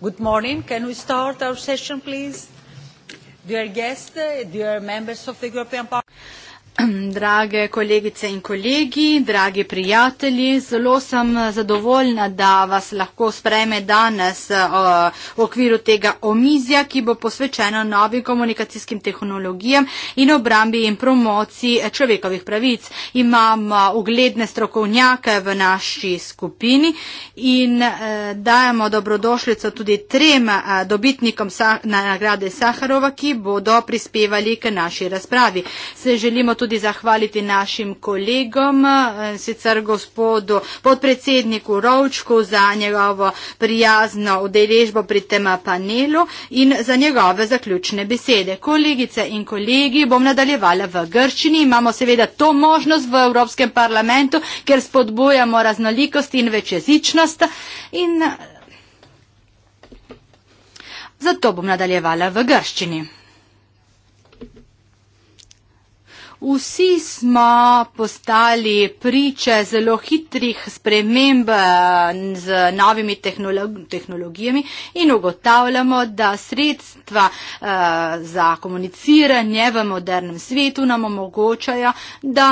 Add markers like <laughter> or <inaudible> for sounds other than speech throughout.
Good morning. Can we start our session, please? Dear guests, dear members of the European Parliament, <clears throat> Drage kolegice in kolegi, dragi prijatelji, zelo sem zadovoljna, da vas lahko spreme danes v okviru tega omizja, ki bo posvečeno novim komunikacijskim tehnologijam in obrambi in promociji eh, človekovih pravic. Imam eh, ugledne strokovnjake v naši skupini in eh, dajemo dobrodošljico tudi trem dobitnikom nagrade Saharova, ki bodo prispevali k naši razpravi tudi zahvaliti našim kolegom, eh, sicer gospodu podpredsedniku Rovčku za njegovo prijazno udeležbo pri tem panelu in za njegove zaključne besede. Kolegice in kolegi, bom nadaljevala v Grčini. Imamo seveda to možnost v Evropskem parlamentu, ker spodbujamo raznolikost in večjezičnost. In eh, Zato bom nadaljevala v grščini. Vsi smo postali priče zelo hitrih sprememb eh, z novimi tehnologijami in ugotavljamo, da sredstva eh, za komuniciranje v modernem svetu nam omogočajo, da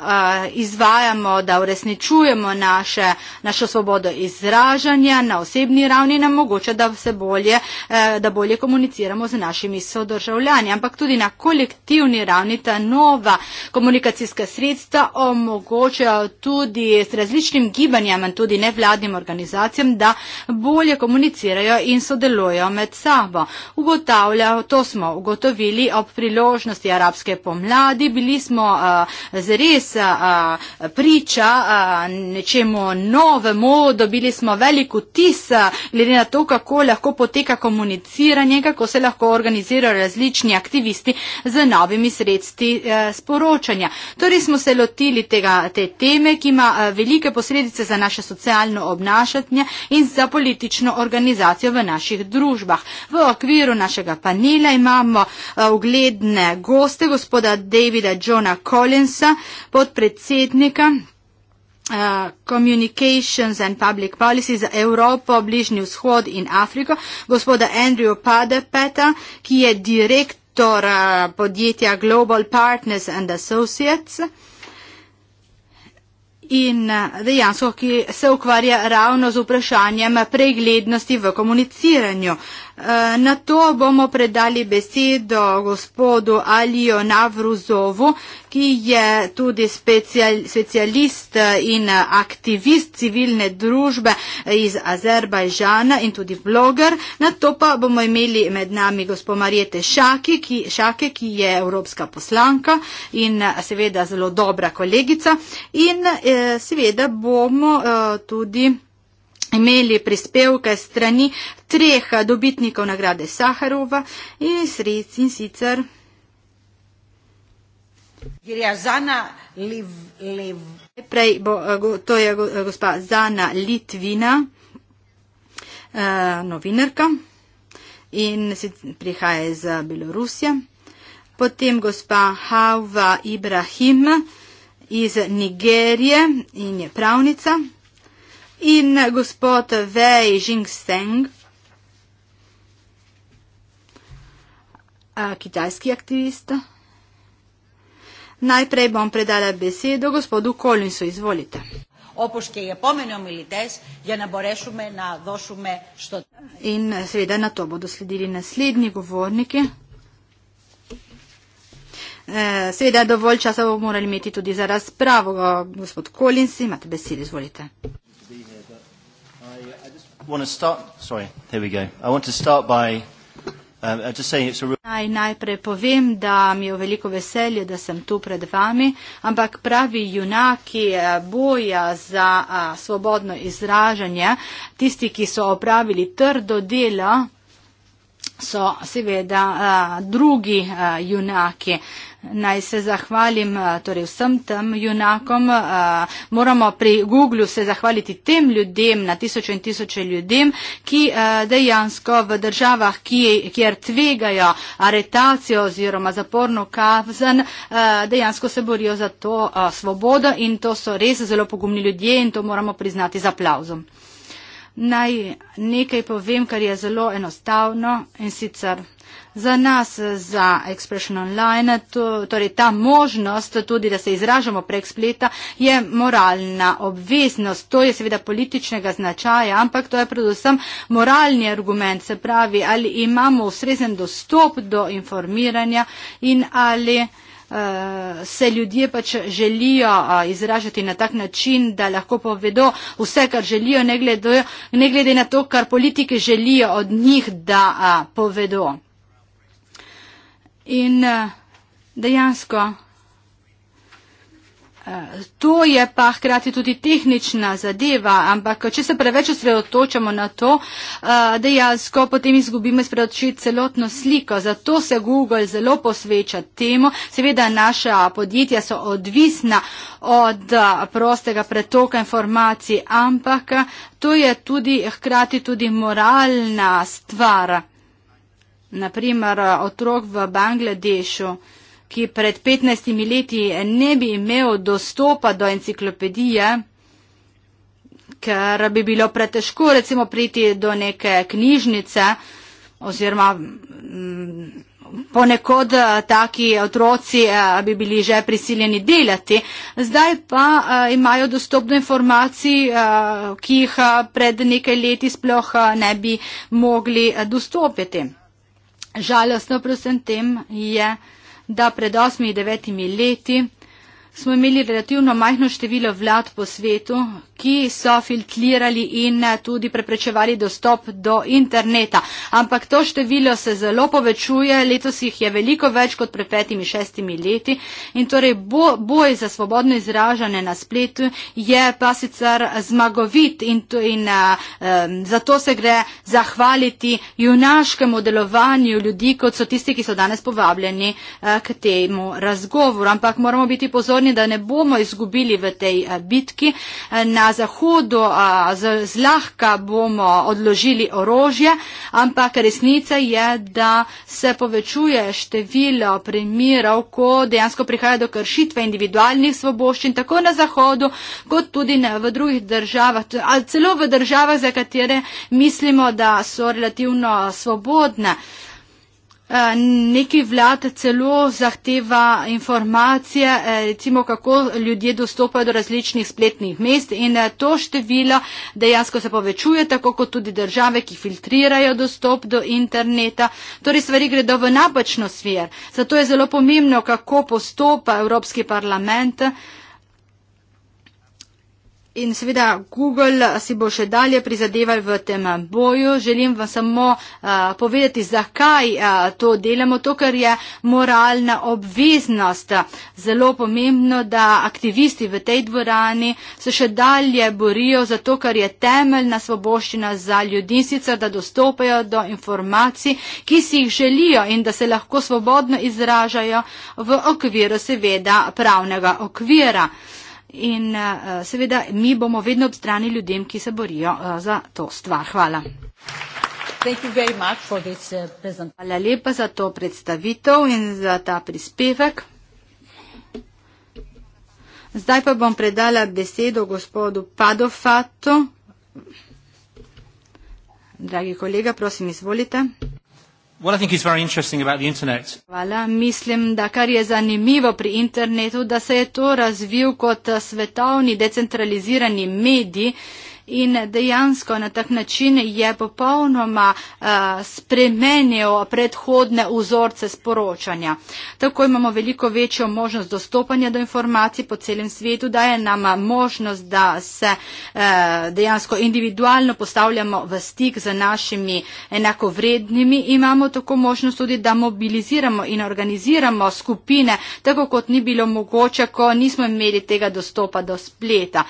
Eh, izvajamo, da uresničujemo naše, našo svobodo izražanja na osebni ravni, nam mogoče, da se bolje, eh, da bolje komuniciramo z našimi sodržavljani. Ampak tudi na kolektivni ravni ta nova komunikacijska sredstva omogočajo tudi s različnim gibanjem in tudi nevladnim organizacijam, da bolje komunicirajo in sodelujo med sabo. Ugotavlja, to smo ugotovili ob priložnosti arabske pomladi, bili smo eh, z res a, priča a, nečemu novemu, dobili smo velik vtis glede na to, kako lahko poteka komuniciranje, kako se lahko organizirajo različni aktivisti z novimi sredstvi a, e, sporočanja. Torej smo se lotili tega, te teme, ki ima a, velike posledice za naše socialno obnašanje in za politično organizacijo v naših družbah. V okviru našega panela imamo a, ugledne goste, gospoda Davida Johna Collinsa, podpredsednika Uh, communications and Public Policy za Evropo, Bližnji vzhod in Afriko, gospoda Andrew Padepeta, ki je direktor uh, podjetja Global Partners and Associates in uh, dejansko, ki se ukvarja ravno z vprašanjem preglednosti v komuniciranju. Uh, Eh, na to bomo predali besedo gospodu Alijo Navruzovu, ki je tudi specialist in aktivist civilne družbe iz Azerbajžana in tudi vloger. Na to pa bomo imeli med nami gospod Marijete Šake, ki, Šake, ki je evropska poslanka in seveda zelo dobra kolegica. In, eh, seveda bomo eh, tudi imeli prispevke strani treh dobitnikov nagrade Saharova in Sric in sicer. Jirjazana Liv. liv. Prej bo, eh, to je eh, gospa Zana Litvina, eh, novinarka in prihaja iz Belorusije. Potem gospa Hava Ibrahim iz Nigerije in je pravnica in gospod Wei Jingsteng, kitajski aktivist. Najprej bom predala besedo gospodu Kolinsu, izvolite. Opoš, ki je pomenil milites, je na borešume, na vošume, što... In seveda na to bodo sledili naslednji govorniki. E, seveda dovolj časa bomo morali imeti tudi za razpravo. Gospod Kolins, imate besedo, izvolite want to start. Sorry, here we go. I want to start by um, uh, just saying it's a real. Naj najprej povem, da mi je v veliko veselje, da sem tu pred vami, ampak pravi junaki eh, boja za eh, svobodno izražanje, tisti, ki so opravili trdo delo, so seveda a, eh, drugi a, eh, junaki. Naj se zahvalim eh, torej vsem tem junakom. Moramo pri Google se zahvaliti tem ljudem, na tisoče in tisoče ljudem, ki dejansko v državah, kjer tvegajo aretacijo oziroma zaporno kazen, dejansko se borijo za to svobodo in to so res zelo pogumni ljudje in to moramo priznati z aplauzom naj nekaj povem, kar je zelo enostavno in sicer. Za nas, za Expression Online, to, torej ta možnost tudi, da se izražamo prek spleta, je moralna obveznost. To je seveda političnega značaja, ampak to je predvsem moralni argument, se pravi, ali imamo ustrezen dostop do informiranja in ali se ljudje pač želijo izražati na tak način, da lahko povedo vse, kar želijo, ne glede, ne glede na to, kar politike želijo od njih, da povedo. In dejansko To je pa hkrati tudi tehnična zadeva, ampak če se preveč osredotočamo na to, eh, dejansko potem izgubimo iz predoči celotno sliko. Zato se Google zelo posveča temu. Seveda naša podjetja so odvisna od eh, prostega pretoka informacij, ampak eh, to je tudi hkrati tudi moralna stvar. Naprimer, otrok v Bangladešu ki pred 15 leti ne bi imel dostopa do enciklopedije, ker bi bilo pretežko recimo priti do neke knjižnice oziroma mm, ponekod eh, taki otroci eh, bi bili že prisiljeni delati. Zdaj pa eh, imajo dostop do informacij, ki jih pred nekaj leti sploh ne bi mogli dostopiti. Žalostno prosim tem je da pred osmimi, devetimi leti smo imeli relativno majhno število vlad po svetu, ki so filtrirali in eh, tudi preprečevali dostop do interneta. Ampak to število se zelo povečuje, letos jih je veliko več kot pred petimi, šestimi leti in torej bo, boj za svobodno izražanje na spletu je pa sicer zmagovit in, to, in um, zato se gre zahvaliti junaškemu delovanju ljudi, kot so tisti, ki so danes povabljeni uh, k temu razgovoru. Ampak moramo biti pozorni, varni, da ne bomo izgubili v tej eh, bitki. Eh, na zahodu eh, zlahka bomo odložili orožje, ampak resnica je, da se povečuje število primerov, ko dejansko prihaja do kršitve individualnih svoboščin, tako na zahodu, kot tudi v drugih državah, ali celo v državah, za katere mislimo, da so relativno svobodne. Eh, neki vlad celo zahteva informacije, eh, recimo kako ljudje dostopajo do različnih spletnih mest in eh, to število dejansko se povečuje, tako kot tudi države, ki filtrirajo dostop do interneta. Torej stvari gredo v napačno sfer. Zato je zelo pomembno, kako postopa Evropski parlament. In seveda, Google si bo še dalje prizadeval v tem boju. Želim vam samo uh, povedati, zakaj uh, to delamo. To, ker je moralna obveznost. Zelo pomembno, da aktivisti v tej dvorani se še dalje borijo za to, kar je temeljna svoboščina za ljudi, sicer da dostopajo do informacij, ki si jih želijo in da se lahko svobodno izražajo v okviru seveda pravnega okvira. In uh, seveda, mi bomo vedno od strani ljudem, ki se borijo uh, za to stvar. Hvala. This, uh, Hvala lepa za to predstavitev in za ta prispevek. Zdaj pa bom predala besedo gospodu Padofatu. Dragi kolega, prosim, izvolite. What I think is very interesting about the internet. Hvala. Mislim, da kar je zanimivo pri internetu, da se je to razvil kot svetovni decentralizirani medij, in dejansko na tak način je popolnoma eh, spremenil predhodne vzorce sporočanja. Tako imamo veliko večjo možnost dostopanja do informacij po celem svetu, daje nam eh, možnost, da se eh, dejansko individualno postavljamo v stik z našimi enakovrednimi. Imamo tako možnost tudi, da mobiliziramo in organiziramo skupine, tako kot ni bilo mogoče, ko nismo imeli tega dostopa do spleta.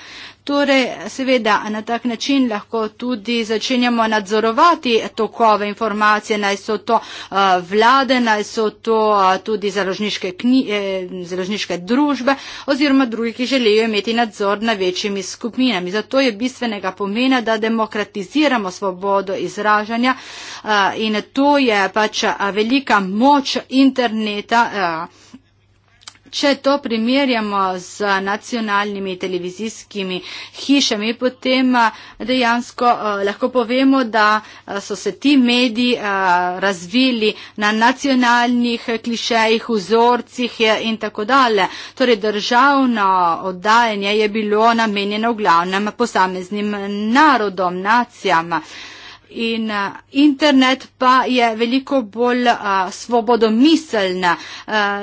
Torej, seveda, na tak način lahko tudi začenjamo nadzorovati tokove informacije, naj so to eh, vlade, naj so to eh, tudi založniške, kni, eh, založniške družbe oziroma drugi, ki želijo imeti nadzor na večjimi skupinami. Zato je bistvenega pomena, da demokratiziramo svobodo izražanja in to je pač velika moč interneta. Če to primerjamo z nacionalnimi televizijskimi hišami, potem eh, dejansko eh, lahko povemo, da eh, so se ti mediji razvili na nacionalnih klišejih, vzorcih in tako dalje. Torej državno oddajanje je bilo namenjeno v glavnem posameznim narodom, nacijam in internet pa je veliko bolj uh, svobodomiseln. Uh,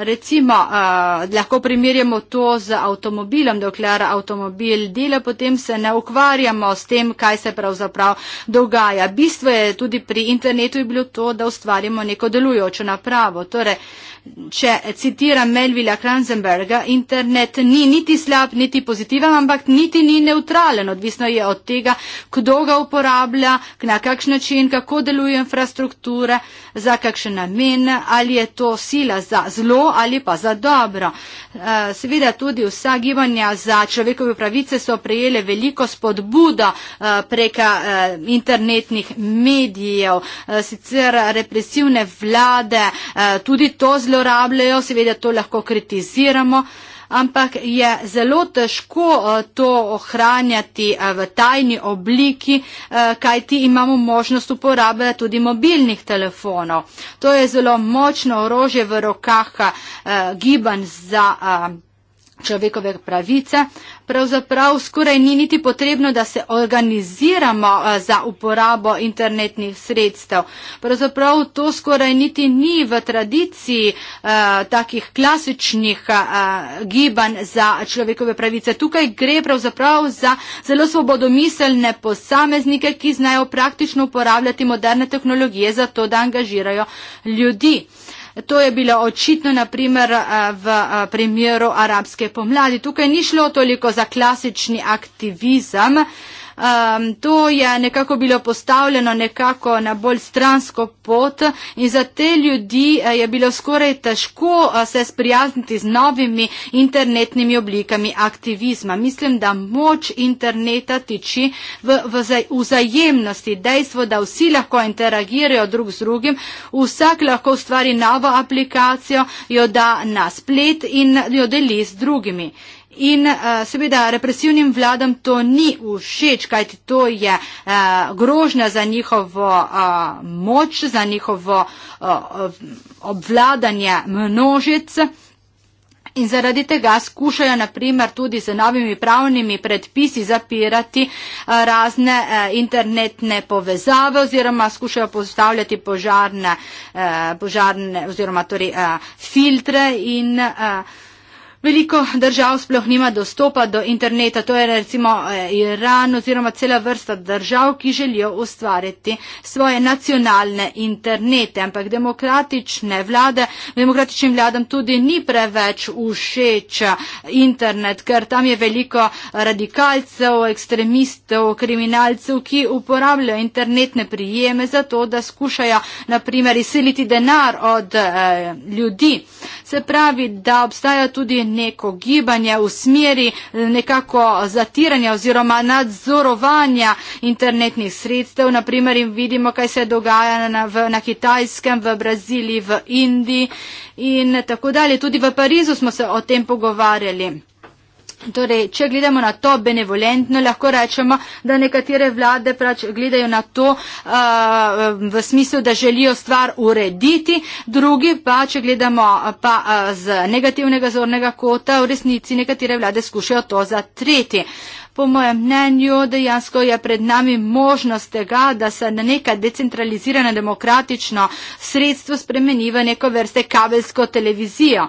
recimo, uh, lahko primerjamo to z avtomobilom, dokler avtomobil dela, potem se ne ukvarjamo s tem, kaj se pravzaprav dogaja. Bistvo je tudi pri internetu je bilo to, da ustvarjamo neko delujočo napravo. Torej, uh, če citiram Melvila Kranzenberga, internet ni niti slab, niti pozitiven, ampak niti ni neutralen. Odvisno je od tega, kdo ga uporablja, na kakšen način, kako deluje infrastruktura, za kakšen namen, ali je to sila za zlo ali pa za dobro. Eh, seveda tudi vsa gibanja za človekove pravice so prejele veliko spodbudo eh, preka eh, internetnih medijev, sicer represivne vlade, tudi to zlo zlorabljajo, seveda to lahko kritiziramo, ampak je zelo težko eh, to ohranjati eh, v tajni obliki, eh, kajti imamo možnost uporabe tudi mobilnih telefonov. To je zelo močno orožje v rokah gibanj za človekove pravice, pravzaprav skoraj ni niti potrebno, da se organiziramo eh, za uporabo internetnih sredstev. Pravzaprav to skoraj niti ni v tradiciji eh, takih klasičnih eh, gibanj za človekove pravice. Tukaj gre pravzaprav za zelo svobodomiselne posameznike, ki znajo praktično uporabljati moderne tehnologije za to, da angažirajo ljudi. To je bilo očitno naprimer eh, v eh, primeru arabske pomladi. Tukaj ni šlo toliko za klasični aktivizem, um, to je nekako bilo postavljeno nekako na bolj stransko pot in za te ljudi eh, je bilo skoraj težko eh, se sprijazniti z novimi internetnimi oblikami aktivizma. Mislim, da moč interneta tiči v, v vzajemnosti, dejstvo, da vsi lahko interagirajo drug z drugim, vsak lahko ustvari novo aplikacijo, jo da na splet in jo deli z drugimi. In uh, seveda represivnim vladam to ni všeč, kajti to je uh, grožnja za njihovo uh, moč, za njihovo uh, obvladanje množic. In zaradi tega skušajo naprimer tudi z novimi pravnimi predpisi zapirati razne internetne povezave oziroma skušajo postavljati požarne, požarne oziroma torej filtre in. Uh, Veliko držav sploh nima dostopa do interneta, to je recimo eh, Iran oziroma cela vrsta držav, ki želijo ustvariti svoje nacionalne internete, ampak demokratične vlade, demokratičnim vladam tudi ni preveč všeč eh, internet, ker tam je veliko radikalcev, ekstremistov, kriminalcev, ki uporabljajo internetne prijeme za to, da skušajo naprimer izsiliti denar od eh, ljudi se pravi, da obstaja tudi neko gibanje v smeri nekako zatiranja oziroma nadzorovanja internetnih sredstev. Naprimer, vidimo, kaj se dogaja na, v, na Kitajskem, v Braziliji, v Indiji in tako dalje. Tudi v Parizu smo se o tem pogovarjali. Torej, če gledamo na to benevolentno, lahko rečemo, da nekatere vlade prač gledajo na to uh, v smislu, da želijo stvar urediti, drugi pa, če gledamo pa uh, z negativnega zornega kota, v resnici nekatere vlade skušajo to zatreti. Uh, Po mojem mnenju dejansko je pred nami možnost tega, da se na neka decentralizirana demokratično sredstvo spremeni v neko vrste kabelsko televizijo.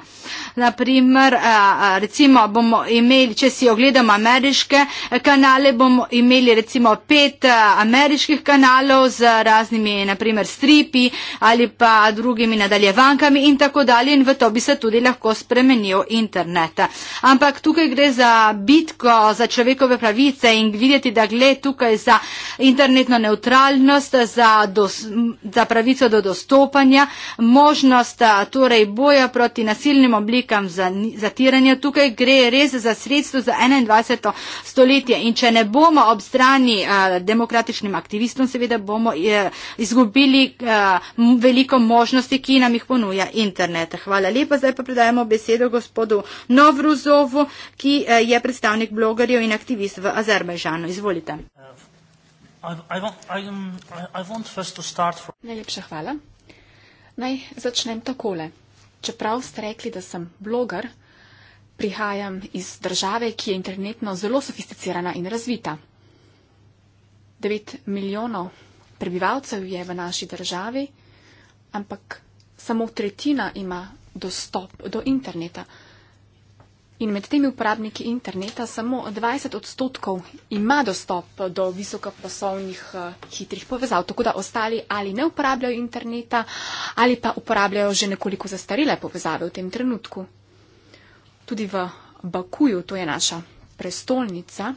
Naprimer, eh, eh, recimo bomo imeli, če si ogledamo ameriške eh, kanale, bomo imeli recimo pet ameriških kanalov z raznimi, naprimer, stripi ali pa drugimi nadaljevankami in tako dalje in v to bi se tudi lahko spremenil internet. Ampak tukaj gre za bitko za človekove človekove pravice in videti, da gre tukaj za internetno neutralnost, za, dos, za pravico do dostopanja, možnost torej boja proti nasilnim oblikam zatiranja. Tukaj gre res za sredstvo za 21. stoletje in če ne bomo ob strani demokratičnim aktivistom, seveda bomo e, izgubili veliko možnosti, ki nam jih ponuja internet. Hvala lepa, zdaj pa predajamo besedo gospodu Novruzovu, ki e, je predstavnik blogerjev in aktivistov aktivist v Azerbajžanu. Izvolite. Uh, um, Najlepša hvala. Naj začnem takole. Čeprav ste rekli, da sem bloger, prihajam iz države, ki je internetno zelo sofisticirana in razvita. 9 milijonov prebivalcev je v naši državi, ampak samo tretjina ima dostop do interneta in med temi uporabniki interneta samo 20 odstotkov ima dostop do visokoposlovnih eh, hitrih povezav, tako da ostali ali ne uporabljajo interneta ali pa uporabljajo že nekoliko zastarele povezave v tem trenutku. Tudi v Bakuju, to je naša prestolnica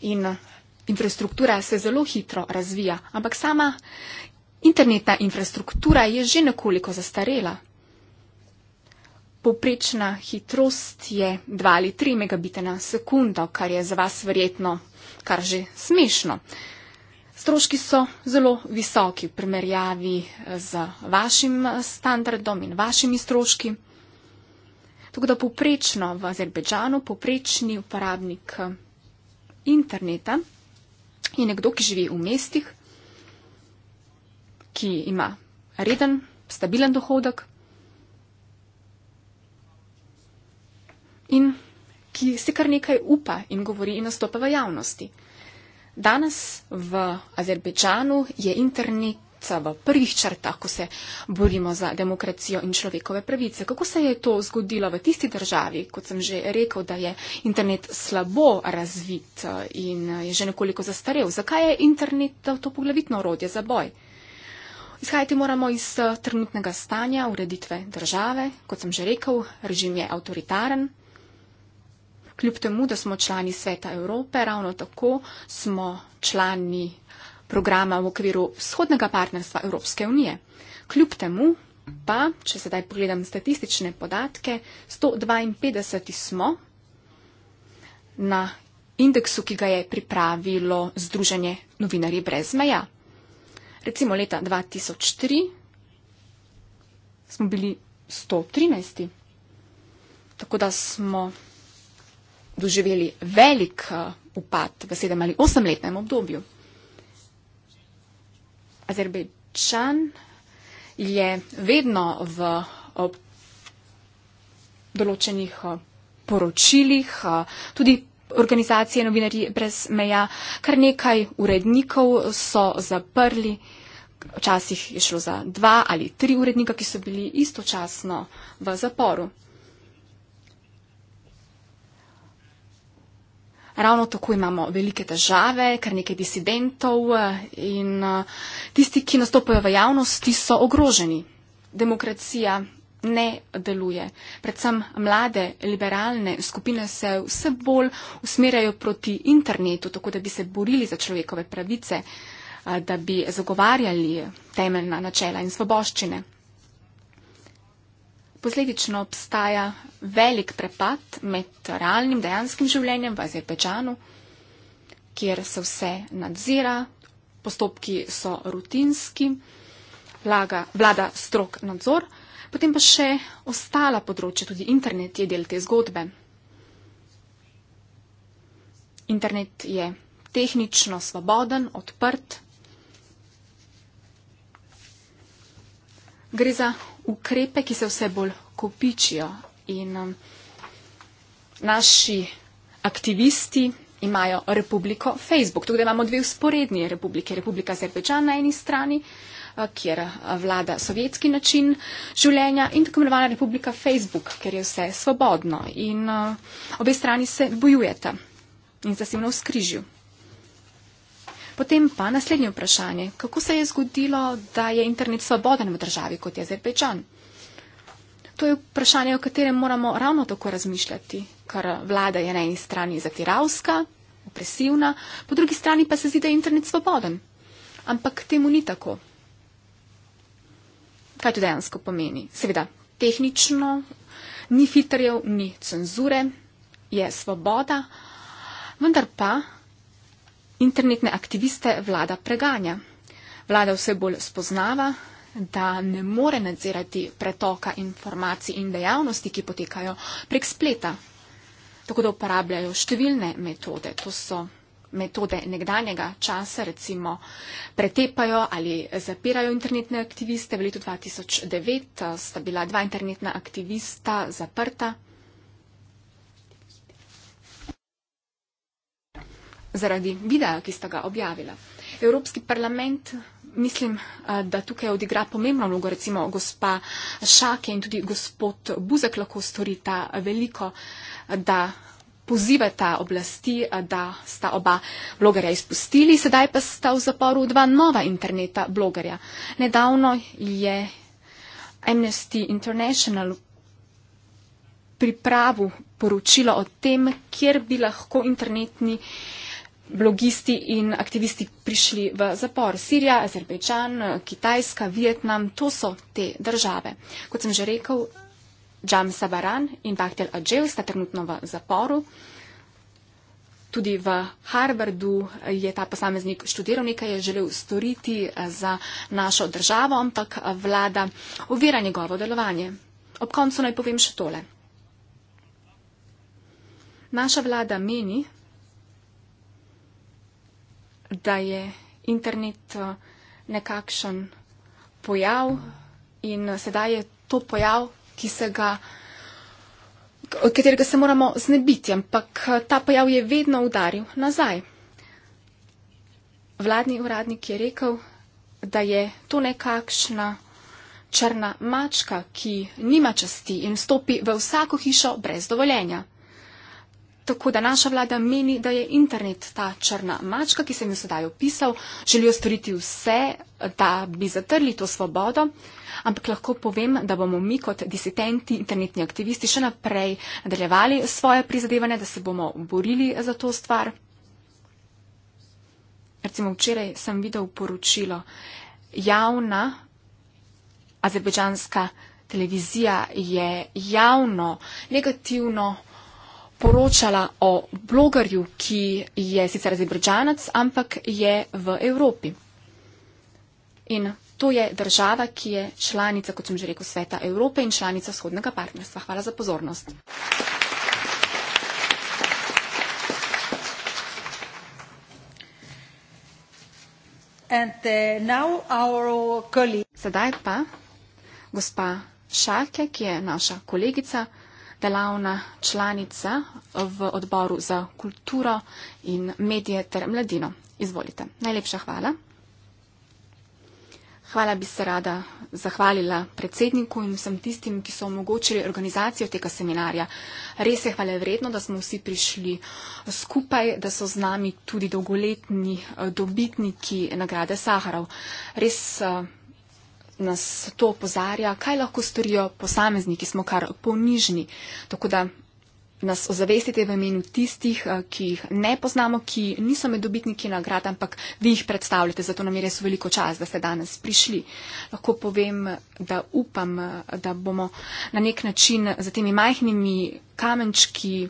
in infrastruktura se zelo hitro razvija, ampak sama. Internetna infrastruktura je že nekoliko zastarela. Poprečna hitrost je 2 ali 3 megabite na sekundo, kar je za vas verjetno kar že smešno. Stroški so zelo visoki v primerjavi eh, z vašim eh, standardom in vašimi stroški. Tako da poprečno v Azerbejdžanu poprečni uporabnik eh, interneta je nekdo, ki živi v mestih, ki ima reden, stabilen dohodek, in ki si kar nekaj upa in govori in nastopa v javnosti. Danes v Azerbejdžanu je internet v prvih črtah, ko se borimo za demokracijo in človekove pravice. Kako se je to zgodilo v tisti državi, kot sem že rekel, da je internet slabo razvit eh, in eh, je že nekoliko zastarel? Zakaj je internet eh, to poglavitno orodje za boj? Izhajati moramo iz trenutnega stanja ureditve države. Kot sem že rekel, režim je avtoritaren kljub temu, da smo člani Sveta Evrope, ravno tako smo člani programa v okviru vzhodnega partnerstva Evropske unije. Kljub temu pa, če sedaj pogledam statistične podatke, 152 smo na indeksu, ki ga je pripravilo Združenje novinarji brez meja. Recimo leta 2003 smo bili 113. Tako da smo doživeli velik eh, upad v sedem ali osemletnem obdobju. Azerbejčan je vedno v določenih eh, poročilih, eh, tudi organizacije Novinarji brez meja, kar nekaj urednikov so zaprli. Včasih je šlo za dva ali tri urednika, ki so bili istočasno v zaporu. Ravno tako imamo velike težave, kar nekaj disidentov eh, in eh, tisti, ki nastopajo v javnosti, so ogroženi. Demokracija ne deluje. Predvsem mlade liberalne skupine se vse bolj usmerjajo proti internetu, tako da bi se borili za človekove pravice, eh, da bi zagovarjali temeljna načela in svoboščine posledično obstaja velik prepad med realnim dejanskim življenjem v Azerbejdžanu, kjer se vse nadzira, postopki so rutinski, vlaga, vlada strok nadzor, potem pa še ostala področja, tudi internet je del te zgodbe. Internet je tehnično svoboden, odprt, gre za ukrepe, ki se vse bolj kopičijo in um, naši aktivisti imajo republiko Facebook. Tukaj imamo dve usporedni republike. Republika Azerbejdžan na eni strani, uh, kjer uh, vlada sovjetski način življenja in tako imenovana republika Facebook, kjer je vse svobodno in uh, obe strani se bojujeta in zasebno v skrižju. Potem pa naslednje vprašanje. Kako se je zgodilo, da je internet svoboden v državi kot je Azerbejdžan? To je vprašanje, o katerem moramo ravno tako razmišljati, ker vlada je na eni strani zatiravska, opresivna, po drugi strani pa se zdi, da je internet svoboden. Ampak temu ni tako. Kaj to dejansko pomeni? Seveda, tehnično ni filtrjev, ni cenzure, je svoboda, vendar pa internetne aktiviste vlada preganja. Vlada vse bolj spoznava, da ne more nadzirati pretoka informacij in dejavnosti, ki potekajo prek spleta. Tako da uporabljajo številne metode. To so metode nekdanjega časa, recimo pretepajo ali zapirajo internetne aktiviste. V letu 2009 eh, sta bila dva internetna aktivista zaprta. zaradi videa, ki sta ga objavila. Evropski parlament. Mislim, da tukaj odigra pomembno vlogo recimo gospa Šake in tudi gospod Buzek lahko storita veliko, da pozivata oblasti, da sta oba blogerja izpustili. Sedaj pa sta v zaporu dva nova interneta blogerja. Nedavno je Amnesty International pripravil poročilo o tem, kjer bi lahko internetni. Uh, blogisti in aktivisti prišli v zapor. Sirija, Azerbejdžan, Kitajska, Vietnam, to so te države. Kot sem že rekel, Džam Sabaran in Bahtel Adžel sta trenutno v zaporu. Tudi v Harvardu je ta posameznik študiral nekaj, je želel storiti eh, za našo državo, ampak eh, vlada ovira njegovo delovanje. Ob koncu naj povem še tole. Naša vlada meni, da je internet eh, nekakšen pojav in eh, sedaj je to pojav, ki se ga, katerega se moramo znebiti, ampak eh, ta pojav je vedno udaril nazaj. Vladni uradnik je rekel, da je to nekakšna črna mačka, ki nima časti in stopi v vsako hišo brez dovoljenja. Tako da naša vlada meni, da je internet ta črna mačka, ki se jim sedaj opisal, želijo storiti vse, da bi zatrli to svobodo, ampak lahko povem, da bomo mi kot disidenti, internetni aktivisti še naprej nadaljevali svoje prizadevanje, da se bomo borili za to stvar. Recimo včeraj sem videl poročilo javna azerbejdžanska televizija je javno negativno poročala o blogerju, ki je sicer zebrčanec, ampak je v Evropi. In to je država, ki je članica, kot sem že rekel, Sveta Evrope in članica vzhodnega partnerstva. Hvala za pozornost. Uh, Sedaj pa gospa Šake, ki je naša kolegica delavna članica v odboru za kulturo in medije ter mladino. Izvolite. Najlepša hvala. Hvala bi se rada zahvalila predsedniku in vsem tistim, ki so omogočili organizacijo tega seminarja. Res je hvale vredno, da smo vsi prišli skupaj, da so z nami tudi dolgoletni eh, dobitniki nagrade Saharov. Res eh, nas to opozarja, kaj lahko storijo posamezniki, smo kar ponižni. Tako da nas ozavestite v imenu tistih, eh, ki jih ne poznamo, ki niso med dobitniki nagrad, ampak vi jih predstavljate. Zato nam je res veliko čas, da ste danes prišli. Lahko povem, da upam, eh, da bomo na nek način za temi majhnimi kamenčki,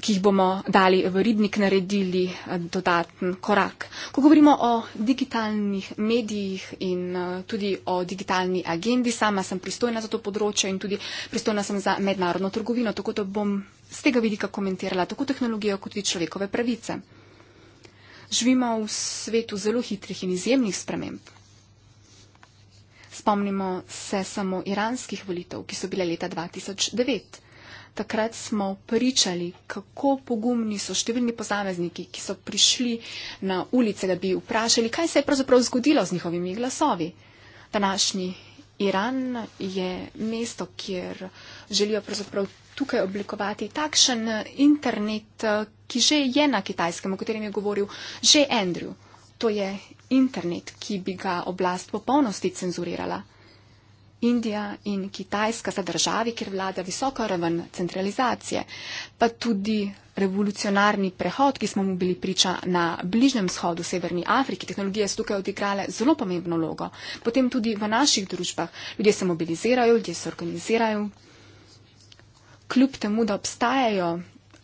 ki jih bomo dali v ribnik, naredili eh, dodaten korak. Ko govorimo o digitalnih medijih in eh, tudi o digitalni agendi, sama sem pristojna za to področje in tudi pristojna sem za mednarodno trgovino, tako da bom z tega vidika komentirala tako tehnologijo kot tudi človekove pravice. Živimo v svetu zelo hitrih in izjemnih sprememb. Spomnimo se samo iranskih volitev, ki so bile leta 2009 takrat smo pričali, kako pogumni so številni posamezniki, ki so prišli na ulice, da bi vprašali, kaj se je pravzaprav zgodilo z njihovimi glasovi. Današnji Iran je mesto, kjer želijo pravzaprav tukaj oblikovati takšen internet, ki že je na kitajskem, o katerem je govoril že Andrew. To je internet, ki bi ga oblast popolnosti cenzurirala. Indija in Kitajska za državi, kjer vlada visoka raven centralizacije, pa tudi revolucionarni prehod, ki smo mu bili priča na Bližnjem shodu, Severni Afriki. Tehnologije so tukaj odigrale zelo pomembno logo. Potem tudi v naših družbah ljudje se mobilizirajo, ljudje se organizirajo. Kljub temu, da obstajajo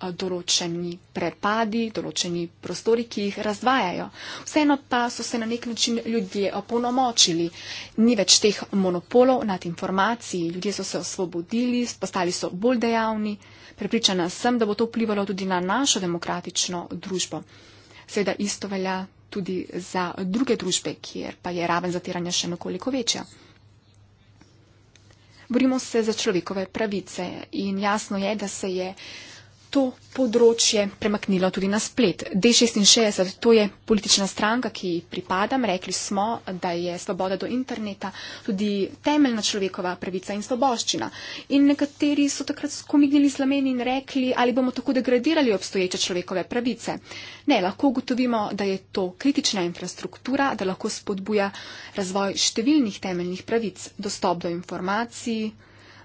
Eh, določeni prepadi, določeni prostori, ki jih razdvajajo. Vseeno pa so se na nek način ljudje opolnomočili. Ni več teh monopolov nad informacijami, ljudje so se osvobodili, postali so bolj dejavni. Prepričana sem, da bo to vplivalo tudi na našo demokratično družbo. Seveda isto velja tudi za druge družbe, kjer pa je raven zatiranja še nekoliko večja. Borimo se za človekove pravice in jasno je, da se je to področje premaknilo tudi na splet. D66, to je politična stranka, ki pripadam, rekli smo, da je svoboda do interneta tudi temeljna človekova pravica in sloboščina. In nekateri so takrat skomignili z lameni in rekli, ali bomo tako degradirali obstoječe človekove pravice. Ne, lahko ugotovimo, da je to kritična infrastruktura, da lahko spodbuja razvoj številnih temeljnih pravic, dostop do informacij.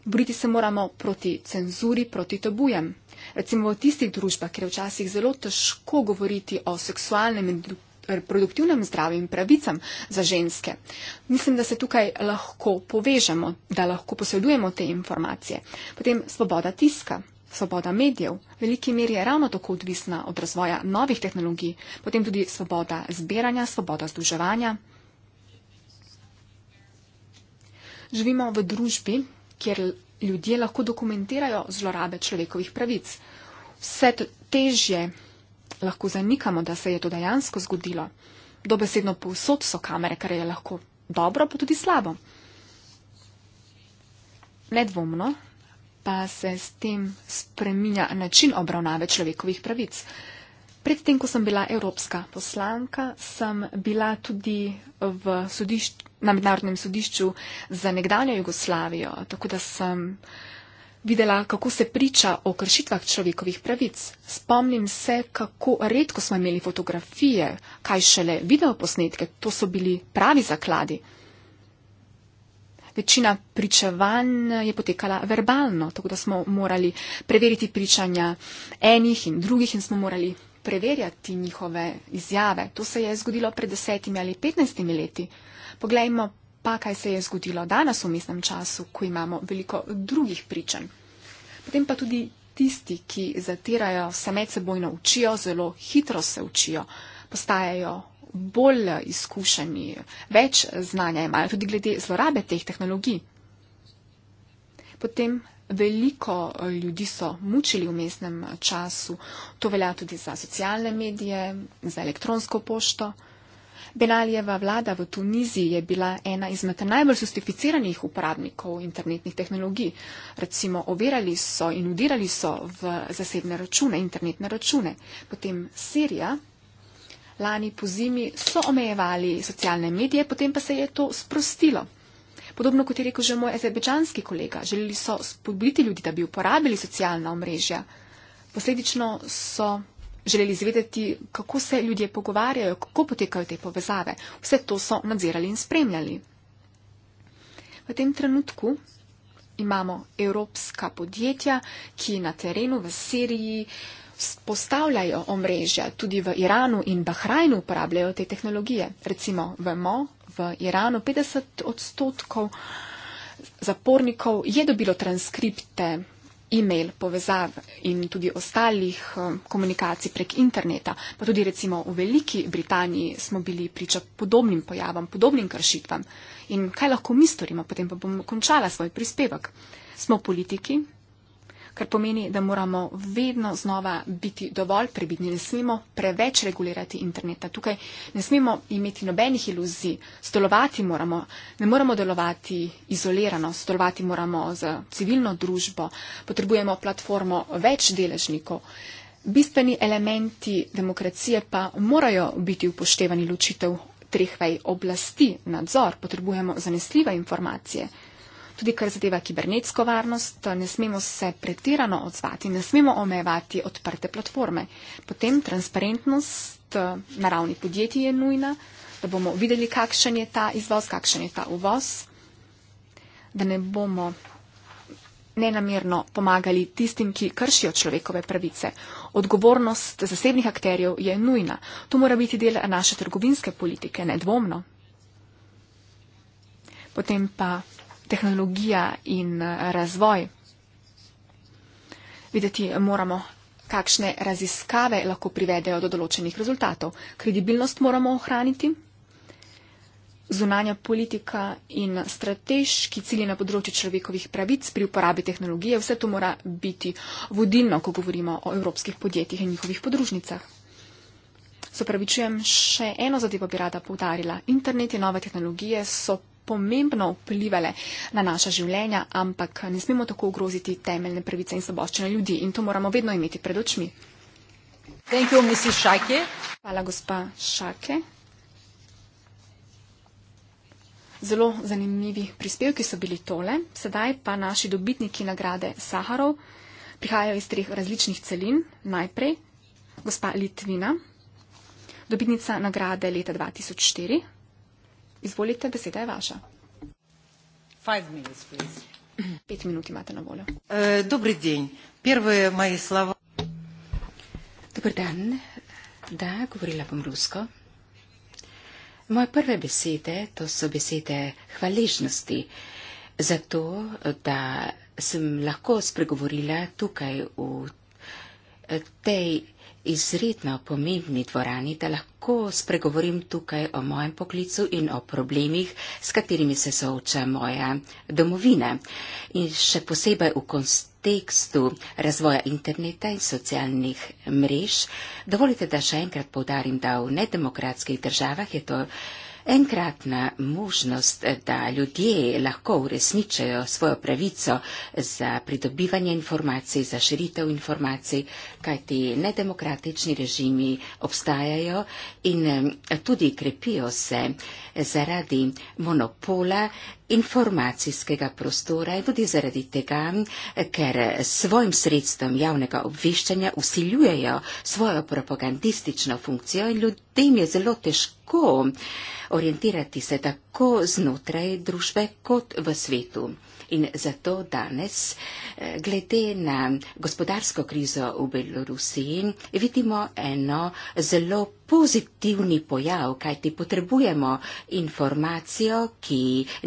Boriti se moramo proti cenzuri, proti tabujem recimo v tistih družbah, kjer je včasih zelo težko govoriti o seksualnem in reproduktivnem zdravju in pravicam za ženske. Mislim, da se tukaj lahko povežemo, da lahko posredujemo te informacije. Potem svoboda tiska. Svoboda medijev v veliki meri je ravno tako odvisna od razvoja novih tehnologij, potem tudi svoboda zbiranja, svoboda združevanja. Živimo v družbi, kjer ljudje lahko dokumentirajo zlorabe človekovih pravic vse težje lahko zanikamo, da se je to dejansko zgodilo. Dobesedno povsod so kamere, kar je lahko dobro, pa tudi slabo. Nedvomno pa se s tem spreminja način obravnave človekovih pravic. Predtem, ko sem bila evropska poslanka, sem bila tudi sodišč, na mednarodnem sodišču za nekdanjo Jugoslavijo, tako da sem videla, kako se priča o kršitvah človekovih pravic. Spomnim se, kako redko smo imeli fotografije, kaj šele videoposnetke, to so bili pravi zakladi. Večina pričevanj je potekala verbalno, tako da smo morali preveriti pričanja enih in drugih in smo morali preverjati njihove izjave. To se je zgodilo pred desetimi ali petnajstimi leti. Poglejmo pa kaj se je zgodilo danes v mestnem času, ko imamo veliko drugih pričanj. Potem pa tudi tisti, ki zatirajo, se med sebojno učijo, zelo hitro se učijo, postajajo bolj izkušeni, več znanja imajo tudi glede zlorabe teh tehnologij. Potem veliko ljudi so mučili v mestnem času, to velja tudi za socialne medije, za elektronsko pošto. Benalijeva vlada v Tuniziji je bila ena izmed najbolj sofisticiranih uporabnikov internetnih tehnologij. Recimo, overali so in udirali so v zasebne račune, internetne račune. Potem Sirija. Lani po zimi so omejevali socialne medije, potem pa se je to sprostilo. Podobno kot je rekel že moj azerbejdžanski kolega, želeli so spodbuditi ljudi, da bi uporabili socialna omrežja. Posledično so želeli izvedeti, kako se ljudje pogovarjajo, kako potekajo te povezave. Vse to so nadzirali in spremljali. V tem trenutku imamo evropska podjetja, ki na terenu v Siriji postavljajo omrežja, tudi v Iranu in Bahrajnu uporabljajo te tehnologije. Recimo vemo, v Iranu 50 odstotkov zapornikov je dobilo transkripte e-mail povezav in tudi ostalih eh, komunikacij prek interneta, pa tudi recimo v Veliki Britaniji smo bili priča podobnim pojavam, podobnim kršitvam. In kaj lahko mi storimo? Potem pa bom končala svoj prispevek. Smo politiki, kar pomeni, da moramo vedno znova biti dovolj previdni. Ne smemo preveč regulirati interneta. Tukaj ne smemo imeti nobenih iluzij. Stolovati moramo. Ne moramo delovati izolirano. Stolovati moramo z civilno družbo. Potrebujemo platformo več deležnikov. Bistveni elementi demokracije pa morajo biti upoštevani ločitev treh vej oblasti, nadzor, potrebujemo zanesljive informacije tudi kar zadeva kibernetsko varnost, ne smemo se pretirano odzvati, ne smemo omejevati odprte platforme. Potem transparentnost eh, na ravni podjetij je nujna, da bomo videli, kakšen je ta izvoz, kakšen je ta uvoz, da ne bomo nenamerno pomagali tistim, ki kršijo človekove pravice. Odgovornost zasebnih akterjev je nujna. To mora biti del naše trgovinske politike, nedvomno. Potem pa tehnologija in eh, razvoj. Videti moramo, kakšne raziskave lahko privedejo do določenih rezultatov. Kredibilnost moramo ohraniti. Zunanja politika in strateški cilji na področju človekovih pravic pri uporabi tehnologije, vse to mora biti vodilno, ko govorimo o evropskih podjetjih in njihovih podružnicah. Se pravičujem, še eno zadevo bi rada povdarila. Internet in nove tehnologije so pomembno vplivale na naša življenja, ampak ne smemo tako ogroziti temeljne pravice in soboščine ljudi in to moramo vedno imeti pred očmi. You, Hvala, gospa Šake. Zelo zanimivi prispevki so bili tole. Sedaj pa naši dobitniki nagrade Saharov prihajajo iz treh različnih celin. Najprej gospa Litvina, dobitnica nagrade leta 2004. Izvolite, beseda je vaša. Pet minut imate na voljo. E, dobri dan. Prve moje slovo. Dobar dan. Da, govorila bom rusko. Moje prve besede, to so besede hvaležnosti za to, da sem lahko spregovorila tukaj v tej izredno pomembni dvorani, da lahko spregovorim tukaj o mojem poklicu in o problemih, s katerimi se sooča moja domovina. In še posebej v kontekstu razvoja interneta in socialnih mrež, dovolite, da še enkrat povdarim, da v nedemokratskih državah je to enkratna možnost, da ljudje lahko uresničajo svojo pravico za pridobivanje informacij, za širitev informacij, kajti nedemokratični režimi obstajajo in eh, tudi krepijo se zaradi monopola informacijskega prostora in tudi zaradi tega, ker svojim sredstvom javnega obveščanja usiljujejo svojo propagandistično funkcijo in ljudem je zelo težko orientirati se tako znotraj družbe kot v svetu. In zato danes, eh, glede na gospodarsko krizo v Belorusiji, vidimo eno zelo pozitivni pojav, kaj ti potrebujemo informacijo, ki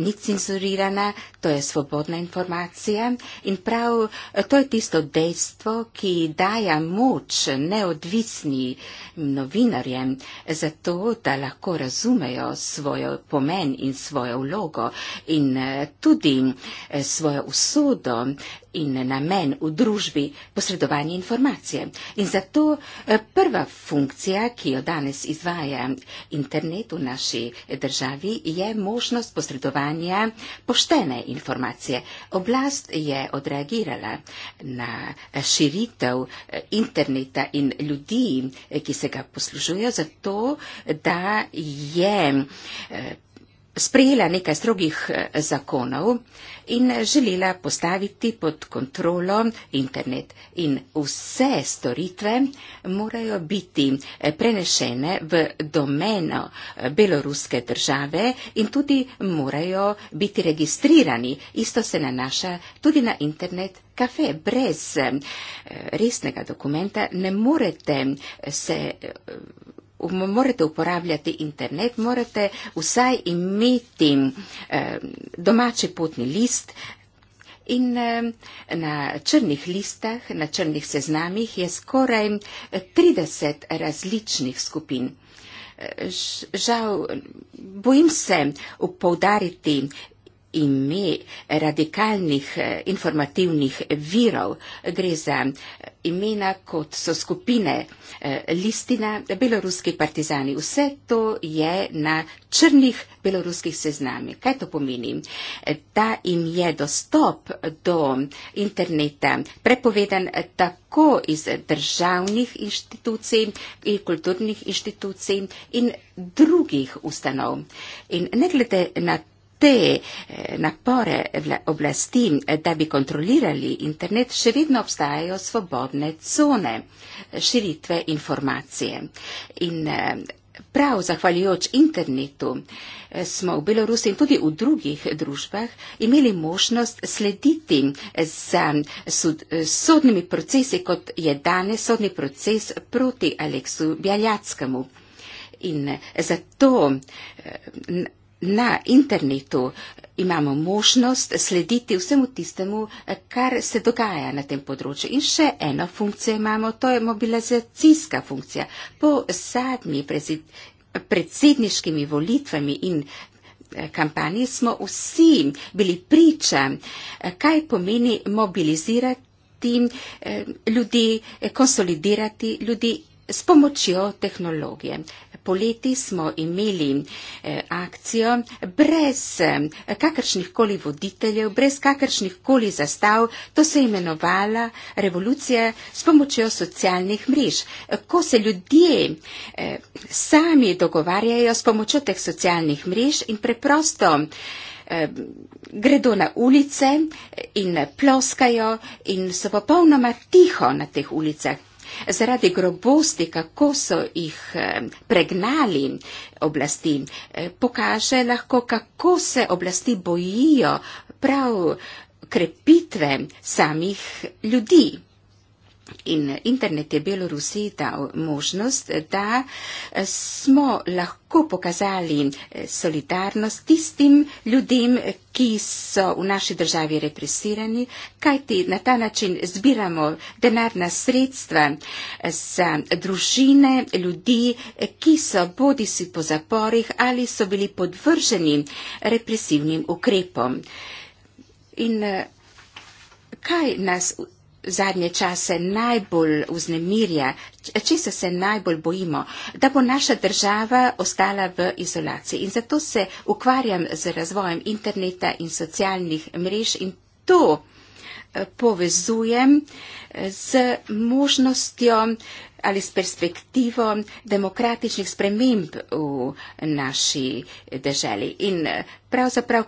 ni cenzurirana, to je svobodna informacija in prav eh, to je tisto dejstvo, ki daja moč neodvisni novinarjem za to, da lahko razumejo svojo pomen in svojo vlogo in eh, tudi eh, svojo usodo, in namen v družbi posredovanje informacije. In zato eh, prva funkcija, ki jo danes izvaja internet v naši državi, je možnost posredovanja poštene informacije. Oblast je odreagirala na širitev eh, interneta in ljudi, eh, ki se ga poslužujejo, zato da je sprejela nekaj strogih eh, zakonov in želela postaviti pod kontrolo internet. In vse storitve morajo biti eh, prenešene v domeno eh, beloruske države in tudi morajo biti registrirani. Isto se nanaša tudi na internet kafe. Brez resnega dokumenta ne morete se morate uporabljati internet, morate vsaj imeti eh, domači potni list. In eh, na črnih listah, na črnih seznamih je skoraj 30 eh, različnih skupin. Eh, žal, bojim se upovdariti ime radikalnih eh, informativnih virov. Gre za eh, imena, kot so skupine eh, Listina, beloruski partizani. Vse to je na črnih beloruskih seznamih. Kaj to pomeni? Da jim je dostop do interneta prepovedan tako iz državnih inštitucij in kulturnih inštitucij in drugih ustanov. In ne glede na to, te eh, napore oblasti, eh, da bi kontrolirali internet, še vedno obstajajo svobodne cone eh, širitve informacije. In prav zahvaljujoč internetu smo v Belorusi in tudi v drugih družbah imeli možnost slediti za sud, sodnimi procesi, kot je danes sodni proces proti Aleksu Bjaljackemu. In zato na internetu imamo možnost slediti vsemu tistemu, kar se dogaja na tem področju. In še eno funkcijo imamo, to je mobilizacijska funkcija. Po zadnji predsedniškimi volitvami in eh, kampanji smo vsi bili priča, eh, kaj pomeni mobilizirati eh, ljudi, konsolidirati ljudi s pomočjo tehnologije poleti smo imeli eh, akcijo brez eh, kakršnih koli voditeljev, brez kakršnih koli zastav. To se je imenovala revolucija s pomočjo socialnih mrež. Ko se ljudje eh, sami dogovarjajo s pomočjo teh socialnih mrež in preprosto eh, gredo na ulice eh, in ploskajo in so popolnoma tiho na teh ulicah. Zaradi grobosti, kako so jih eh, pregnali oblasti, eh, pokaže lahko, kako se oblasti bojijo prav krepitve samih ljudi. In internet je Belorusiji dal možnost, da eh, smo lahko pokazali eh, solidarnost tistim ljudem, ki so v naši državi represirani, kajti na ta način zbiramo denarna sredstva eh, za družine ljudi, ki so bodi si po zaporih ali so bili podvrženi represivnim ukrepom. In kaj nas zadnje čase najbolj vznemirja, česa se najbolj bojimo, da bo naša država ostala v izolaciji. In zato se ukvarjam z razvojem interneta in socialnih mrež in to eh, povezujem eh, z možnostjo ali s perspektivo demokratičnih sprememb v naši državi. In eh, pravzaprav,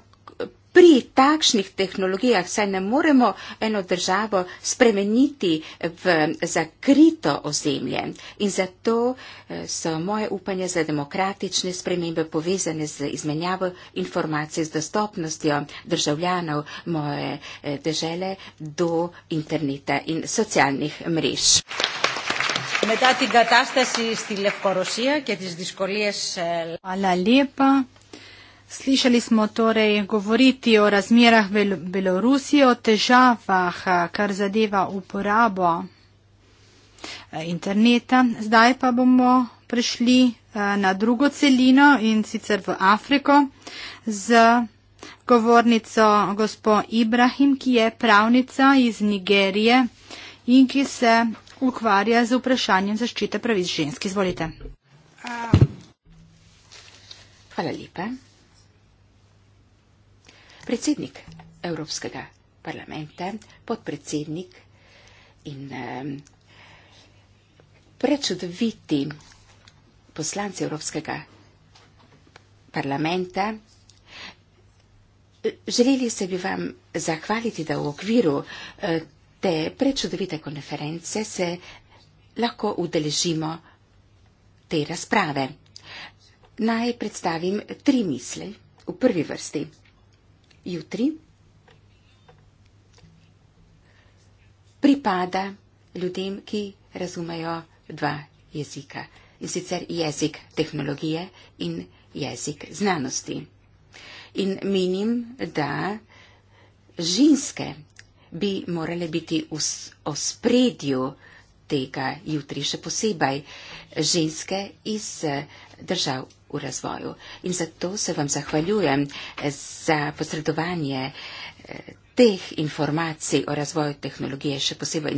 pri takšnih tehnologijah saj ne moremo eno državo spremeniti v zakrito ozemlje. In zato eh, so moje upanje za demokratične spremembe povezane z izmenjavo informacij z dostopnostjo državljanov moje eh, države do interneta in socialnih mrež. Μετά την κατάσταση στη Λευκορωσία και τις δυσκολίες... Αλλά λίπα Slišali smo torej govoriti o razmerah v Belorusiji, o težavah, kar zadeva uporabo eh, interneta. Zdaj pa bomo prišli eh, na drugo celino in sicer v Afriko z govornico gospo Ibrahim, ki je pravnica iz Nigerije in ki se ukvarja z vprašanjem zaščite pravic žensk. Izvolite. Hvala lepa predsednik Evropskega parlamenta, podpredsednik in prečudoviti poslanci Evropskega parlamenta. Želeli se bi vam zahvaliti, da v okviru e, te prečudovite konference se lahko udeležimo te razprave. Naj predstavim tri misle v prvi vrsti jutri, pripada ljudem, ki razumejo dva jezika. In sicer jezik tehnologije in jezik znanosti. In menim, da ženske bi morale biti v ospredju tega jutri, še posebej ženske iz eh, držav v razvoju. In zato se vam zahvaljujem za posredovanje eh, teh informacij o razvoju tehnologije, še posebej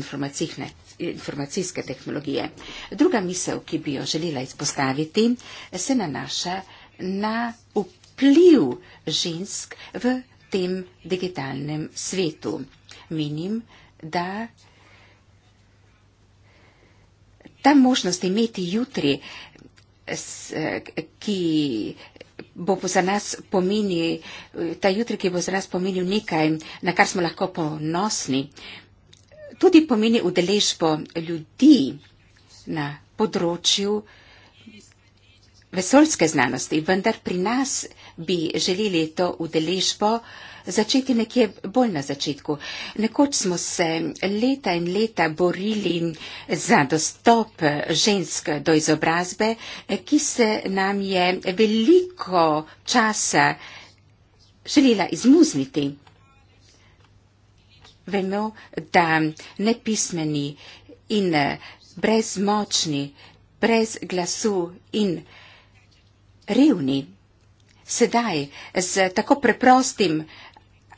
informacijske tehnologije. Druga misel, ki bi jo želela izpostaviti, se nanaša na vpliv žensk v tem digitalnem svetu. Menim, da ta možnost imeti jutri ki bo za nas pomeni, ta jutri, ki bo za nas pomenil nekaj, na kar smo lahko ponosni, tudi pomeni udeležbo ljudi na področju vesolske znanosti. Vendar pri nas bi želeli to udeležbo uh, začeti nekje bolj na začetku. Nekoč smo se leta in leta borili za dostop žensk do izobrazbe, ki se nam je veliko časa želela izmuzniti. Vemo, da nepismeni in brezmočni, brez glasu in revni, sedaj z tako preprostim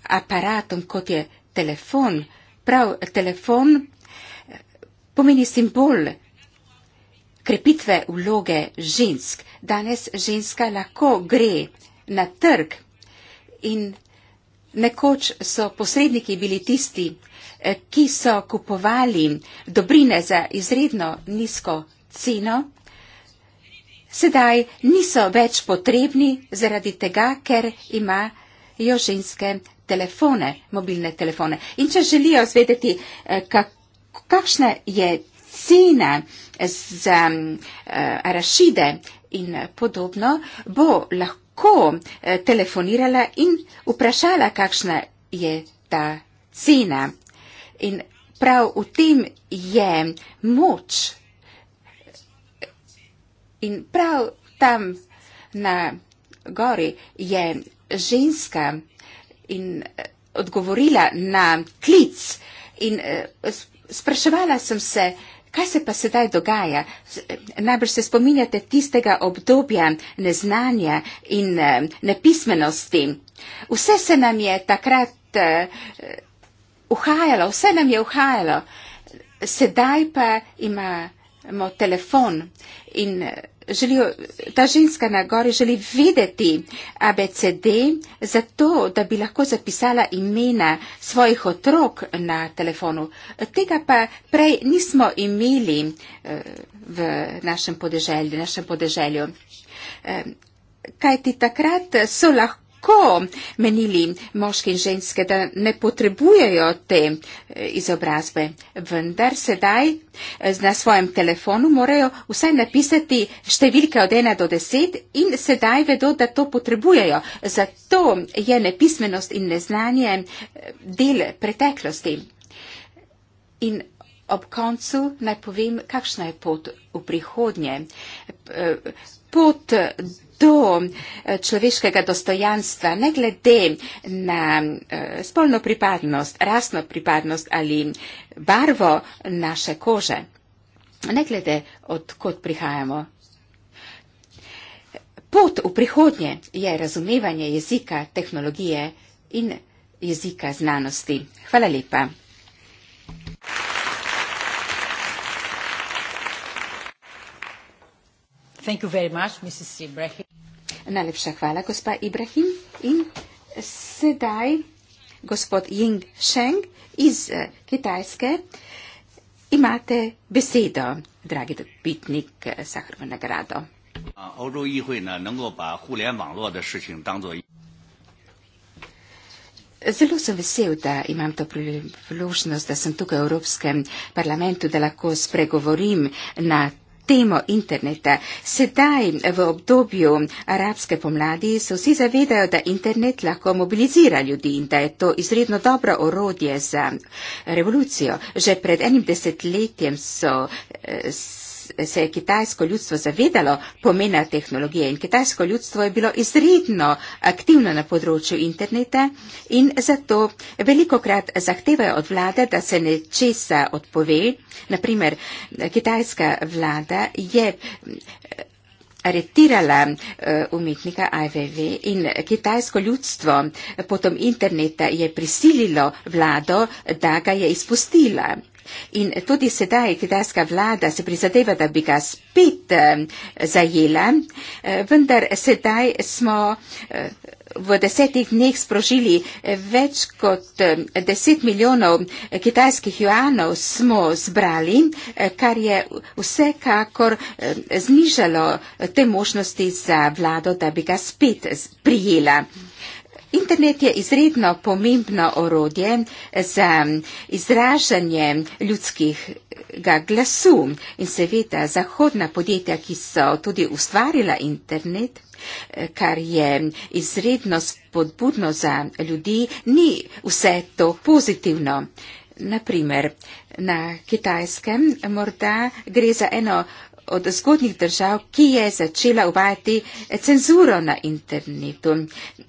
aparatom, kot je telefon. Prav telefon eh, pomeni simbol krepitve vloge žensk. Danes ženska lahko gre na trg in nekoč so posredniki bili tisti, eh, ki so kupovali dobrine za izredno nizko ceno. Sedaj niso več potrebni zaradi tega, ker imajo ženske telefone, mobilne telefone. In če želijo zvedeti, eh, kakšne je cene za arašide eh, in podobno, bo lahko eh, telefonirala in vprašala, kakšna je ta cena. In prav v tem je moč. In prav tam na gori je ženska in eh, odgovorila na klic in eh, spraševala sem se, kaj se pa sedaj dogaja. Eh, najbrž se spominjate tistega obdobja neznanja in nepismenosti. Vse se nam je takrat uhajalo, vse nam je uhajalo. Sedaj pa imamo telefon in želijo, ta ženska na gori želi vedeti ABCD, zato da bi lahko zapisala imena svojih otrok na telefonu. Tega pa prej nismo imeli eh, v našem podeželju. Našem podeželju. Eh, Kaj ti takrat so lahko tako menili moški in ženske, da ne potrebujejo te eh, izobrazbe. Vendar sedaj eh, na svojem telefonu morajo vsaj napisati številke od 1 do 10 in sedaj vedo, da to potrebujejo. Zato je nepismenost in neznanje eh, del preteklosti. In ob koncu naj povem, kakšna je pot v prihodnje pot do eh, človeškega dostojanstva, ne glede na eh, spolno pripadnost, rasno pripadnost ali barvo naše kože, ne glede odkot prihajamo. Pot v prihodnje je razumevanje jezika, tehnologije in jezika znanosti. Hvala lepa. Thank you very much, Mrs. Ibrahim. Najlepša hvala, gospa Ibrahim. In sedaj gospod Ying Sheng iz eh, Kitajske. Imate besedo, dragi dobitnik eh, Sahrova nagrado. Zelo sem vesel, da imam to priložnost, da sem tukaj v Evropskem parlamentu, da lahko spregovorim na temo interneta. Sedaj v obdobju arabske pomladi se vsi zavedajo, da internet lahko mobilizira ljudi in da je to izredno dobro orodje za revolucijo. Že pred enim desetletjem so. Eh, se je kitajsko ljudstvo zavedalo pomena tehnologije in kitajsko ljudstvo je bilo izredno aktivno na področju interneta in zato veliko krat zahtevajo od vlade, da se nečesa odpove. Naprimer, kitajska vlada je eh, aretirala eh, umetnika IVV in kitajsko ljudstvo potem interneta je prisililo vlado, da ga je izpustila. In tudi sedaj kitajska vlada se prizadeva, da bi ga spet eh, zajela, eh, vendar sedaj smo eh, v desetih dneh sprožili več kot deset milijonov kitajskih juanov smo zbrali, kar je vsekakor znižalo te možnosti za vlado, da bi ga spet prijela. Internet je izredno pomembno orodje za izražanje ljudskih glasu in seveda zahodna podjetja, ki so tudi ustvarila internet, eh, kar je izredno spodbudno za ljudi, ni vse to pozitivno. Naprimer, na kitajskem morda gre za eno od zgodnjih držav, ki je začela uvajati cenzuro na internetu.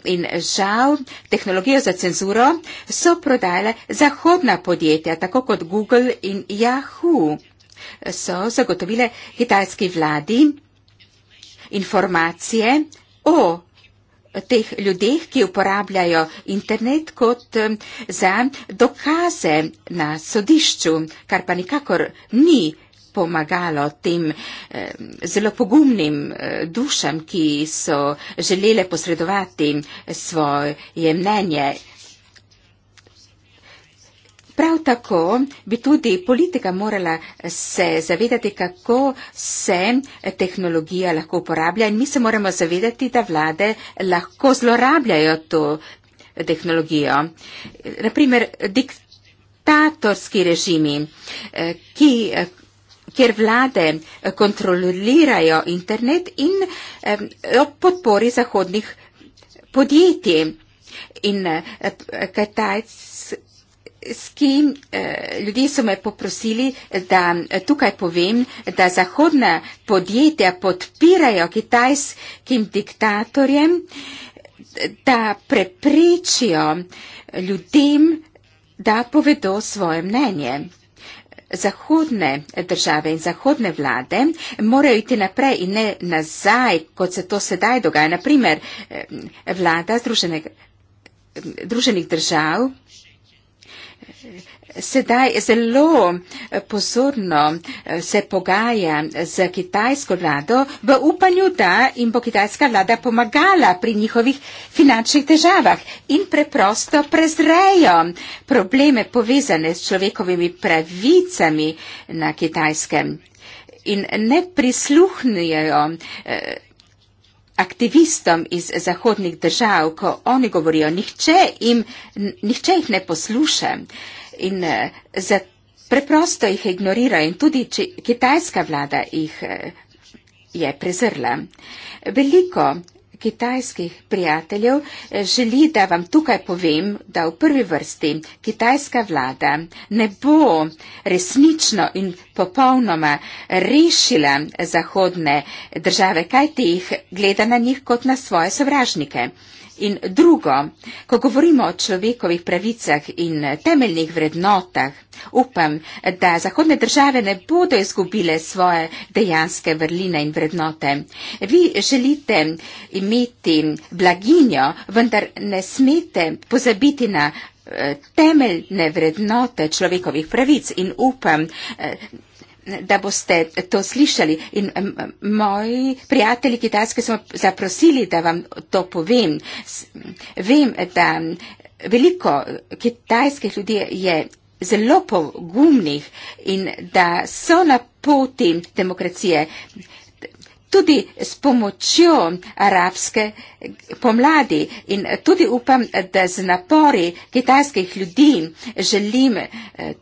In žal, tehnologijo za cenzuro so prodajale zahodna podjetja, tako kot Google in Yahoo. So zagotovile kitajski vladi informacije o teh ljudeh, ki uporabljajo internet kot za dokaze na sodišču, kar pa nikakor ni pomagalo tem eh, zelo pogumnim eh, dušam, ki so želele posredovati svoje mnenje. Prav tako bi tudi politika morala se zavedati, kako se tehnologija lahko uporablja in mi se moramo zavedati, da vlade lahko zlorabljajo to tehnologijo. Naprimer, diktatorski režimi, eh, ki kjer vlade eh, kontrolirajo internet in eh, ob podpori zahodnih podjetij. In eh, kitajski ljudje so me poprosili, da tukaj povem, da zahodna podjetja podpirajo kitajskim diktatorjem, da preprečijo ljudem, da povedo svoje mnenje zahodne države in zahodne vlade morajo iti naprej in ne nazaj, kot se to sedaj dogaja. Naprimer, eh, vlada Združenih držav Sedaj zelo eh, pozorno eh, se pogaja z kitajsko vlado v upanju, da jim bo kitajska vlada pomagala pri njihovih finančnih težavah in preprosto prezrejo probleme povezane s človekovimi pravicami na kitajskem in ne prisluhnijo eh, aktivistom iz zahodnih držav, ko oni govorijo, nihče, im, nihče jih ne posluša in eh, za, preprosto jih ignorirajo in tudi či, kitajska vlada jih eh, je prezrla. Veliko kitajskih prijateljev eh, želi, da vam tukaj povem, da v prvi vrsti kitajska vlada ne bo resnično in popolnoma rešila zahodne države, kajti jih gleda na njih kot na svoje sovražnike. In drugo, ko govorimo o človekovih pravicah in temeljnih vrednotah, upam, da zahodne države ne bodo izgubile svoje dejanske vrline in vrednote. Vi želite imeti blaginjo, vendar ne smete pozabiti na eh, temeljne vrednote človekovih pravic in upam, eh, da boste to slišali. In moji prijatelji kitajske so zaprosili, da vam to povem. Vem, da veliko kitajskih ljudi je zelo pogumnih in da so na poti demokracije tudi s pomočjo arabske pomladi in tudi upam, da z napori kitajskih ljudi želim eh,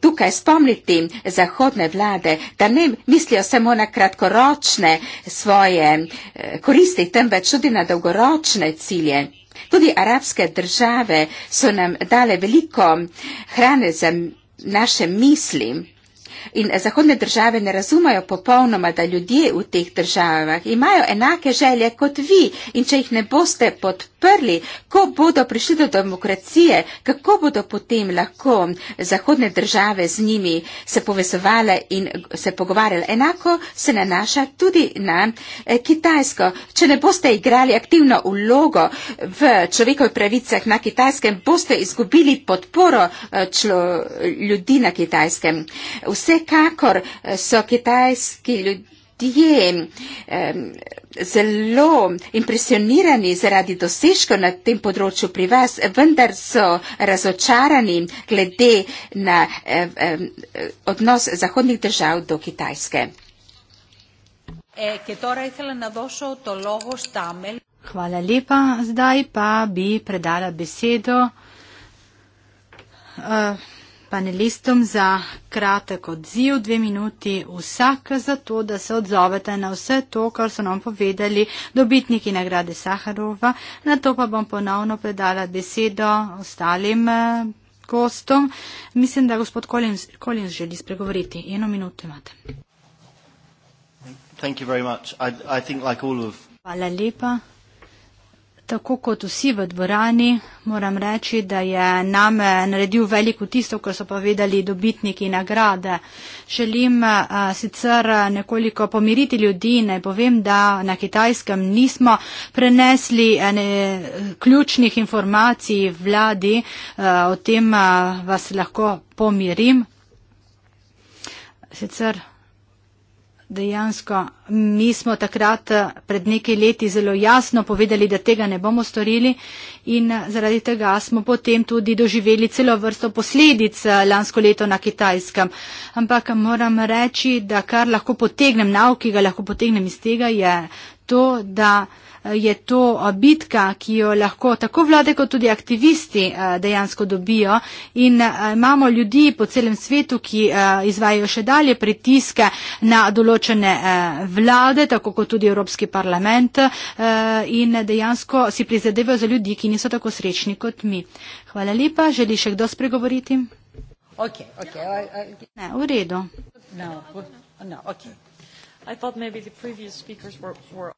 tukaj spomniti zahodne vlade, da ne mislijo samo na kratkoročne svoje eh, koristi, temveč tudi na dolgoročne cilje. Tudi arabske države so nam dale veliko hrane za naše misli. In zahodne države ne razumajo popolnoma, da ljudje v teh državah imajo enake želje kot vi in če jih ne boste podprli, podprli, ko bodo prišli do demokracije, kako bodo potem lahko zahodne države z njimi se povezovale in se pogovarjale. Enako se nanaša tudi na eh, Kitajsko. Če ne boste igrali aktivno ulogo v človekovih pravicah na Kitajskem, boste izgubili podporo eh, člo, ljudi na Kitajskem. Vsekakor eh, so kitajski ljudje ljudje um, zelo impresionirani zaradi dosežkov na tem področju pri vas, vendar so razočarani glede na um, um, odnos zahodnih držav do Kitajske. Eh, Hvala lepa. Zdaj pa bi predala besedo. Uh, panelistom za kratek odziv, dve minuti vsak, zato da se odzovete na vse to, kar so nam povedali dobitniki nagrade Saharova. Na to pa bom ponovno predala besedo ostalim eh, gostom. Mislim, da gospod Kolins, Kolins želi spregovoriti. Eno minuto imate. Hvala lepa. Tako kot vsi v dvorani, moram reči, da je name naredil veliko tisto, kar so povedali dobitniki nagrade. Želim a, eh, sicer nekoliko pomiriti ljudi in naj povem, da na kitajskem nismo prenesli ene, ključnih informacij vladi, a, eh, o tem a, eh, vas lahko pomirim. Sicer, dejansko mi smo takrat eh, pred nekaj leti zelo jasno povedali, da tega ne bomo storili in eh, zaradi tega smo potem tudi doživeli celo vrsto posledic eh, lansko leto na Kitajskem. Ampak moram reči, da kar lahko potegnem nauki, ga lahko potegnem iz tega, je to, da je to bitka, ki jo lahko tako vlade kot tudi aktivisti dejansko dobijo in imamo ljudi po celem svetu, ki izvajo še dalje pritiske na določene vlade, tako kot tudi Evropski parlament in dejansko si prizadevajo za ljudi, ki niso tako srečni kot mi. Hvala lepa, želi še kdo spregovoriti? Ok, ok. Ne, v redu. No, no, okay. Were, were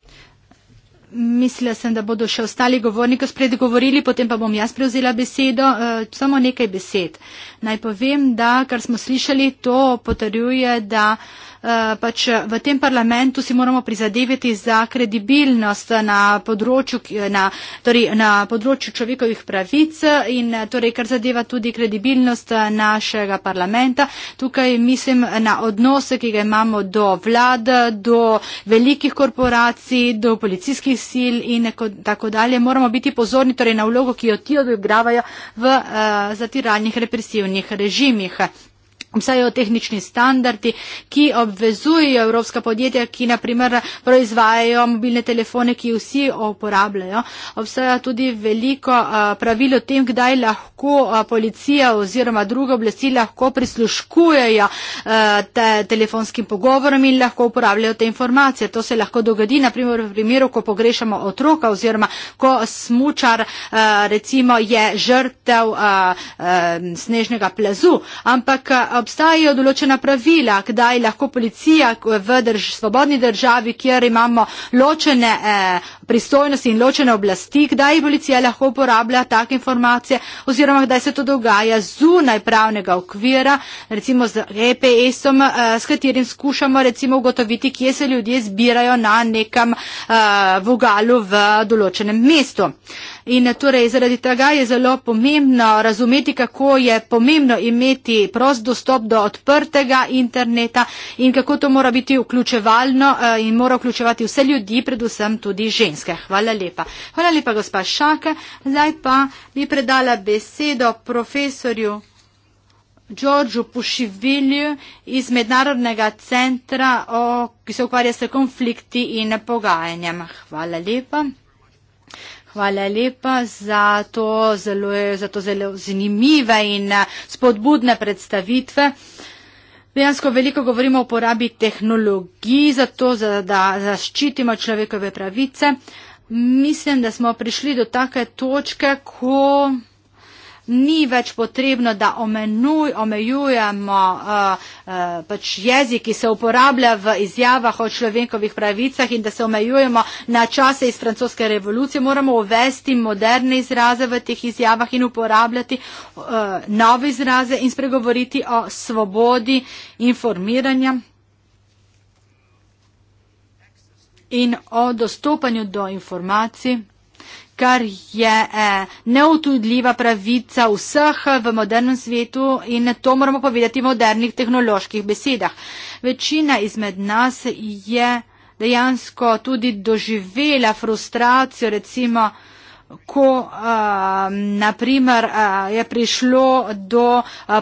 mislila sem, da bodo še ostali govorniki spredgovorili, potem pa bom jaz prevzela besedo. Uh, samo nekaj besed. Naj povem, da kar smo slišali, to potrjuje, da uh, Eh, pač eh, v tem parlamentu si moramo prizadeviti za kredibilnost na področju, eh, na, torej, na področju človekovih pravic in torej, kar zadeva tudi kredibilnost našega parlamenta. Tukaj mislim na odnose, ki ga imamo do vlad, do velikih korporacij, do policijskih sil in tako dalje. Moramo biti pozorni torej, na vlogo, ki jo ti odigravajo v uh, zatiralnih represivnih režimih pisajo tehnični standardi, ki obvezujejo evropska podjetja, ki naprimer proizvajajo mobilne telefone, ki vsi uporabljajo. Obstaja tudi veliko eh, pravil o tem, kdaj lahko eh, policija oziroma druga oblasti lahko prisluškujejo eh, te telefonskim pogovorom in lahko uporabljajo te informacije. To se lahko dogodi, naprimer v primeru, ko pogrešamo otroka oziroma ko smučar recimo je žrtev snežnega plazu. Ampak obstajajo določena pravila, kdaj lahko policija v drž, svobodni državi, kjer imamo ločene eh, pristojnosti in ločene oblasti, kdaj policija lahko uporablja take informacije oziroma kdaj se to dogaja zunaj pravnega okvira, recimo z EPS-om, eh, s katerim skušamo recimo ugotoviti, kje se ljudje zbirajo na nekem eh, vogalu v določenem mestu. In torej zaradi tega je zelo pomembno razumeti, kako je pomembno imeti prost dostop do odprtega interneta in kako to mora biti vključevalno eh, in mora vključevati vse ljudi, predvsem tudi ženske. Hvala lepa. Hvala lepa, gospa Šake. Zdaj pa bi predala besedo profesorju. Giorgio Pušiviliu iz Mednarodnega centra, o, ki se ukvarja s konflikti in pogajanjem. Hvala lepa. Hvala lepa za to zelo, za to zelo zanimive in eh, spodbudne predstavitve. Dejansko veliko govorimo o uporabi tehnologij za to, da zaščitimo človekove pravice. Mislim, da smo prišli do take točke, ko ni več potrebno, da omenuj, omejujemo uh, uh, pač jezik, ki se uporablja v izjavah o človekovih pravicah in da se omejujemo na čase iz francoske revolucije. Moramo uvesti moderne izraze v teh izjavah in uporabljati uh, nove izraze in spregovoriti o svobodi informiranja in o dostopanju do informacij kar je eh, neotudljiva pravica vseh eh, v modernem svetu in to moramo povedati v modernih tehnoloških besedah. Večina izmed nas je dejansko tudi doživela frustracijo, recimo, ko naprimer je prišlo do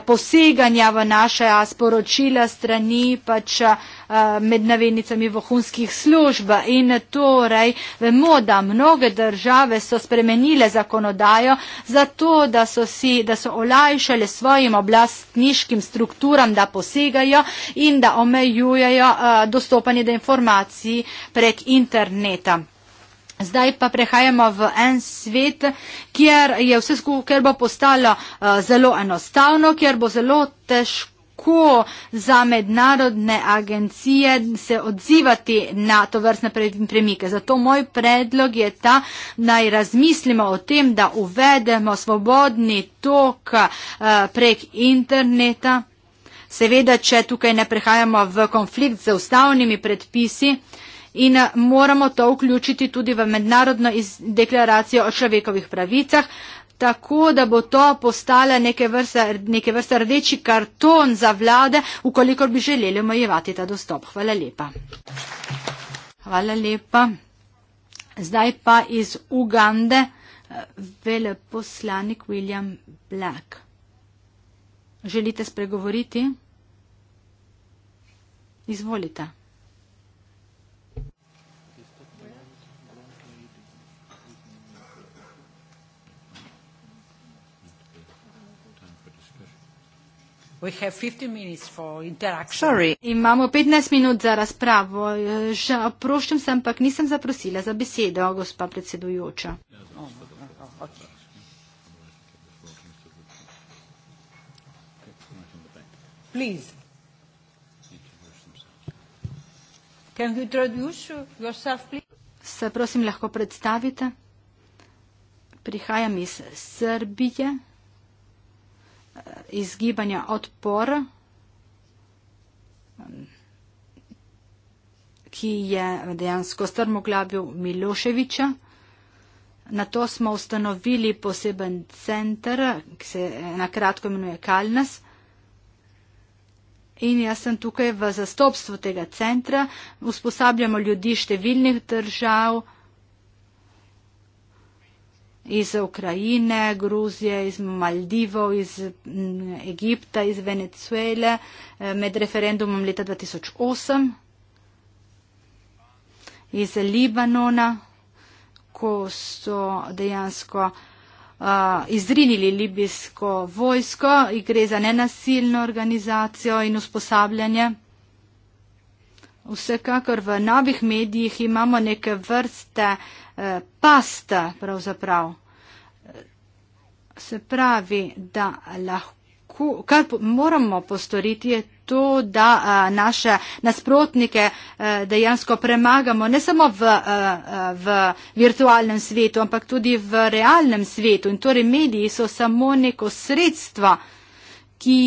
poseganja v naša sporočila strani pač med navednicami vohunskih služb in torej vemo, da mnoge države so spremenile zakonodajo zato, da so, si, da so olajšale svojim oblastniškim strukturam, da posegajo in da omejujejo dostopanje do informacij prek interneta. Zdaj pa prehajamo v en svet, kjer je vse skupaj, ker bo postalo eh, zelo enostavno, kjer bo zelo težko ko za mednarodne agencije se odzivati na to vrstne premike. Zato moj predlog je ta, naj razmislimo o tem, da uvedemo svobodni tok eh, prek interneta. Seveda, če tukaj ne prehajamo v konflikt z ustavnimi predpisi, in eh, moramo to vključiti tudi v mednarodno deklaracijo o človekovih pravicah, tako da bo to postala neke vrste, neke vrste rdeči karton za vlade, ukoliko bi želeli omejevati ta dostop. Hvala lepa. Hvala lepa. Zdaj pa iz Ugande eh, veleposlanik William Black. Želite spregovoriti? Izvolite. We have 15 minutes for interaction. Sorry. Imamo 15 minut za razpravo. Že oprošljam se, ampak nisem zaprosila za besedo, gospa predsedujoča. Oh, okay. yourself, se prosim lahko predstavite. Prihajam iz Srbije iz gibanja odpor, ki je dejansko strmoglavil Miloševiča. Na to smo ustanovili poseben center, ki se na kratko imenuje Kalnas. In jaz sem tukaj v zastopstvu tega centra. Usposabljamo ljudi številnih držav iz Ukrajine, Gruzije, iz Maldivov, iz mm, Egipta, iz Venezuele eh, med referendumom leta 2008, iz Libanona, ko so dejansko uh, izrinili libijsko vojsko in gre za nenasilno organizacijo in usposabljanje. Vsekakor v novih medijih imamo neke vrste uh, pasta pravzaprav. Se pravi, da lahko, kar moramo postoriti, je to, da naše nasprotnike dejansko premagamo ne samo v, v virtualnem svetu, ampak tudi v realnem svetu. In torej mediji so samo neko sredstvo, ki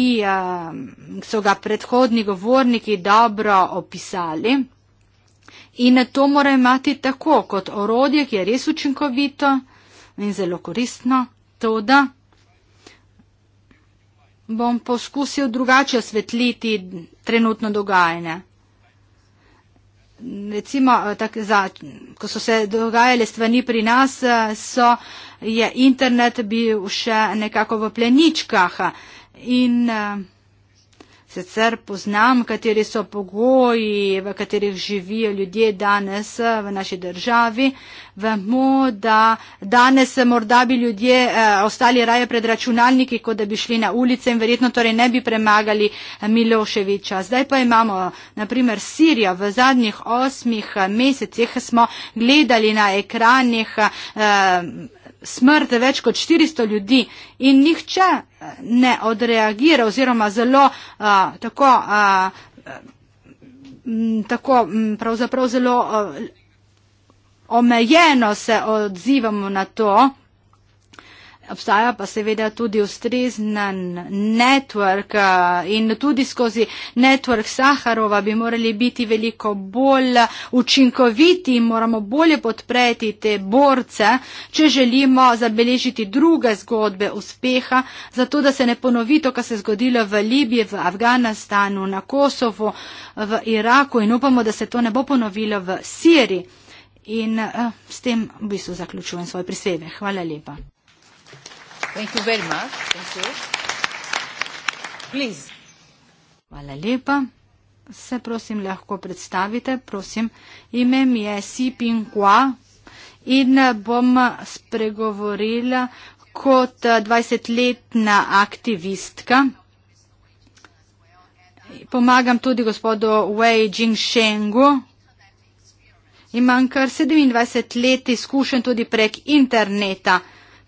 so ga predhodni govorniki dobro opisali. In to mora imati tako kot orodje, ki je res učinkovito in zelo koristno. To, da bom poskusil drugače osvetliti trenutno dogajanje. Recimo, eh, tak, za, ko so se dogajale stvari pri nas, eh, so, je internet bil še nekako v pleničkah. In, uh, Sicer poznam, kateri so pogoji, v katerih živijo ljudje danes eh, v naši državi. Vemo, da danes morda bi ljudje eh, ostali raje pred računalniki, kot da bi šli na ulice in verjetno torej ne bi premagali eh, Miloševiča. Zdaj pa imamo, naprimer, Sirijo. V zadnjih osmih mesecih smo gledali na ekranih. Eh, smrte več kot 400 ljudi in nihče eh, ne odreagira oziroma zelo uh, tako, uh, tako pravzaprav zelo uh, omejeno se odzivamo na to. Obstaja pa seveda tudi ustrezna network eh, in tudi skozi network Saharova bi morali biti veliko bolj učinkoviti in moramo bolje podpreti te borce, če želimo zabeležiti druge zgodbe uspeha, zato da se ne ponovi to, kar se je zgodilo v Libiji, v Afganistanu, na Kosovo, v Iraku in upamo, da se to ne bo ponovilo v Siriji. In uh, s tem v bistvu zaključujem svoj prispevek. Hvala lepa. Hvala lepa. Se prosim lahko predstavite, prosim. Ime mi je Si Ping Kua in bom spregovorila kot 20-letna aktivistka. Pomagam tudi gospodu Wei Jingshengu. Imam kar 27 let izkušen tudi prek interneta.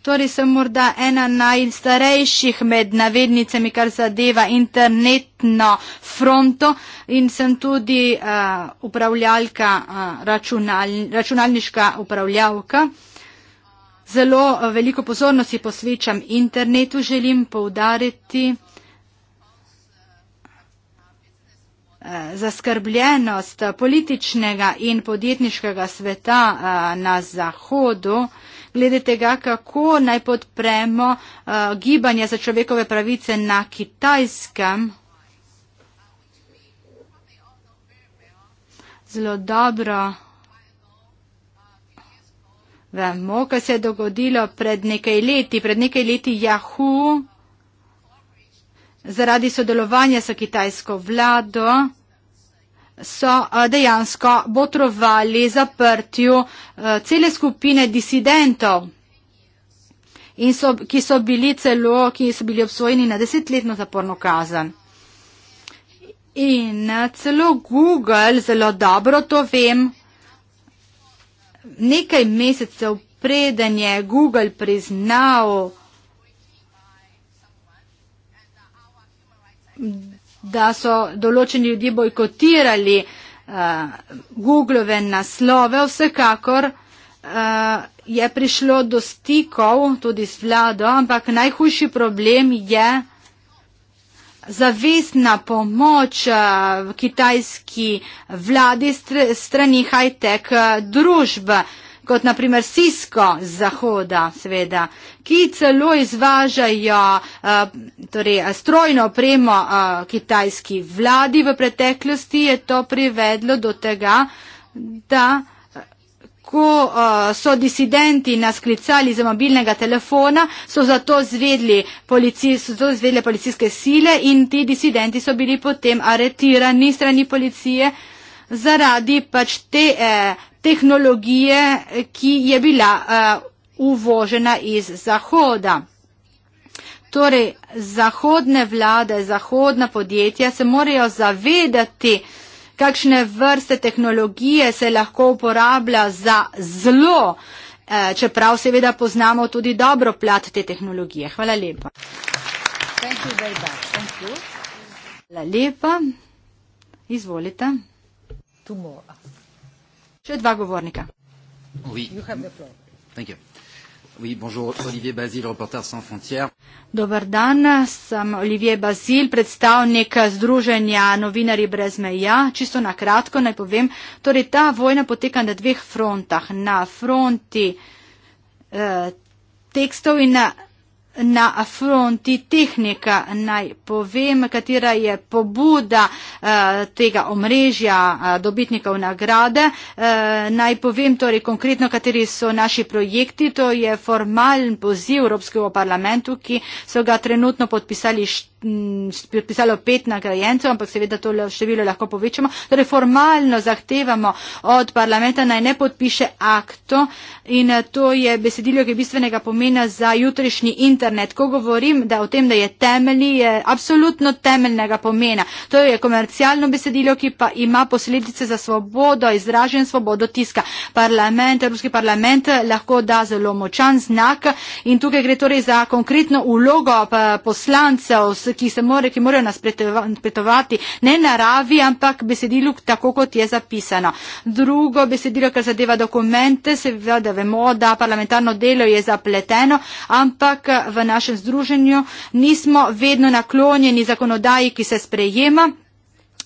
Torej sem morda ena najstarejših med navednicami, kar zadeva internetno fronto in sem tudi uh, upravljalka, uh, računal, računalniška upravljalka. Zelo uh, veliko pozornosti posvečam internetu, želim poudariti zaskrbljenost političnega in podjetniškega sveta na Zahodu, glede tega, kako naj podpremo uh, gibanje za človekove pravice na kitajskem. Zelo dobro vemo, kaj se je dogodilo pred nekaj leti. Pred nekaj leti Yahoo zaradi sodelovanja s kitajsko vlado so eh, dejansko botrovali zaprtju eh, cele skupine disidentov, so, ki so bili celo, ki so bili obsojeni na desetletno zaporno kazen. In eh, celo Google, zelo dobro to vem, nekaj mesecev preden je Google priznal, da so določeni ljudje bojkotirali uh, eh, Googleve naslove, vsekakor uh, je prišlo do stikov tudi s vlado, ampak najhujši problem je zavestna pomoč uh, kitajski vladi str strani high-tech uh, družb. Uh, kot naprimer Sisko z zahoda, seveda, ki celo izvažajo uh, torej, eh, strojno opremo uh, kitajski vladi. V preteklosti je to privedlo do tega, da ko uh, so disidenti nas klicali za mobilnega telefona, so za to zvedli, policij, so to zvedli policijske sile in ti disidenti so bili potem aretirani strani policije zaradi pač te eh, tehnologije, ki je bila uh, uvožena iz Zahoda. Torej, zahodne vlade, zahodna podjetja se morajo zavedati, kakšne vrste tehnologije se lahko uporablja za zlo, eh, čeprav seveda poznamo tudi dobro plat te tehnologije. Hvala lepa. Hvala lepa. Izvolite. Tu bo. Uh... Še dva govornika. Dobar dan, sem Olivier Bazil, predstavnik Združenja novinari brez meja. Čisto na kratko naj povem, torej ta vojna poteka na dveh frontah, na fronti eh, tekstov in na na fronti tehnika. Naj povem, katera je pobuda eh, tega omrežja eh, dobitnikov nagrade. Eh, naj povem torej konkretno, kateri so naši projekti. To je formalen poziv Evropskega parlamentu, ki so ga trenutno podpisali podpisalo pet nagrajencev, ampak seveda to število lahko povečamo. Torej formalno zahtevamo od parlamenta naj ne podpiše akto in eh, to je besedilo, ki je bistvenega pomena za jutrišnji internet. Ko govorim da o tem, da je temeljni, je absolutno temeljnega pomena. To je komercialno besedilo, ki pa ima posledice za svobodo, izražen svobodo tiska. Parlament, Evropski parlament eh, lahko da zelo močan znak in tukaj gre torej za konkretno ulogo eh, poslancev, ki, more, ki morajo naspetovati ne naravi, ampak besedilu tako, kot je zapisano. Drugo besedilo, kar zadeva dokumente, seveda vemo, da parlamentarno delo je zapleteno, ampak v našem združenju nismo vedno naklonjeni zakonodaji, ki se sprejema.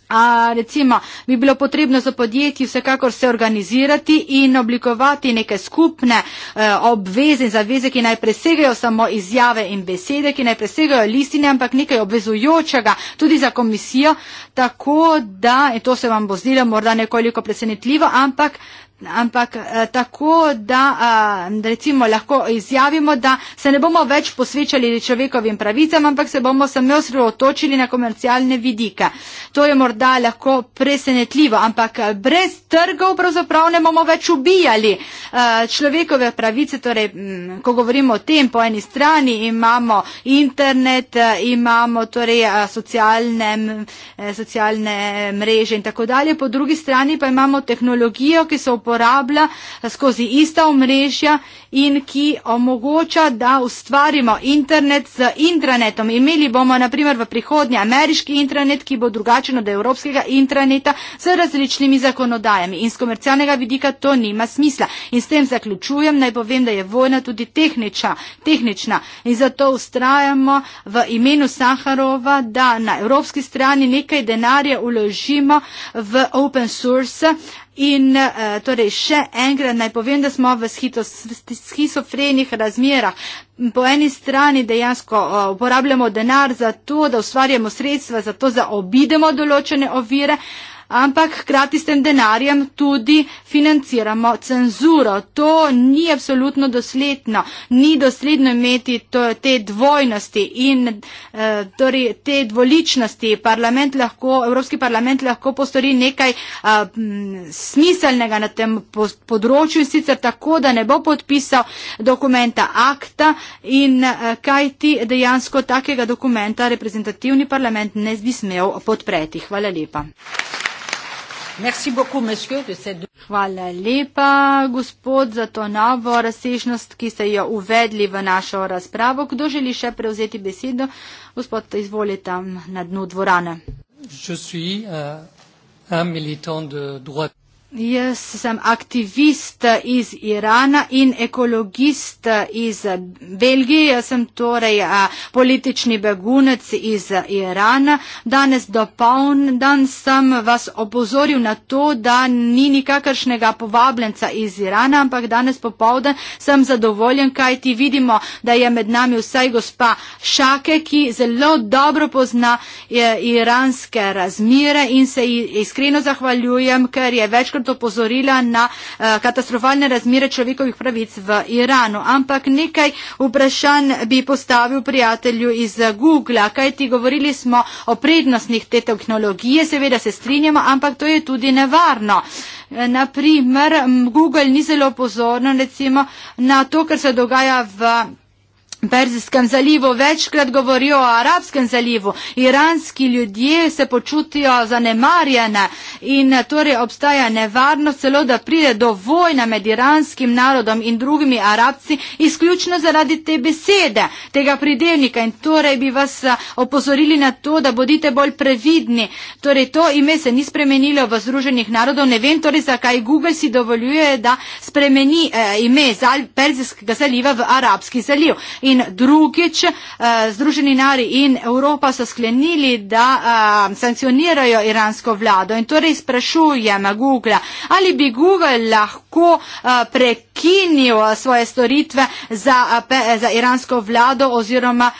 A recimo bi bilo potrebno za podjetje vsekakor se organizirati in oblikovati neke skupne eh, obveze in zaveze, ki naj presegajo samo izjave in besede, ki naj presegajo listine, ampak nekaj obvezujočega tudi za komisijo, tako da, in to se vam bo zdelo morda nekoliko presenetljivo, ampak Ampak eh, tako, da eh, recimo lahko izjavimo, da se ne bomo več posvečali človekovim pravicam, ampak se bomo samo osredotočili na komercialne vidike. To je morda lahko presenetljivo, ampak eh, brez trgov pravzaprav ne bomo več ubijali eh, človekove pravice. Torej, m, mm, ko govorimo o tem, po eni strani imamo internet, eh, imamo torej, eh, socialne, eh, socialne mreže in tako dalje, po drugi strani pa imamo tehnologijo, ki so uporabljena uporablja skozi ista omrežja in ki omogoča, da ustvarimo internet z intranetom. Imeli bomo naprimer v prihodnje ameriški intranet, ki bo drugačen od evropskega intraneta z različnimi zakonodajami in z komercialnega vidika to nima smisla. In s tem zaključujem, naj povem, da je vojna tudi tehnična, tehnična in zato ustrajamo v imenu Saharova, da na evropski strani nekaj denarja uložimo v open source. In eh, torej še enkrat naj povem, da smo v schizofrenih razmerah. Po eni strani dejansko eh, uporabljamo denar za to, da ustvarjamo sredstva, za to, da obidemo določene ovire ampak hkrati s tem denarjem tudi financiramo cenzuro. To ni absolutno dosledno. Ni dosledno imeti to, te dvojnosti in eh, torej, te dvoličnosti. Parlament lahko, Evropski parlament lahko postori nekaj a, eh, m, smiselnega na tem področju in sicer tako, da ne bo podpisal dokumenta akta in a, eh, kaj ti dejansko takega dokumenta reprezentativni parlament ne bi smel podpreti. Hvala lepa. Merci beaucoup, monsieur, de cette... Hvala lepa, gospod, za to novo razsežnost, ki ste jo uvedli v našo razpravo. Kdo želi še prevzeti besedo? Gospod, izvolite tam na dnu dvorane. Je suis, uh, un militant de droite. Jaz sem aktivist iz Irana in ekologist iz Belgije. Jaz sem torej a, politični begunec iz Irana. Danes do poln dan sem vas opozoril na to, da ni nikakršnega povabljenca iz Irana, ampak danes popovdan sem zadovoljen, kaj ti vidimo, da je med nami vsaj gospa Šake, ki zelo dobro pozna je, iranske razmire in se iskreno zahvaljujem, ker je večkrat parlamentu opozorila na eh, katastrofalne razmere človekovih pravic v Iranu. Ampak nekaj vprašanj bi postavil prijatelju iz Googla, kaj ti govorili smo o prednostnih te tehnologije, seveda se strinjamo, ampak to je tudi nevarno. Eh, Naprimer, Google ni zelo pozorno recimo na to, kar se dogaja v Perzijskem zalivu, večkrat govorijo o Arabskem zalivu. Iranski ljudje se počutijo zanemarjene in torej obstaja nevarnost celo, da pride do vojna med iranskim narodom in drugimi Arabci izključno zaradi te besede, tega pridevnika. In torej bi vas eh, opozorili na to, da bodite bolj previdni. Torej to ime se ni spremenilo v Združenih narodov. Ne vem torej, zakaj Google si dovoljuje, da spremeni eh, ime Perzijskega zaliva v Arabski zaliv. In In drugič, eh, Združeni narodi in Evropa so sklenili, da eh, sankcionirajo iransko vlado. In torej sprašujem Google, ali bi Google lahko eh, prekinil prekinil eh, svoje storitve za, eh, eh, za iransko vlado oziroma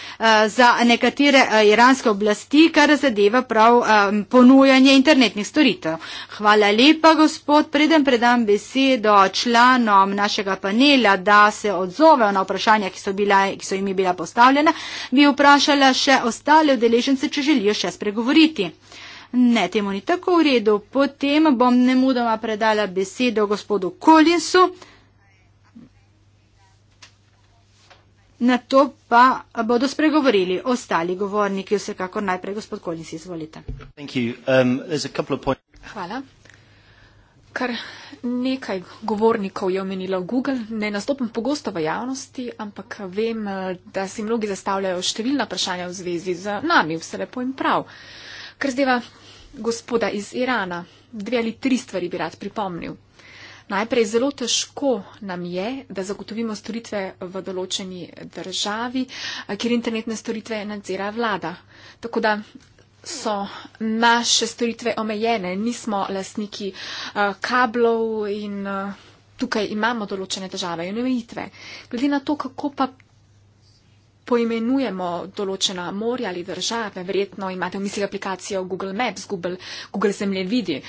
za nekatere iranske oblasti, kar zadeva prav ponujanje internetnih storitev. Hvala lepa, gospod. Predem predam besedo članom našega panela, da se odzovejo na vprašanja, ki so, bila, ki so jimi bila postavljena. Bi vprašala še ostale udeležence, če želijo še spregovoriti. Ne, temu ni tako v redu. Potem bom nemudoma predala besedo gospodu Kolinsu. Na to pa bodo spregovorili ostali govorniki. Vsekakor najprej gospod Kolinsi, izvolite. Um, Hvala. Kar nekaj govornikov je omenilo Google. Ne nastopim pogosto v javnosti, ampak vem, da si mnogi zastavljajo številna vprašanja v zvezi z nami, vse lepo in prav. Kar zdeva gospoda iz Irana, dve ali tri stvari bi rad pripomnil. Najprej zelo težko nam je, da zagotovimo storitve v določeni državi, eh, kjer internetne storitve nadzira vlada. Tako da so naše storitve omejene, nismo lastniki eh, kablov in eh, tukaj imamo določene države in omejitve. Glede na to, kako pa poimenujemo določena morja ali države, verjetno imate v mislih aplikacijo Google Maps, Google, Google zemljevidi.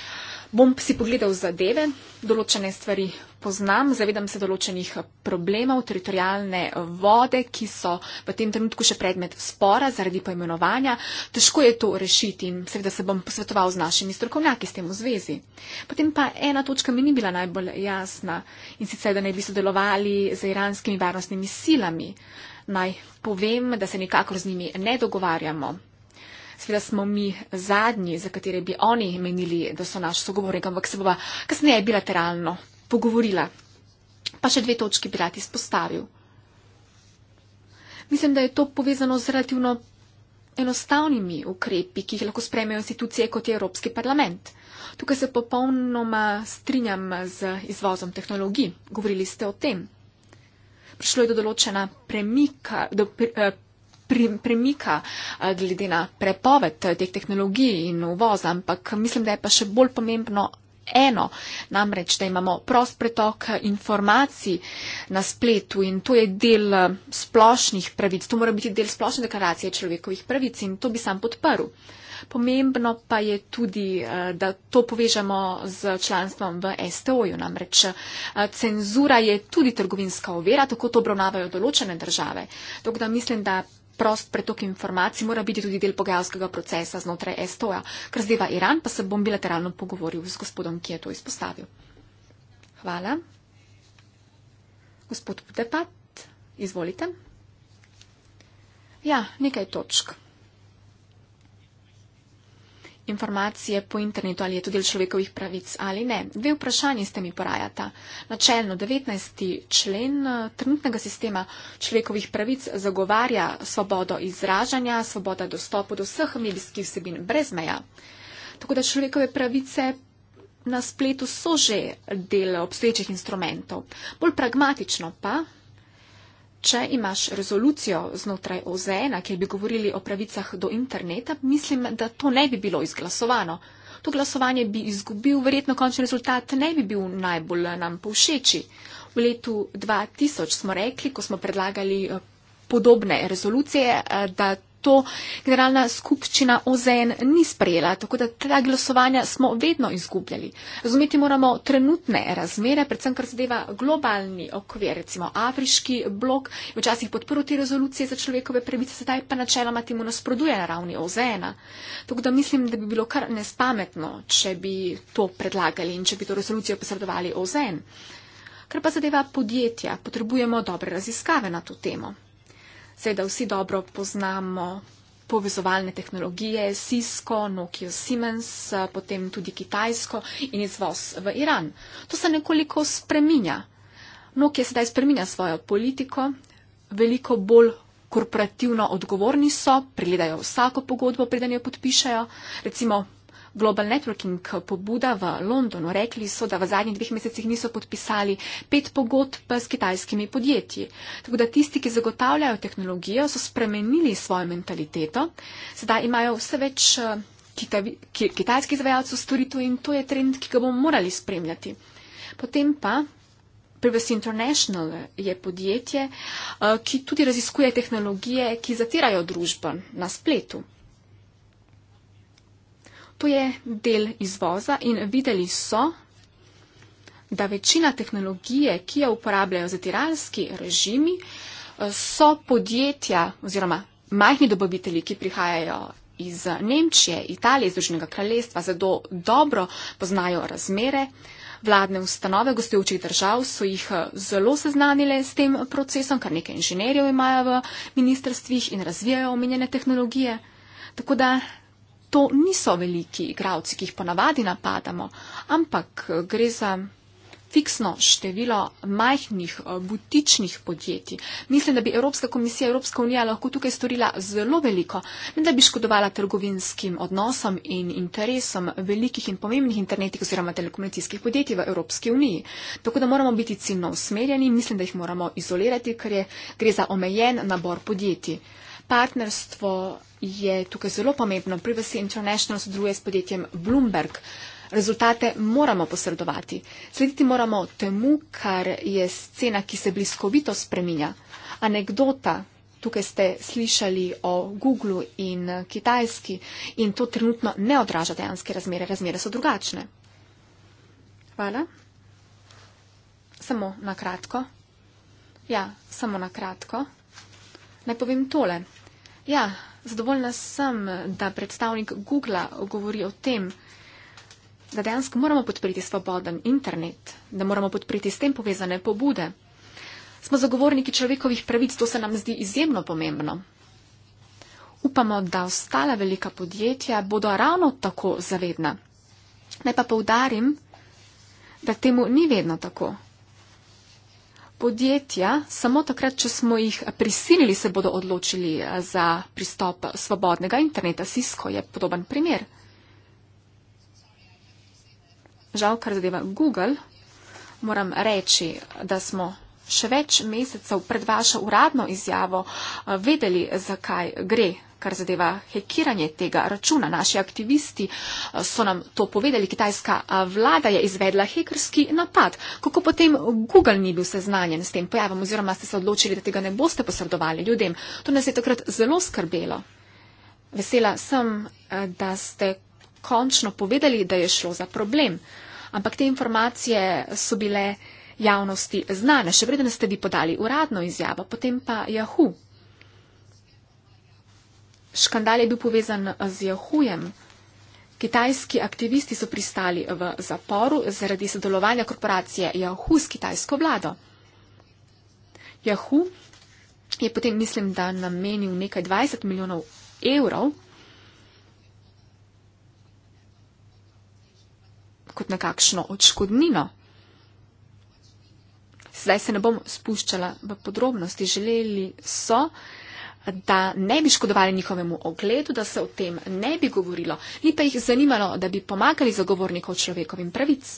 Bom si pogledal zadeve, določene stvari poznam, zavedam se določenih problemov, teritorijalne vode, ki so v tem trenutku še predmet spora zaradi poimenovanja. Težko je to rešiti in seveda se bom posvetoval z našimi strokovnjaki s tem v zvezi. Potem pa ena točka mi ni bila najbolj jasna in sicer, da naj bi sodelovali z iranskimi varnostnimi silami naj povem, da se nikakor z njimi ne dogovarjamo. Sveda smo mi zadnji, za katere bi oni menili, da so naš sogovornik, ampak se bova kasneje bilateralno pogovorila. Pa še dve točki bi rad izpostavil. Mislim, da je to povezano z relativno enostavnimi ukrepi, ki jih lahko sprejmejo institucije kot je Evropski parlament. Tukaj se popolnoma strinjam z izvozom tehnologij. Govorili ste o tem prišlo je do določena premika. Do, eh, premika eh, glede na prepoved eh, teh tehnologij in uvoz, ampak mislim, da je pa še bolj pomembno eno, namreč, da imamo prost pretok eh, informacij na spletu in to je del splošnih pravic, to mora biti del splošne deklaracije človekovih pravic in to bi sam podprl. Pomembno pa je tudi, eh, da to povežemo z članstvom v STO-ju. Namreč eh, cenzura je tudi trgovinska ovira, tako to obravnavajo določene države. Tako da mislim, da prost pretok informacij mora biti tudi del pogajalskega procesa znotraj STO-ja. Kar zdeva Iran, pa se bom bilateralno pogovoril z gospodom, ki je to izpostavil. Hvala. Gospod Putepat, izvolite. Ja, nekaj točk informacije po internetu, ali je to del človekovih pravic ali ne. Dve vprašanji ste mi porajata. Načelno 19. člen eh, trenutnega sistema človekovih pravic zagovarja svobodo izražanja, svoboda dostopu do vseh medijskih vsebin brez meja. Tako da človekove pravice na spletu so že del obstoječih instrumentov. Bolj pragmatično pa Če imaš rezolucijo znotraj OZN-a, kjer bi govorili o pravicah do interneta, mislim, da to ne bi bilo izglasovano. To glasovanje bi izgubil, verjetno končni rezultat ne bi bil najbolj nam povšeči. V letu 2000 smo rekli, ko smo predlagali eh, podobne rezolucije, eh, da to generalna skupščina OZN ni sprejela, tako da ta glasovanja smo vedno izgubljali. Razumeti moramo trenutne razmere, predvsem kar zadeva globalni okvir, recimo afriški blok, včasih podprl te rezolucije za človekove pravice, sedaj pa načeloma temu nasproduje na ravni OZN. Tako da mislim, da bi bilo kar nespametno, če bi to predlagali in če bi to rezolucijo posredovali OZN. Kar pa zadeva podjetja, potrebujemo dobre raziskave na to temo. Seveda vsi dobro poznamo povezovalne tehnologije, Cisco, Nokia, Siemens, potem tudi Kitajsko in izvoz v Iran. To se nekoliko spreminja. Nokia sedaj spreminja svojo politiko, veliko bolj korporativno odgovorni so, pregledajo vsako pogodbo, preden jo podpišajo. Recimo Global Networking pobuda v Londonu. Rekli so, da v zadnjih dveh mesecih niso podpisali pet pogodb s kitajskimi podjetji. Tako da tisti, ki zagotavljajo tehnologijo, so spremenili svojo mentaliteto. Sedaj imajo vse več eh, kitajskih izvajalcev storitev in to je trend, ki ga bomo morali spremljati. Potem pa. Privacy International je podjetje, eh, ki tudi raziskuje tehnologije, ki zatirajo družbo na spletu to je del izvoza in videli so, da večina tehnologije, ki jo uporabljajo zatiralski režimi, so podjetja oziroma majhni dobavitelji, ki prihajajo iz Nemčije, Italije, Združenega kraljestva, zato dobro poznajo razmere. Vladne ustanove gostujočih držav so jih zelo seznanile s tem procesom, kar nekaj inženirjev imajo v ministrstvih in razvijajo omenjene tehnologije. Tako da to niso veliki igravci, ki jih ponavadi napadamo, ampak eh, gre za fiksno število majhnih eh, butičnih podjetij. Mislim, da bi Evropska komisija, Evropska unija lahko tukaj storila zelo veliko, ne da bi škodovala trgovinskim odnosom in interesom velikih in pomembnih internetih oziroma telekomunikacijskih podjetij v Evropski uniji. Tako da moramo biti ciljno usmerjeni, mislim, da jih moramo izolirati, ker je, gre za omejen nabor podjetij. Partnerstvo je tukaj zelo pomembno. Privacy International sodeluje s podjetjem Bloomberg. Rezultate moramo posredovati. Slediti moramo temu, kar je scena, ki se bliskovito spreminja. Anekdota, tukaj ste slišali o Google in Kitajski in to trenutno ne odraža dejanske razmere. Razmere so drugačne. Hvala. Samo na kratko. Ja, samo na kratko. Naj povem tole. Ja, zadovoljna sem, da predstavnik Google govori o tem, da dejansko moramo podpreti svoboden internet, da moramo podpreti s tem povezane pobude. Smo zagovorniki človekovih pravic, to se nam zdi izjemno pomembno. Upamo, da ostala velika podjetja bodo ravno tako zavedna. Naj pa poudarim, da temu ni vedno tako podjetja, samo takrat, če smo jih prisilili, se bodo odločili eh, za pristop svobodnega interneta. Cisco je podoben primer. Žal, kar zadeva Google, moram reči, da smo še več mesecev pred vašo uradno izjavo eh, vedeli, zakaj gre, kar zadeva hekiranje tega računa. Naši aktivisti eh, so nam to povedali, kitajska eh, vlada je izvedla hekerski napad. Kako potem Google ni bil seznanjen s tem pojavom oziroma ste se odločili, da tega ne boste posredovali ljudem? To nas je takrat zelo skrbelo. Vesela sem, da ste končno povedali, da je šlo za problem. Ampak te informacije so bile javnosti znane, še preden ste vi podali uradno izjavo, potem pa Yahoo. Škandal je bil povezan z Yahoojem. Kitajski aktivisti so pristali v zaporu zaradi sodelovanja korporacije Yahoo s kitajsko vlado. Yahoo je potem, mislim, da namenil nekaj 20 milijonov evrov. kot nekakšno odškodnino zdaj se ne bom spuščala v podrobnosti. Želeli so, da ne bi škodovali njihovemu ogledu, da se o tem ne bi govorilo. Ni pa jih zanimalo, da bi pomagali zagovornikov človekovim pravic.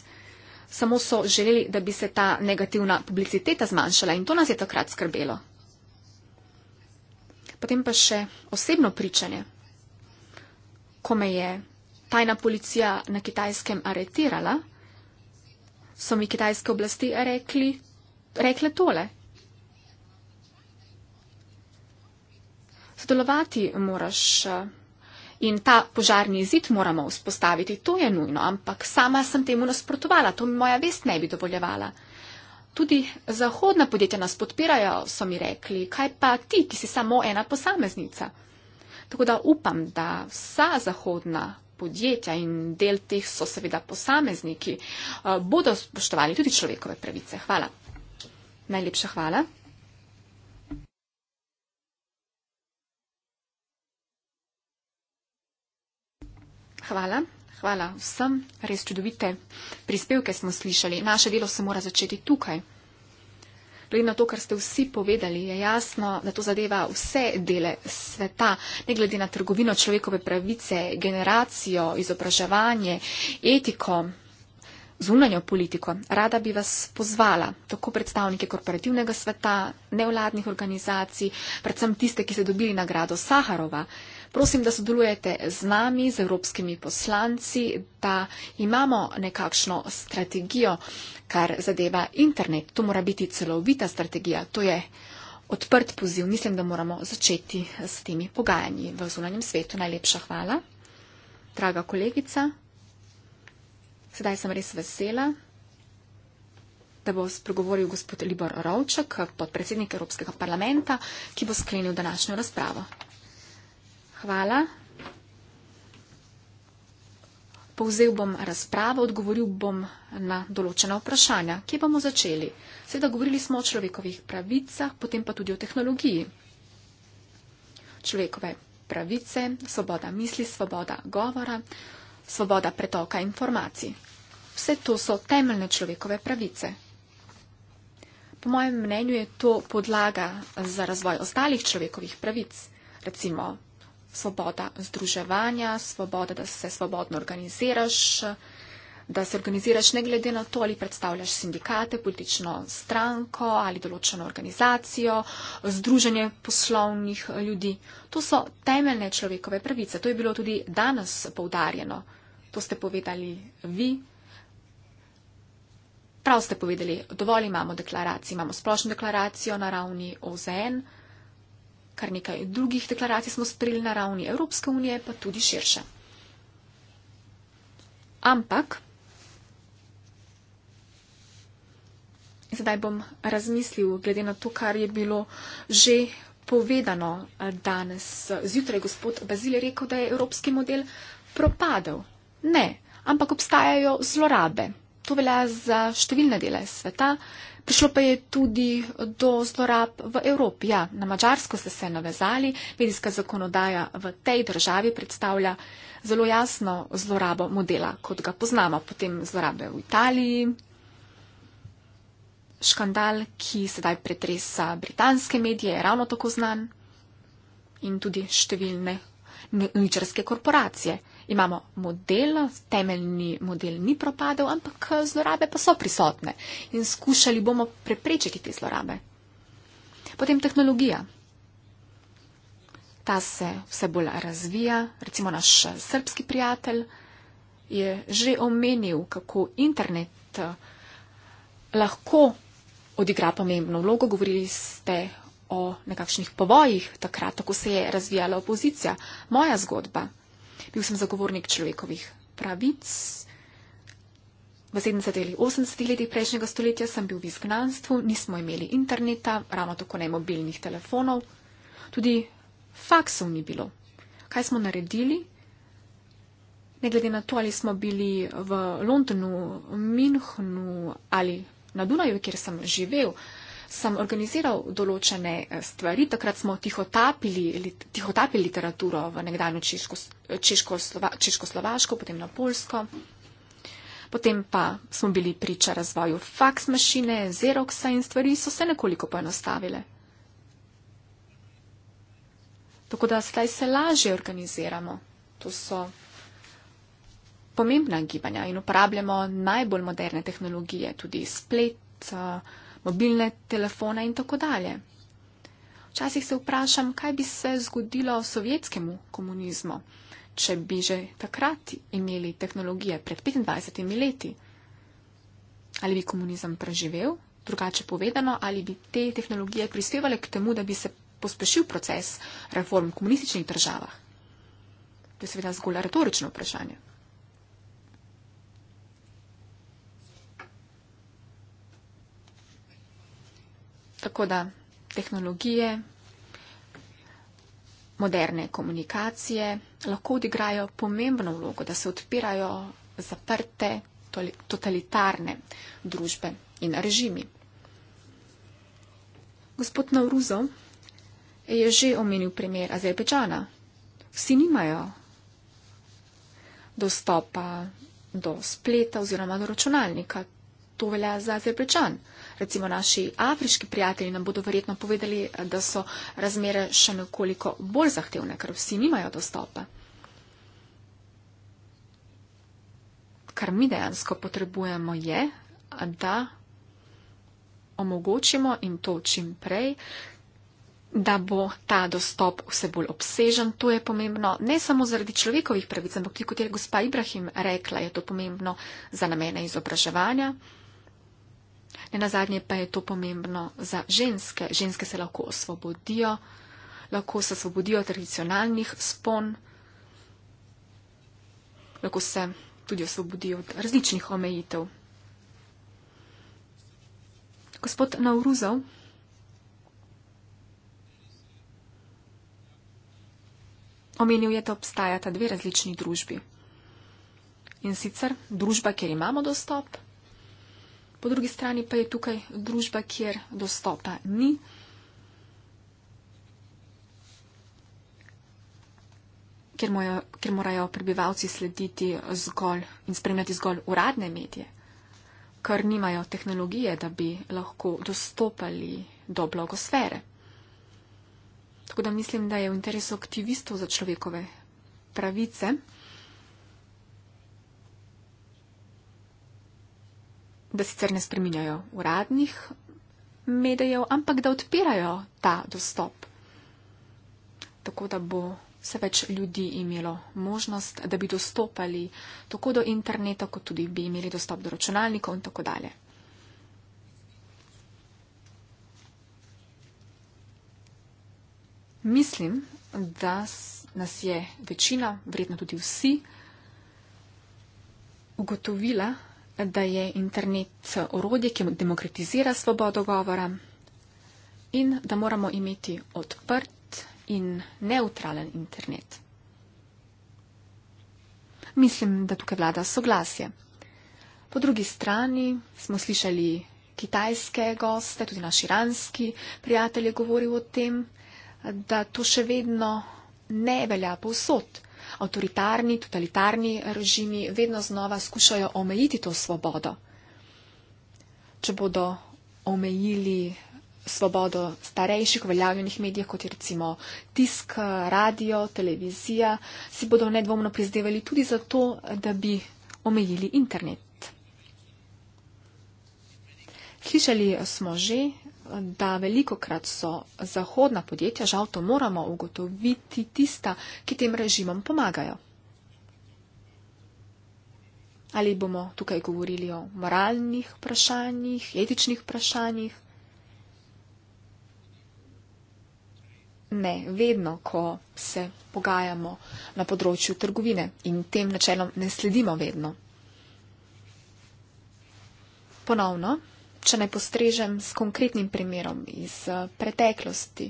Samo so želeli, da bi se ta negativna publiciteta zmanjšala in to nas je takrat skrbelo. Potem pa še osebno pričanje, ko me je tajna policija na kitajskem aretirala, so mi kitajske oblasti rekli, rekle tole. Sodelovati moraš eh, in ta požarni zid moramo vzpostaviti, to je nujno, ampak sama sem temu nasprotovala, to mi moja vest ne bi dovoljevala. Tudi zahodna podjetja nas podpirajo, so mi rekli, kaj pa ti, ki si samo ena posameznica. Tako da upam, da vsa zahodna podjetja in del teh so seveda posamezniki, eh, bodo spoštovali tudi človekove pravice. Hvala. Najlepša hvala. Hvala. Hvala vsem. Res čudovite prispevke smo slišali. Naše delo se mora začeti tukaj. Glede na to, kar ste vsi povedali, je jasno, da to zadeva vse dele sveta, ne glede na trgovino človekove pravice, generacijo, izobraževanje, etiko, zunanjo politiko. Rada bi vas pozvala, tako predstavnike korporativnega sveta, nevladnih organizacij, predvsem tiste, ki ste dobili nagrado Saharova. Prosim, da sodelujete z nami, z evropskimi poslanci, da imamo nekakšno strategijo, kar zadeva internet. To mora biti celovita strategija. To je odprt poziv. Mislim, da moramo začeti s temi pogajanji v zunanjem svetu. Najlepša hvala. Draga kolegica. Sedaj sem res vesela, da bo spregovoril gospod Libor Rovček, podpredsednik Evropskega parlamenta, ki bo sklenil današnjo razpravo. Hvala. Povzel bom razpravo, odgovoril bom na določena vprašanja. Kje bomo začeli? Seveda govorili smo o človekovih pravicah, potem pa tudi o tehnologiji. Človekove pravice, svoboda misli, svoboda govora svoboda pretoka informacij. Vse to so temeljne človekove pravice. Po mojem mnenju je to podlaga za razvoj ostalih človekovih pravic, recimo svoboda združevanja, svoboda, da se svobodno organiziraš, da se organiziraš ne glede na to, ali predstavljaš sindikate, politično stranko ali določeno organizacijo, združenje poslovnih ljudi. To so temeljne človekove pravice. To je bilo tudi danes poudarjeno. To ste povedali vi. Prav ste povedali, dovolj imamo deklaracij. Imamo splošno deklaracijo na ravni OZN, kar nekaj drugih deklaracij smo sprejeli na ravni Evropske unije, pa tudi širše. Ampak, zdaj bom razmislil, glede na to, kar je bilo že povedano danes zjutraj, gospod Bazil je rekel, da je evropski model propadel. Ne, ampak obstajajo zlorabe. To velja za številne dele sveta. Prišlo pa je tudi do zlorab v Evropi. Ja, na Mačarsko ste se navezali, medijska zakonodaja v tej državi predstavlja zelo jasno zlorabo modela, kot ga poznamo. Potem zlorabe v Italiji, škandal, ki sedaj pretresa britanske medije, je ravno tako znan in tudi številne ničarske korporacije imamo model, temeljni model ni propadel, ampak eh, zlorabe pa so prisotne in skušali bomo preprečiti te zlorabe. Potem tehnologija. Ta se vse bolj razvija. Recimo naš eh, srpski prijatelj je že omenil, kako internet eh, lahko odigra pomembno vlogo. Govorili ste o nekakšnih povojih takrat, ko se je razvijala opozicija. Moja zgodba bil sem zagovornik človekovih pravic. V 70-ih ali 80-ih letih prejšnjega stoletja sem bil v izgnanstvu, nismo imeli interneta, ravno tako ne mobilnih telefonov, tudi faksov ni bilo. Kaj smo naredili? Ne glede na to, ali smo bili v Londonu, Minhnu ali na Dunaju, kjer sem živel, sem organiziral določene eh, stvari. Takrat smo tihotapili, tihotapili literaturo v nekdanju Češko-Slovaško, Češko potem na Polsko. Potem pa smo bili priča razvoju fax mašine, Xeroxa in stvari so se nekoliko poenostavile. Tako da zdaj se lažje organiziramo. To so pomembna gibanja in uporabljamo najbolj moderne tehnologije, tudi splet. Uh, mobilne telefone in tako dalje. Včasih se vprašam, kaj bi se zgodilo sovjetskemu komunizmu, če bi že takrat imeli tehnologije pred 25 leti. Ali bi komunizem preživel, drugače povedano, ali bi te tehnologije prispevale k temu, da bi se pospešil proces reform v komunističnih državah? To je seveda zgolj retorično vprašanje. Tako da tehnologije, moderne komunikacije lahko odigrajo pomembno vlogo, da se odpirajo zaprte totalitarne družbe in režimi. Gospod Nauruzo je že omenil primer Azerbejdžana. Vsi nimajo dostopa do spleta oziroma do računalnika. To velja za Azerbejdžan. Recimo naši afriški prijatelji nam bodo verjetno povedali, da so razmere še nekoliko bolj zahtevne, ker vsi nimajo dostopa. Kar mi dejansko potrebujemo je, da omogočimo in to čim prej, da bo ta dostop vse bolj obsežen. To je pomembno ne samo zaradi človekovih pravic, ampak tudi kot je gospa Ibrahim rekla, je to pomembno za namene izobraževanja. Ne nazadnje pa je to pomembno za ženske. Ženske se lahko osvobodijo, lahko se osvobodijo tradicionalnih spon, lahko se tudi osvobodijo od različnih omejitev. Gospod Nauruzov. Omenil je, da obstajata dve različni družbi. In sicer družba, kjer imamo dostop Po drugi strani pa je tukaj družba, kjer dostopa ni. Ker, mojo, ker morajo prebivalci slediti zgolj in spremljati zgolj uradne medije, ker nimajo tehnologije, da bi lahko dostopali do blagosfere. Tako da mislim, da je v interesu aktivistov za človekove pravice. da sicer ne spreminjajo uradnih medijev, ampak da odpirajo ta dostop. Tako da bo vse več ljudi imelo možnost, da bi dostopali tako do interneta, kot tudi bi imeli dostop do računalnikov in tako dalje. Mislim, da nas je večina, vredno tudi vsi, ugotovila, da je internet orodje, ki demokratizira svobodo govora in da moramo imeti odprt in neutralen internet. Mislim, da tukaj vlada soglasje. Po drugi strani smo slišali kitajske goste, tudi naš iranski prijatelj je govoril o tem, da to še vedno ne velja povsod. Po avtoritarni, totalitarni režimi vedno znova skušajo omejiti to svobodo. Če bodo omejili svobodo starejših uveljavljenih medijev, kot je recimo tisk, radio, televizija, si bodo nedvomno prizdevali tudi zato, da bi omejili internet. Slišali smo že, da veliko krat so zahodna podjetja, žal to moramo ugotoviti, tista, ki tem režimom pomagajo. Ali bomo tukaj govorili o moralnih vprašanjih, etičnih vprašanjih? Ne, vedno, ko se pogajamo na področju trgovine in tem načelom ne sledimo vedno. Ponovno če ne postrežem s konkretnim primerom iz eh, preteklosti.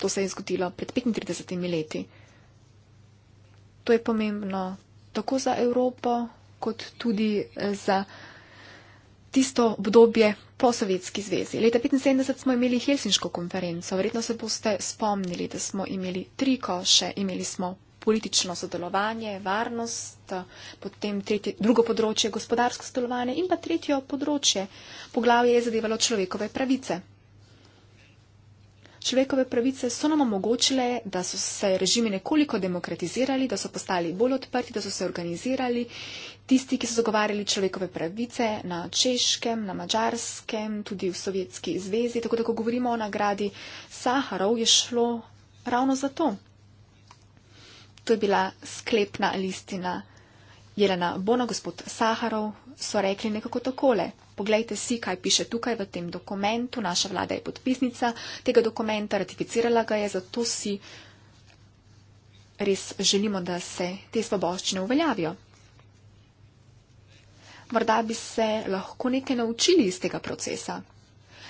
To se je zgodilo pred 35 leti. To je pomembno tako za Evropo, kot tudi eh, za tisto obdobje po Sovjetski zvezi. Leta 1975 smo imeli Helsinško konferenco. Verjetno se boste spomnili, da smo imeli tri koše, imeli smo politično sodelovanje, varnost, potem tretje, drugo področje gospodarsko sodelovanje in pa tretje področje poglavje je zadevalo človekove pravice. Človekove pravice so nam omogočile, da so se režimi nekoliko demokratizirali, da so postali bolj odprti, da so se organizirali. Tisti, ki so zagovarjali človekove pravice na češkem, na mačarskem, tudi v Sovjetski zvezi, tako da ko govorimo o nagradi Saharov, je šlo ravno za to. To je bila sklepna listina Jelena Bona, gospod Saharov, so rekli nekako takole. Poglejte si, kaj piše tukaj v tem dokumentu. Naša vlada je podpisnica tega dokumenta, ratificirala ga je, zato si res želimo, da se te svoboščine uveljavijo. Morda bi se lahko nekaj naučili iz tega procesa.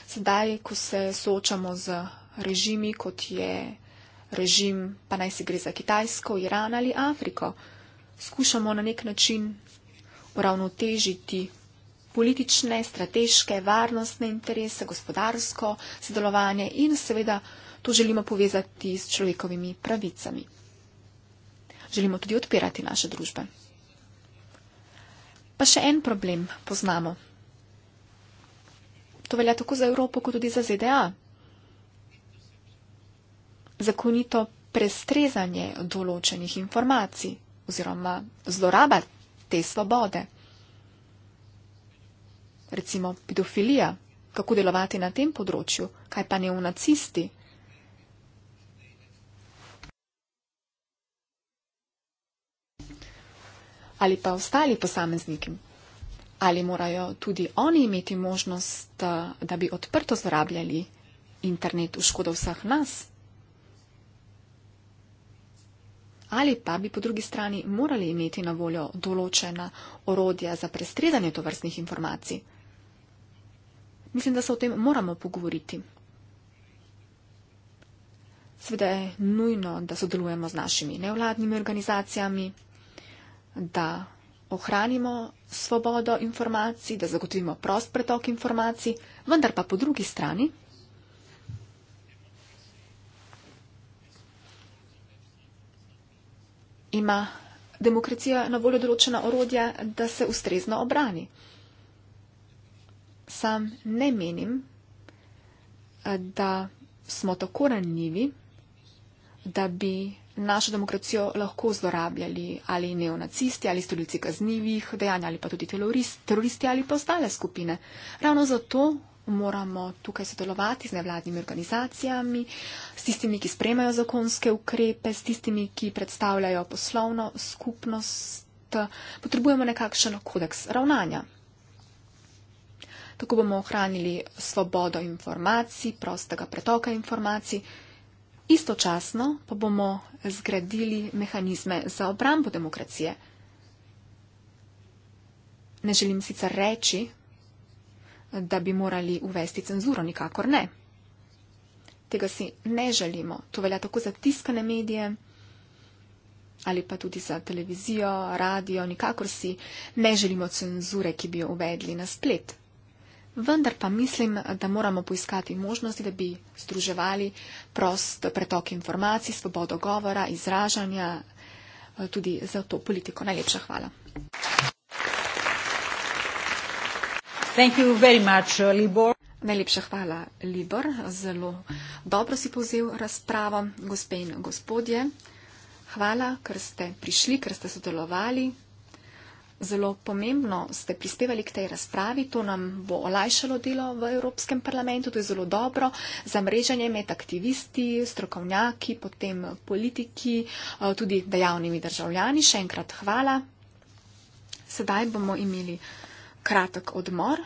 Sedaj, ko se soočamo z režimi, kot je režim, pa naj si gre za Kitajsko, Iran ali Afriko, skušamo na nek način uravnotežiti politične, strateške, varnostne interese, gospodarsko sodelovanje in seveda to želimo povezati s človekovimi pravicami. Želimo tudi odpirati naše družbe. Pa še en problem poznamo. To velja tako za Evropo, kot tudi za ZDA zakonito prestrezanje določenih informacij oziroma zloraba te svobode. Recimo pedofilija, kako delovati na tem področju, kaj pa ne v nacisti. Ali pa ostali posamezniki. Ali morajo tudi oni imeti možnost, eh, da bi odprto zrabljali internet v škodo vseh nas? ali pa bi po drugi strani morali imeti na voljo določena orodja za prestredanje tovrstnih informacij. Mislim, da se o tem moramo pogovoriti. Sveda je nujno, da sodelujemo z našimi nevladnimi organizacijami, da ohranimo svobodo informacij, da zagotovimo prost pretok informacij, vendar pa po drugi strani ima demokracija na voljo določena orodja, da se ustrezno obrani. Sam ne menim, da smo tako ranljivi, da bi našo demokracijo lahko zlorabljali ali neonacisti ali storilci kaznjivih dejanj ali pa tudi teroristi ali pa ostale skupine. Ravno zato moramo tukaj sodelovati z nevladnimi organizacijami, s tistimi, ki spremajo zakonske ukrepe, s tistimi, ki predstavljajo poslovno skupnost. Potrebujemo nekakšen kodeks ravnanja. Tako bomo ohranili svobodo informacij, prostega pretoka informacij, istočasno pa bomo zgradili mehanizme za obrambo demokracije. Ne želim sicer reči, da bi morali uvesti cenzuro. Nikakor ne. Tega si ne želimo. To velja tako za tiskane medije ali pa tudi za televizijo, radio. Nikakor si ne želimo cenzure, ki bi jo uvedli na splet. Vendar pa mislim, da moramo poiskati možnosti, da bi združevali prost pretok informacij, svobodo govora, izražanja, eh, tudi za to politiko. Najlepša hvala. Uh, Najlepša hvala, Libor. Zelo dobro si povzel razpravo, gospe in gospodje. Hvala, ker ste prišli, ker ste sodelovali. Zelo pomembno ste prispevali k tej razpravi. To nam bo olajšalo delo v Evropskem parlamentu. To je zelo dobro. Zamrežanje med aktivisti, strokovnjaki, potem politiki, eh, tudi dejavnimi državljani. Še enkrat hvala. Sedaj bomo imeli kratek odmor.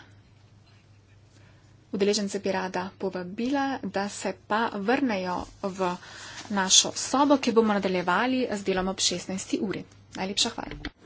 Udeležence bi rada povabila, da se pa vrnejo v našo sobo, ki bomo nadaljevali z delom ob 16. uri. Najlepša hvala.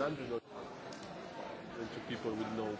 hundred or twenty people will know.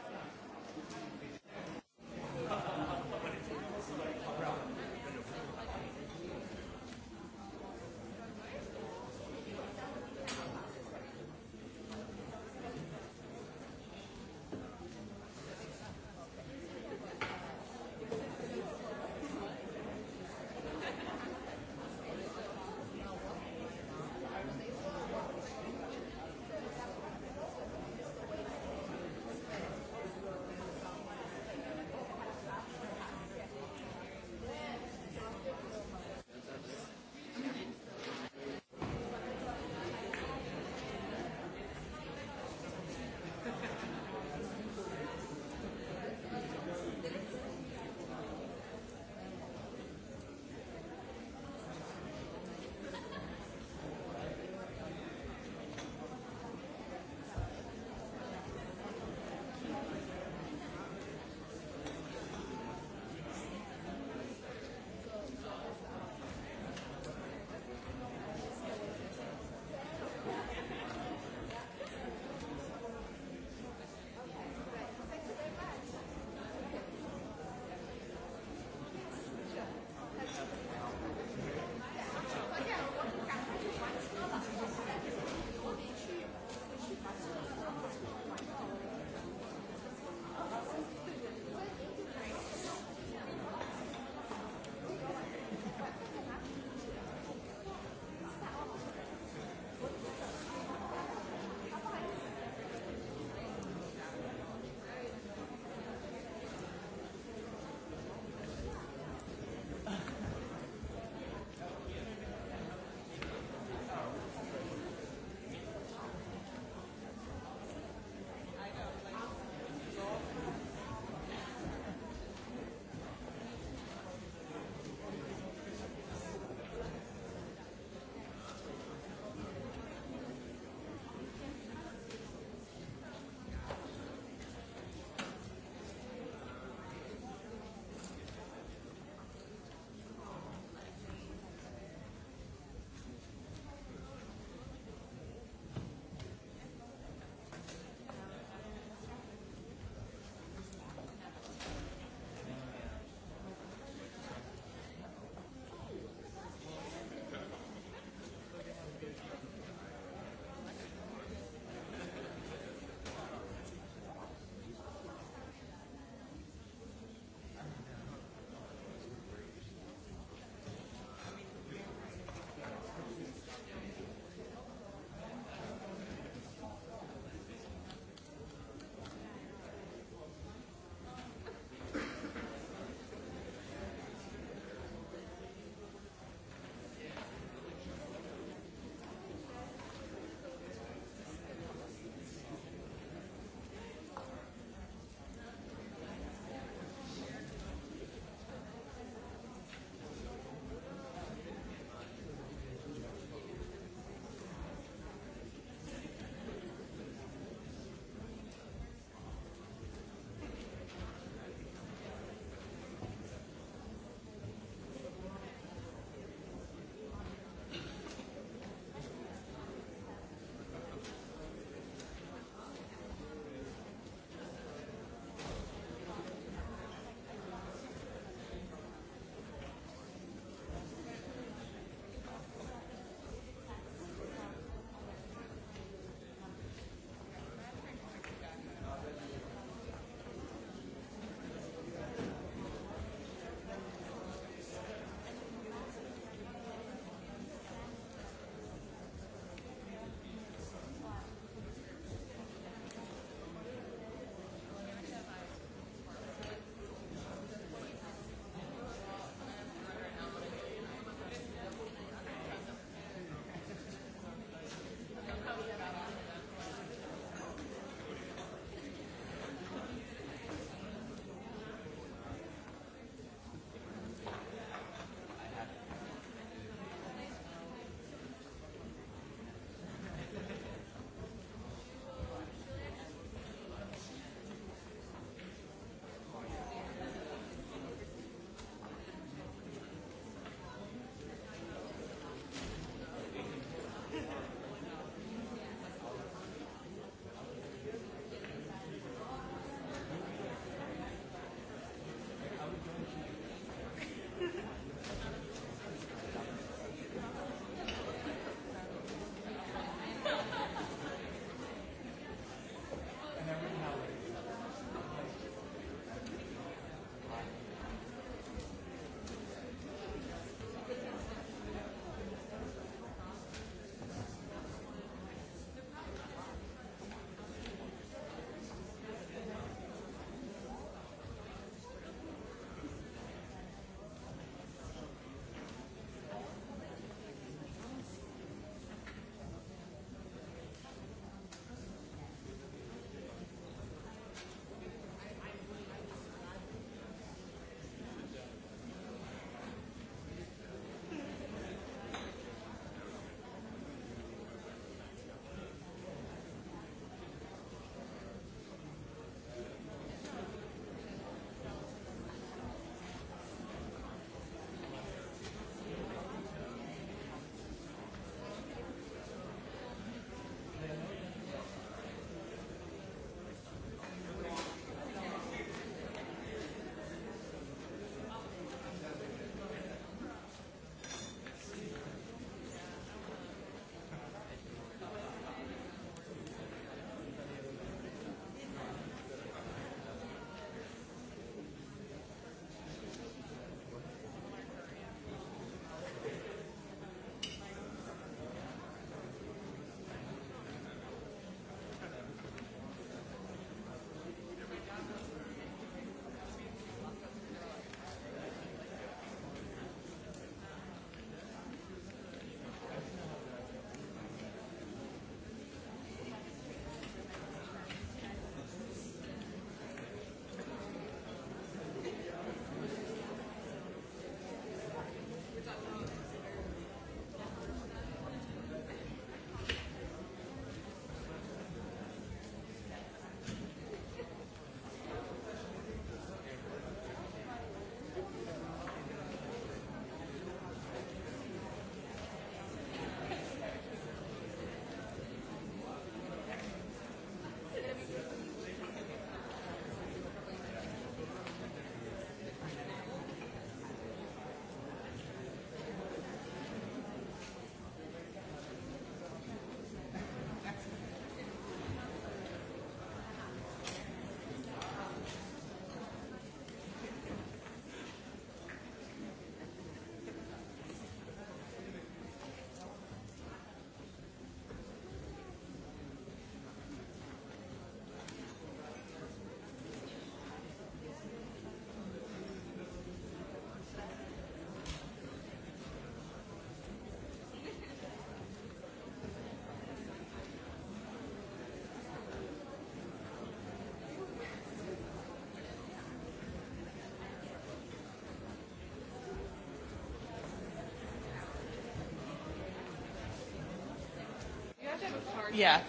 yeah.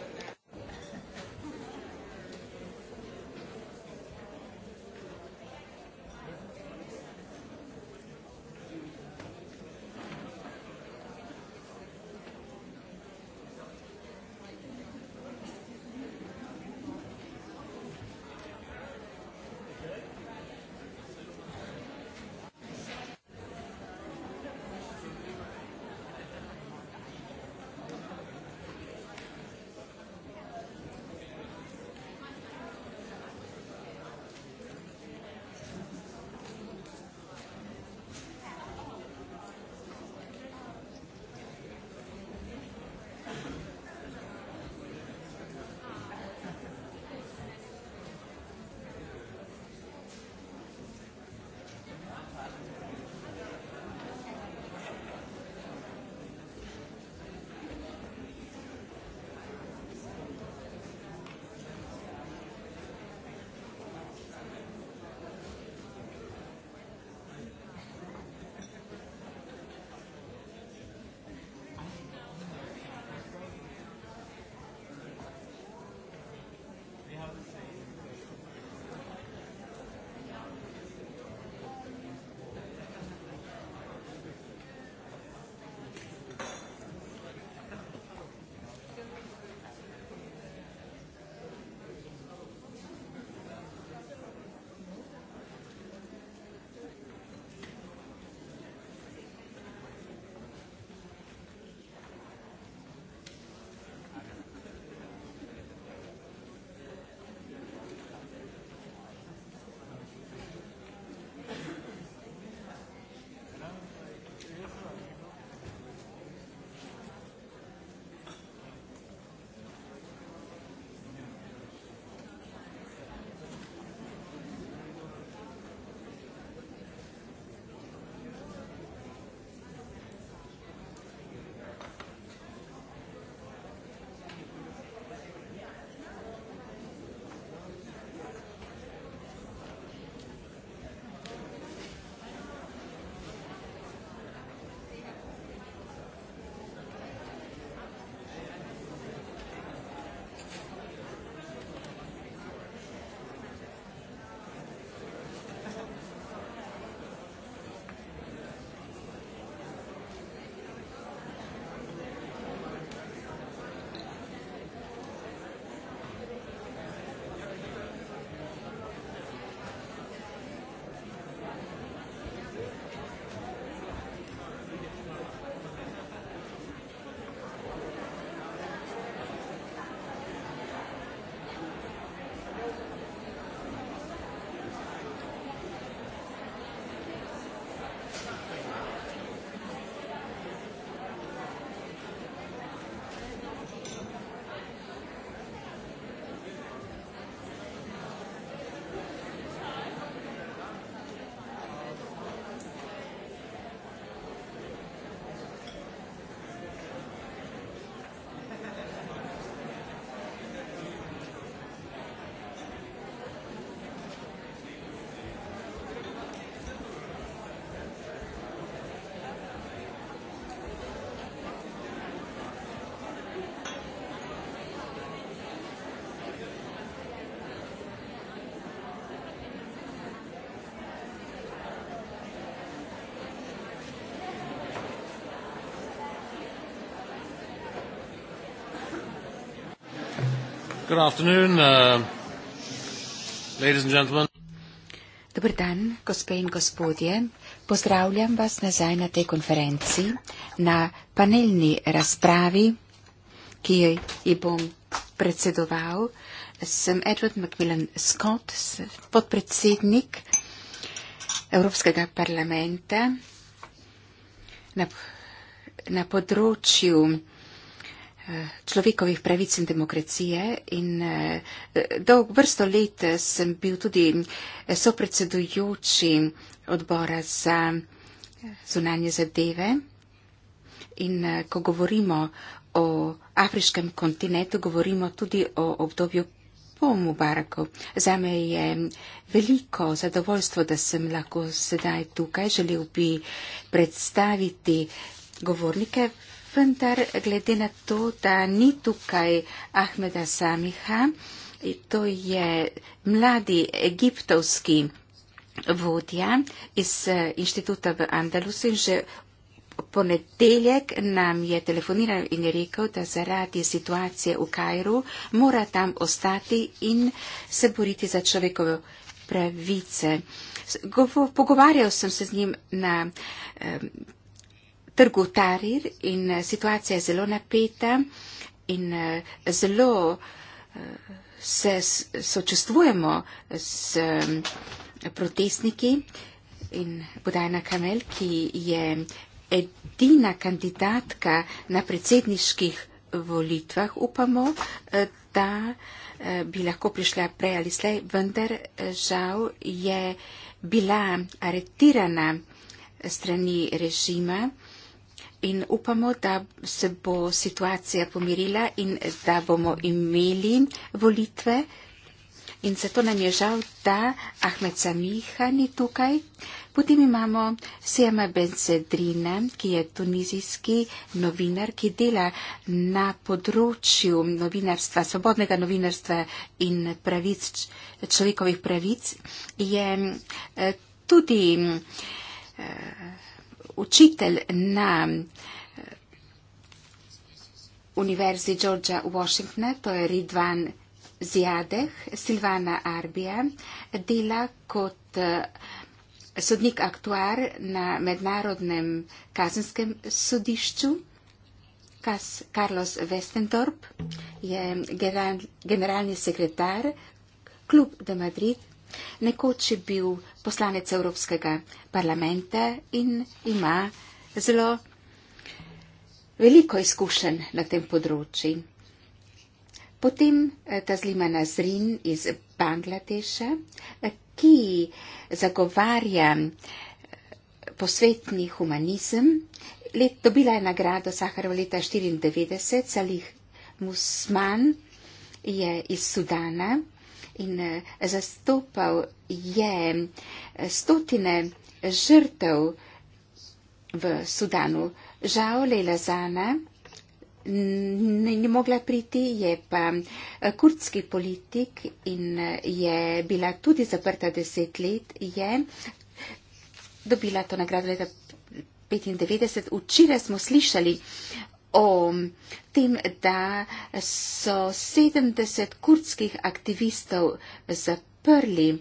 Good afternoon, uh, ladies and gentlemen. Dobar dan, gospe in gospodje. Pozdravljam vas nazaj na tej konferenci, na panelni razpravi, ki ji bom predsedoval. Sem Edward McMillan Scott, podpredsednik Evropskega parlamenta na, na področju človekovih pravic in demokracije in eh, dolg vrsto let eh, sem bil tudi eh, sopredsedujoči odbora za zunanje zadeve. In ko govorimo o afriškem kontinentu, govorimo tudi o obdobju po Mubaraku. Zame je veliko zadovoljstvo, da sem lahko sedaj tukaj. Želel bi predstaviti govornike v vendar glede na to, da ni tukaj Ahmeda Samiha, to je mladi egiptovski vodja iz eh, inštituta v Andalusu in že ponedeljek nam je telefoniral in je rekel, da zaradi situacije v Kajru mora tam ostati in se boriti za človekove pravice. Pogovarjal sem se z njim na eh, trgu Tarir in eh, situacija je zelo napeta in eh, zelo eh, se sočustvujemo s protestniki in Budajna Kamel, ki je edina kandidatka na predsedniških volitvah, upamo, da bi lahko prišla prej ali slej, vendar žal je bila aretirana strani režima in upamo, da se bo situacija pomirila in da bomo imeli volitve. In zato nam je žal, da Ahmed Samiha ni tukaj. Potem imamo Sejama Benzedrina, ki je tunizijski novinar, ki dela na področju novinarstva, svobodnega novinarstva in pravic, človekovih pravic. Je eh, tudi eh, učitelj na eh, Univerzi Georgia Washingtona, to je Ridvan Zjadeh, Silvana Arbija, dela kot eh, sodnik aktuar na Mednarodnem kazenskem sodišču. Kas Carlos Westendorp je generalni sekretar Klub de Madrid Nekoč je bil poslanec Evropskega parlamenta in ima zelo veliko izkušenj na tem področju. Potem eh, Tazlima Nazrin iz Bangladeša, eh, ki zagovarja eh, posvetni humanizem, Let, dobila je nagrado Saharov leta 1994, Salih Musman je iz Sudana in eh, zastopal je eh, stotine žrtev v Sudanu. Žal Leila Zana ni mogla priti, je pa eh, kurdski politik in je bila tudi zaprta deset let, je dobila to nagrado leta 1995. Včeraj smo slišali o tem, da so 70 kurdskih aktivistov zaprli.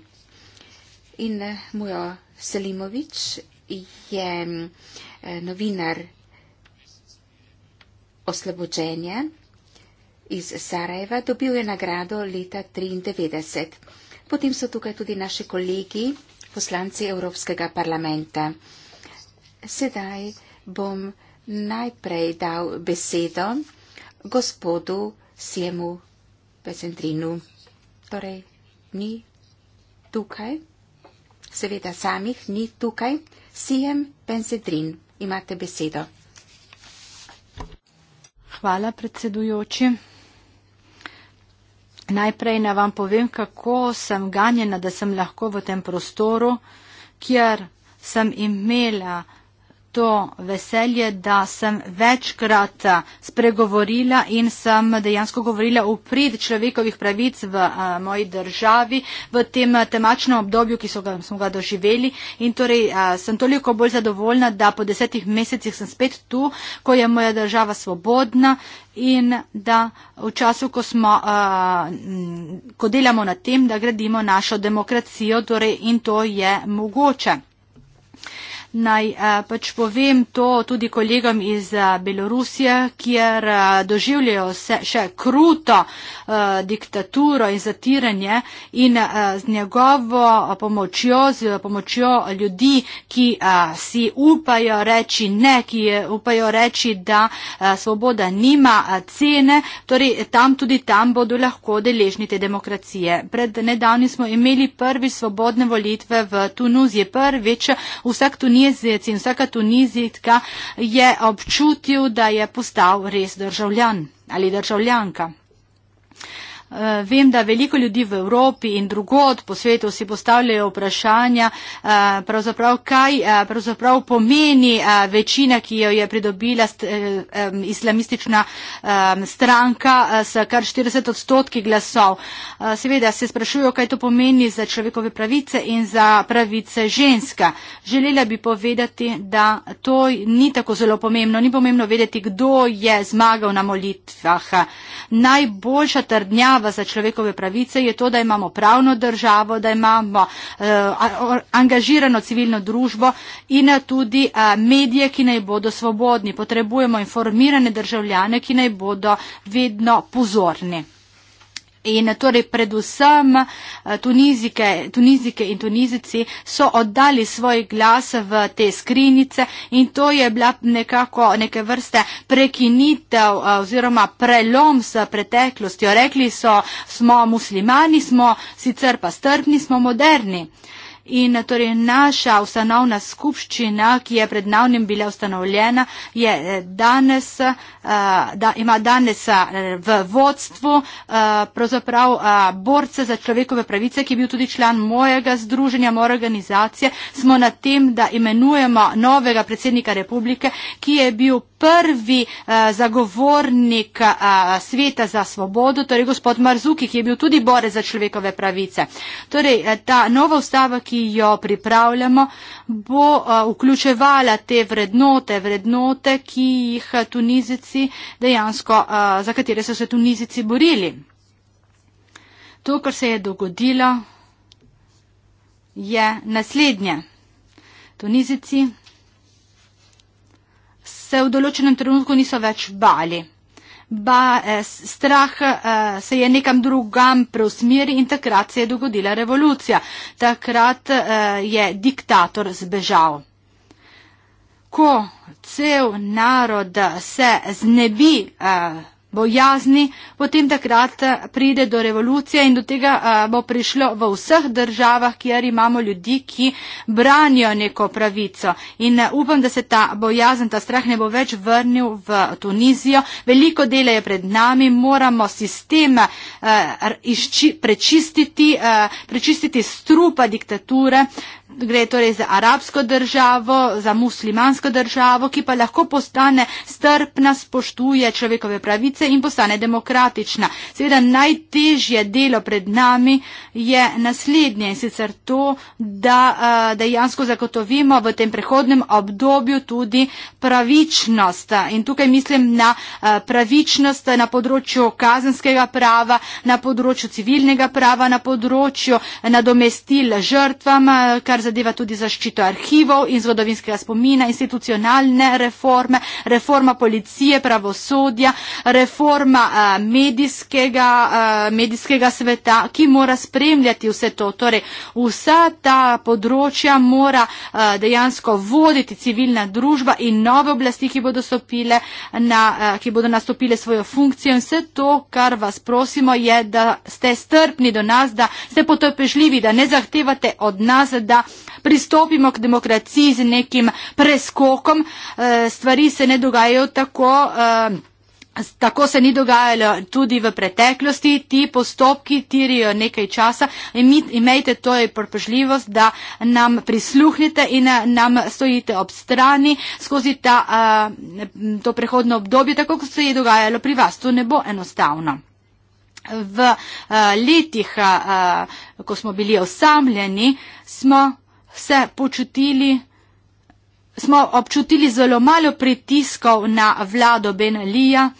In eh, Mujo Selimovič je eh, novinar oslobođenja iz Sarajeva, dobil je nagrado leta 1993. Potem so tukaj tudi naši kolegi, poslanci Evropskega parlamenta. Sedaj bom najprej dal besedo gospodu Siemu Pesentrinu. Torej, ni tukaj, seveda samih ni tukaj. Siem Pesentrin, imate besedo. Hvala, predsedujoči. Najprej naj vam povem, kako sem ganjena, da sem lahko v tem prostoru, kjer sem imela to veselje, da sem večkrat eh, spregovorila in sem dejansko govorila v prid človekovih pravic v a, eh, moji državi v tem eh, temačnem obdobju, ki ga, smo ga doživeli. In torej a, sem toliko bolj zadovoljna, da po desetih mesecih sem spet tu, ko je moja država svobodna in da v času, ko, smo, a, ko delamo na tem, da gradimo našo demokracijo, torej in to je mogoče naj uh, pač povem to tudi kolegom iz uh, Belorusije, kjer uh, doživljajo se, še kruto uh, diktaturo in zatiranje in uh, z njegovo pomočjo, z pomočjo ljudi, ki uh, si upajo reči ne, ki upajo reči, da uh, svoboda nima uh, cene, torej tam tudi tam bodo lahko deležni te demokracije. Pred nedavni smo imeli prvi svobodne volitve v Tunuziji, prvič vsak Tunizij tunizijec in vsaka tunizijka je občutil, da je postal res državljan ali državljanka. Eh, vem, da veliko ljudi v Evropi in drugod po svetu si postavljajo vprašanja, eh, pravzaprav kaj eh, pravzaprav pomeni večina, ki jo je pridobila islamistična stranka s kar 40 odstotki glasov. Seveda se sprašujo, kaj to pomeni za človekove pravice in za pravice ženska. Želela bi povedati, da to ni tako zelo pomembno. Ni pomembno vedeti, kdo je zmagal na molitvah. Najboljša trdnjava osnova za človekove pravice je to, da imamo pravno državo, da imamo uh, angažirano civilno družbo in eh, tudi uh, medije, ki naj bodo svobodni. Potrebujemo informirane državljane, ki naj bodo vedno pozorni. In torej predvsem eh, tunizike, tunizike in tunizici so oddali svoj glas v te skrinjice in to je bila nekako neke vrste prekinitev eh, oziroma prelom s preteklostjo. Rekli so, smo muslimani, smo sicer pa strpni, smo moderni. In torej naša ustanovna skupščina, ki je pred navnim bila ustanovljena, je eh, danes, eh, da ima danes eh, v vodstvu pravzaprav borce za človekove pravice, ki je bil tudi član mojega združenja, moje organizacije. Smo na tem, da imenujemo novega predsednika republike, ki je bil prvi zagovornik sveta za svobodo, torej gospod Marzuki, ki je bil tudi bore za človekove pravice. Torej, ta nova ustava, ki jo pripravljamo, bo vključevala te vrednote, vrednote, ki jih tunizici dejansko, za katere so se tunizici borili. To, kar se je dogodilo, je naslednje. Tunizici se v določenem trenutku niso več bali ba, eh, strah eh, se je nekam drugam preusmeril in takrat se je dogodila revolucija. Takrat eh, je diktator zbežal. Ko cel narod se znebi eh, bojazni, potem takrat eh, pride do revolucije in do tega eh, bo prišlo v vseh državah, kjer imamo ljudi, ki branijo neko pravico. In eh, upam, da se ta bojazen, ta strah ne bo več vrnil v Tunizijo. Veliko dela je pred nami, moramo sistem prečistiti, prečistiti strupa diktature, gre torej za arabsko državo, za muslimansko državo, ki pa lahko postane strpna, spoštuje človekove pravice in postane demokratična. Seveda najtežje delo pred nami je naslednje in sicer to, da eh, dejansko zagotovimo v tem prehodnem obdobju tudi pravičnost. In tukaj mislim na eh, pravičnost na področju kazenskega prava, na področju civilnega prava, na področju nadomestil žrtvam, kar kar zadeva tudi zaščito arhivov in zgodovinskega spomina, institucionalne reforme, reforma policije, pravosodja, reforma uh, medijskega, uh, medijskega sveta, ki mora spremljati vse to. Torej, vsa ta področja mora uh, dejansko voditi civilna družba in nove oblasti, ki bodo, na, uh, ki bodo nastopile svojo funkcijo. In vse to, kar vas prosimo, je, da ste strpni do nas, da ste potrpežljivi, da ne zahtevate od nas, da pristopimo k demokraciji z nekim preskokom, e, stvari se ne dogajajo tako. E, tako se ni dogajalo tudi v preteklosti, ti postopki tirijo nekaj časa in imejte to porpežljivost, da nam prisluhnite in e, nam stojite ob strani skozi ta, to prehodno obdobje, tako kot se je dogajalo pri vas. To ne bo enostavno. V uh, letih, uh, ko smo bili osamljeni, smo se počutili, smo občutili zelo malo pritiskov na vlado Benalija.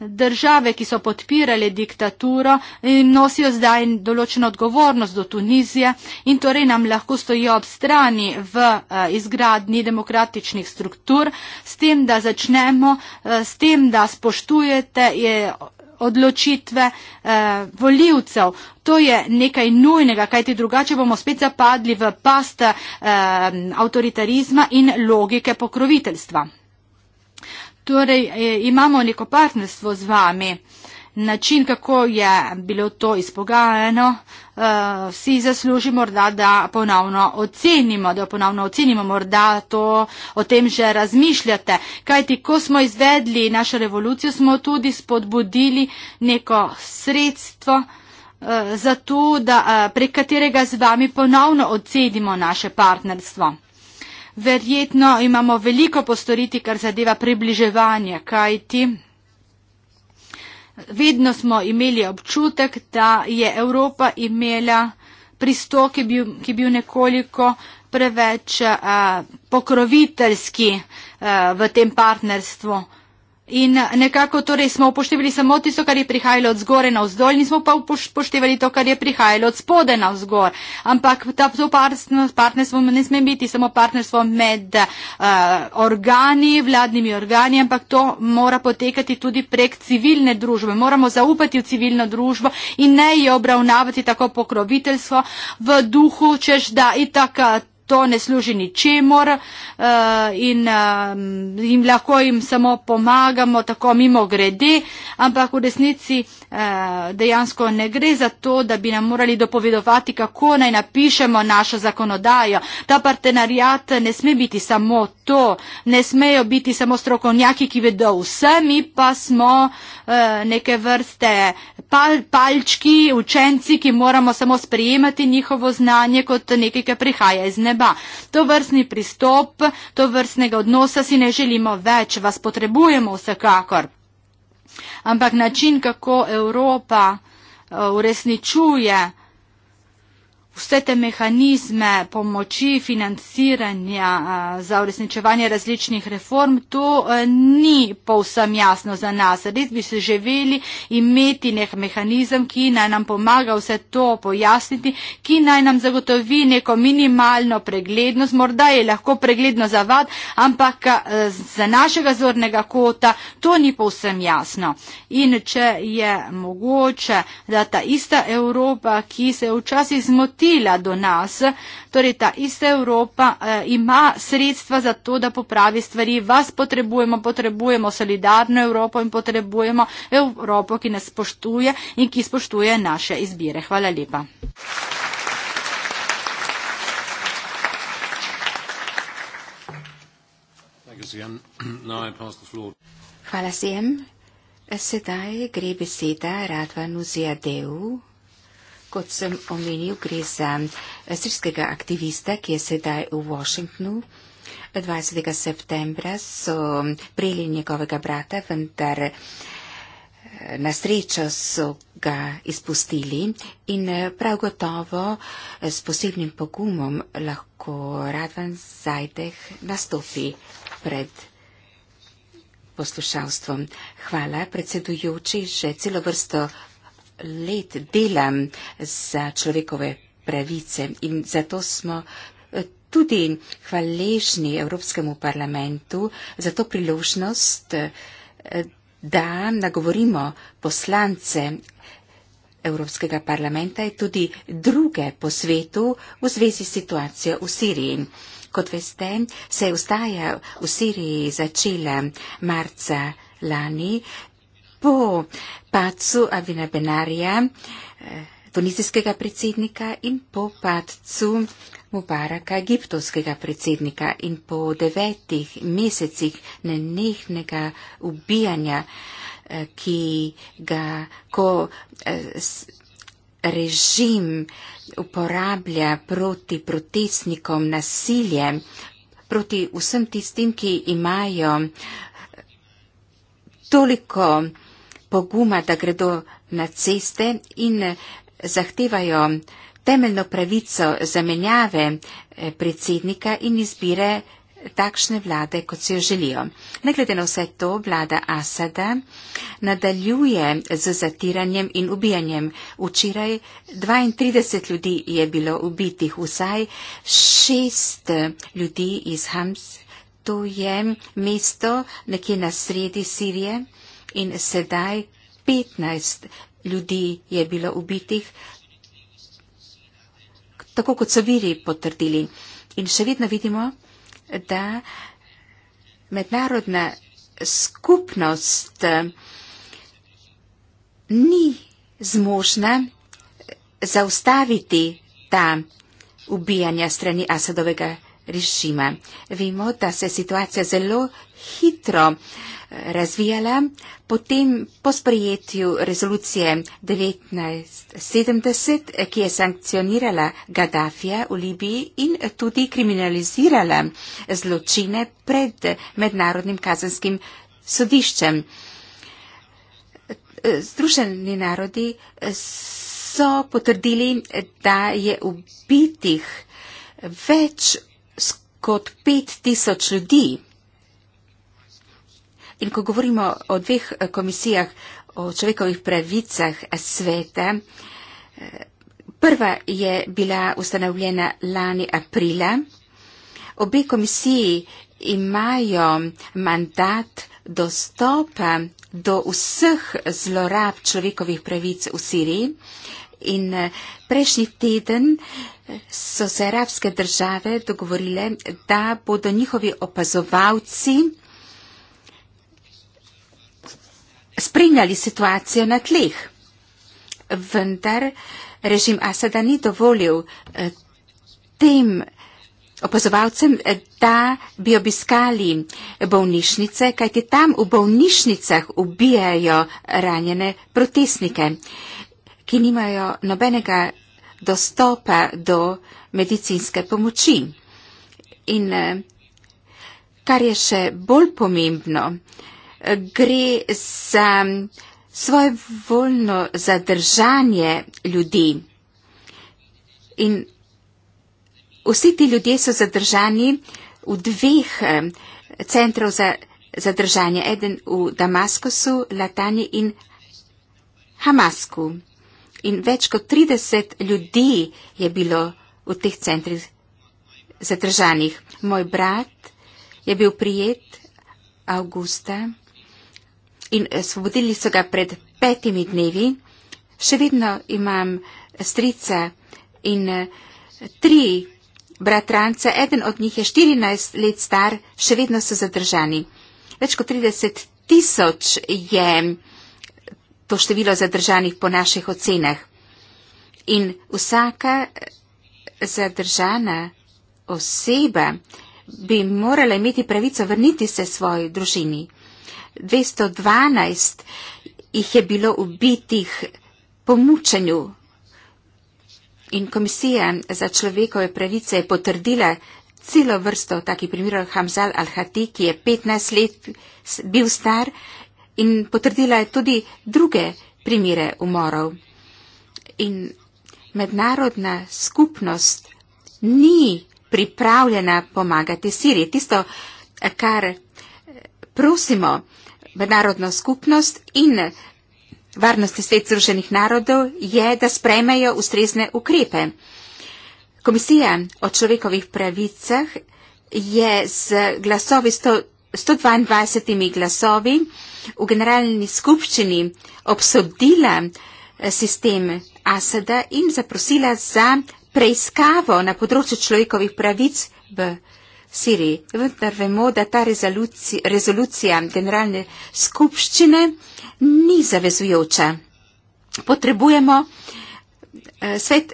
Države, ki so podpirale diktaturo, eh, nosijo zdaj določeno odgovornost do Tunizije in torej nam lahko stojijo ob strani v izgradni demokratičnih struktur, s tem, da začnemo, s tem, da spoštujete odločitve eh, voljivcev. To je nekaj nujnega, kajti drugače bomo spet zapadli v past eh, avtoritarizma in logike pokroviteljstva. Torej, eh, imamo neko partnerstvo z vami način, kako je bilo to izpogajano, uh, si zasluži morda, da ponovno ocenimo, da ponovno ocenimo, morda to o tem že razmišljate. Kajti, ko smo izvedli našo revolucijo, smo tudi spodbudili neko sredstvo, uh, eh, zato, da uh, prek katerega z vami ponovno ocenimo naše partnerstvo. Verjetno imamo veliko postoriti, kar zadeva približevanje, kajti vedno smo imeli občutek, da je Evropa imela pristop, ki je bil, ki bil nekoliko preveč uh, pokroviteljski uh, v tem partnerstvu. In nekako torej smo upoštevali samo tisto, kar je prihajalo od zgore na vzdolj, nismo pa upoštevali to, kar je prihajalo od spode na vzgor. Ampak ta, to partnerstvo ne sme biti samo partnerstvo med uh, organi, vladnimi organi, ampak to mora potekati tudi prek civilne družbe. Moramo zaupati v civilno družbo in ne jo obravnavati tako pokroviteljsko v duhu, češ da itak. Uh, to ne služi ničemor uh, eh, in uh, jim lahko jim samo pomagamo tako mimo grede, ampak v resnici uh, dejansko ne gre za to, da bi nam morali dopovedovati, kako naj napišemo našo zakonodajo. Ta partenarijat ne sme biti samo to, ne smejo biti samo strokovnjaki, ki vedo vse, mi pa smo uh, neke vrste uh, pal, palčki, učenci, ki moramo samo sprejemati njihovo znanje kot nekaj, kar prihaja iz neba. To vrstni pristop, to vrstnega odnosa si ne želimo več, vas potrebujemo vsekakor. Ampak način, kako Evropa eh, uresničuje uh, vse te mehanizme pomoči, financiranja za uresničevanje različnih reform, to ni povsem jasno za nas. Res bi se želeli imeti nek mehanizem, ki naj nam pomaga vse to pojasniti, ki naj nam zagotovi neko minimalno preglednost, morda je lahko pregledno za vad, ampak za našega zornega kota to ni povsem jasno. In če je mogoče, da ta ista Evropa, ki se včasih zmoti, priporočila do nas, torej ta ista Evropa eh, ima sredstva za to, da popravi stvari. Vas potrebujemo, potrebujemo solidarno Evropo in potrebujemo Evropo, ki nas spoštuje in ki spoštuje naše izbire. Hvala lepa. <clears throat> Hvala vsem. Sedaj gre beseda Radvanu Ziadeu. Kot sem omenil, gre za eh, srpskega aktivista, ki je sedaj v Washingtonu. 20. septembra so mm, prijeli njegovega brata, vendar eh, na srečo so ga izpustili in eh, prav gotovo s posebnim pogumom lahko Radvan Zajdeh nastopi pred poslušalstvom. Hvala predsedujoči, že celo vrsto let delam za človekove pravice in zato smo eh, tudi hvaležni Evropskemu parlamentu za to priložnost, eh, da nagovorimo poslance Evropskega parlamenta in tudi druge po svetu v zvezi s situacijo v Siriji. Kot veste, se je ustaja v Siriji začela marca lani po pacu Avina Benarija, eh, tunizijskega predsednika in po pacu Mubaraka, egiptovskega predsednika in po devetih mesecih nenehnega ubijanja, eh, ki ga, ko eh, režim uporablja proti protestnikom nasilje, proti vsem tistim, ki imajo toliko poguma, da gredo na ceste in eh, zahtevajo temeljno pravico zamenjave eh, predsednika in izbire takšne vlade, kot si jo želijo. Ne glede na vse to, vlada Asada nadaljuje z zatiranjem in ubijanjem. Včeraj 32 ljudi je bilo ubitih, vsaj šest eh, ljudi iz Hams, to je mesto nekje na sredi Sirije in sedaj 15 ljudi je bilo ubitih, tako kot so viri potrdili. In še vedno vidimo, da mednarodna skupnost eh, ni zmožna eh, zaustaviti ta ubijanja strani Asadovega rešime. Vemo, da se je situacija zelo hitro eh, razvijala potem po sprejetju rezolucije 1970, eh, ki je sankcionirala Gaddafija v Libiji in tudi kriminalizirala zločine pred mednarodnim kazenskim sodiščem. Eh, Združeni narodi so potrdili, da je ubitih več kot pet tisoč ljudi. In ko govorimo o dveh eh, komisijah o človekovih pravicah sveta, eh, prva je bila ustanovljena lani aprila. Obe komisiji imajo mandat dostopa do vseh zlorab človekovih pravic v Siriji, In eh, prejšnji teden eh, so se arabske države dogovorile, da bodo njihovi opazovalci spremljali situacijo na tleh. Vendar režim Asada ni dovolil eh, tem opazovalcem, da bi obiskali bolnišnice, kajti tam v bolnišnicah ubijajo ranjene protestnike ki nimajo nobenega dostopa do medicinske pomoči. In eh, kar je še bolj pomembno, gre za svoje voljno zadržanje ljudi. In vsi ti ljudje so zadržani v dveh eh, centrov za zadržanje, eden v Damaskusu, Latani in Hamasku in več kot 30 ljudi je bilo v teh centrih zadržanih. Moj brat je bil prijet avgusta in eh, svobodili so ga pred petimi dnevi. Še vedno imam strica in eh, tri bratrance, eden od njih je 14 let star, še vedno so zadržani. Več kot 30 tisoč je to število zadržanih po naših ocenah. In vsaka eh, zadržana oseba bi morala imeti pravico vrniti se svoji družini. 212 jih je bilo ubitih po mučenju in Komisija za človekove pravice je potrdila celo vrsto takih primerov. Hamzal Al-Hati, ki je 15 let bil star, in potrdila je tudi druge primere umorov. In mednarodna skupnost ni pripravljena pomagati Siriji. Tisto, kar eh, prosimo mednarodno skupnost in varnostni svet zruženih narodov je, da sprejmejo ustrezne ukrepe. Komisija o človekovih pravicah je z glasovi 100, 122 glasovi v generalni skupščini obsodila eh, sistem Asada in zaprosila za preiskavo na področju človekovih pravic v Siriji. Vendar vemo, da ta rezolucija, rezolucija generalne skupščine ni zavezujoča. Potrebujemo eh, svet,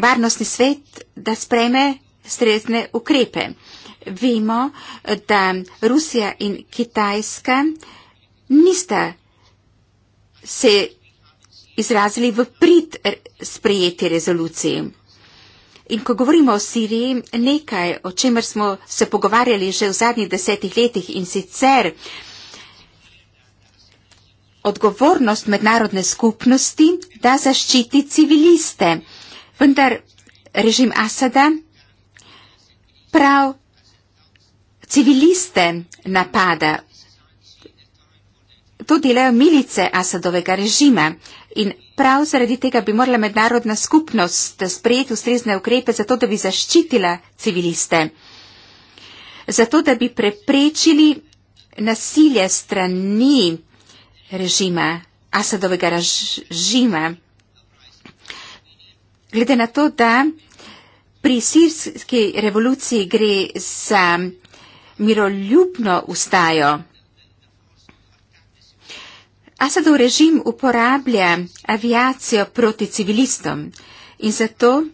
varnostni svet, da sprejme strezne ukrepe vemo, da Rusija in Kitajska nista se izrazili v prid sprejeti rezoluciji. In ko govorimo o Siriji, nekaj, o čemer smo se pogovarjali že v zadnjih desetih letih in sicer odgovornost mednarodne skupnosti, da zaščiti civiliste. Vendar režim Asada prav civiliste napada. To delajo milice Asadovega režima in prav zaradi tega bi morala mednarodna skupnost sprejeti ustrezne ukrepe zato, da bi zaščitila civiliste. Zato, da bi preprečili nasilje strani režima, Asadovega režima. Glede na to, da pri sirski revoluciji gre za miroljubno ustajo. Asadov režim uporablja aviacijo proti civilistom in zato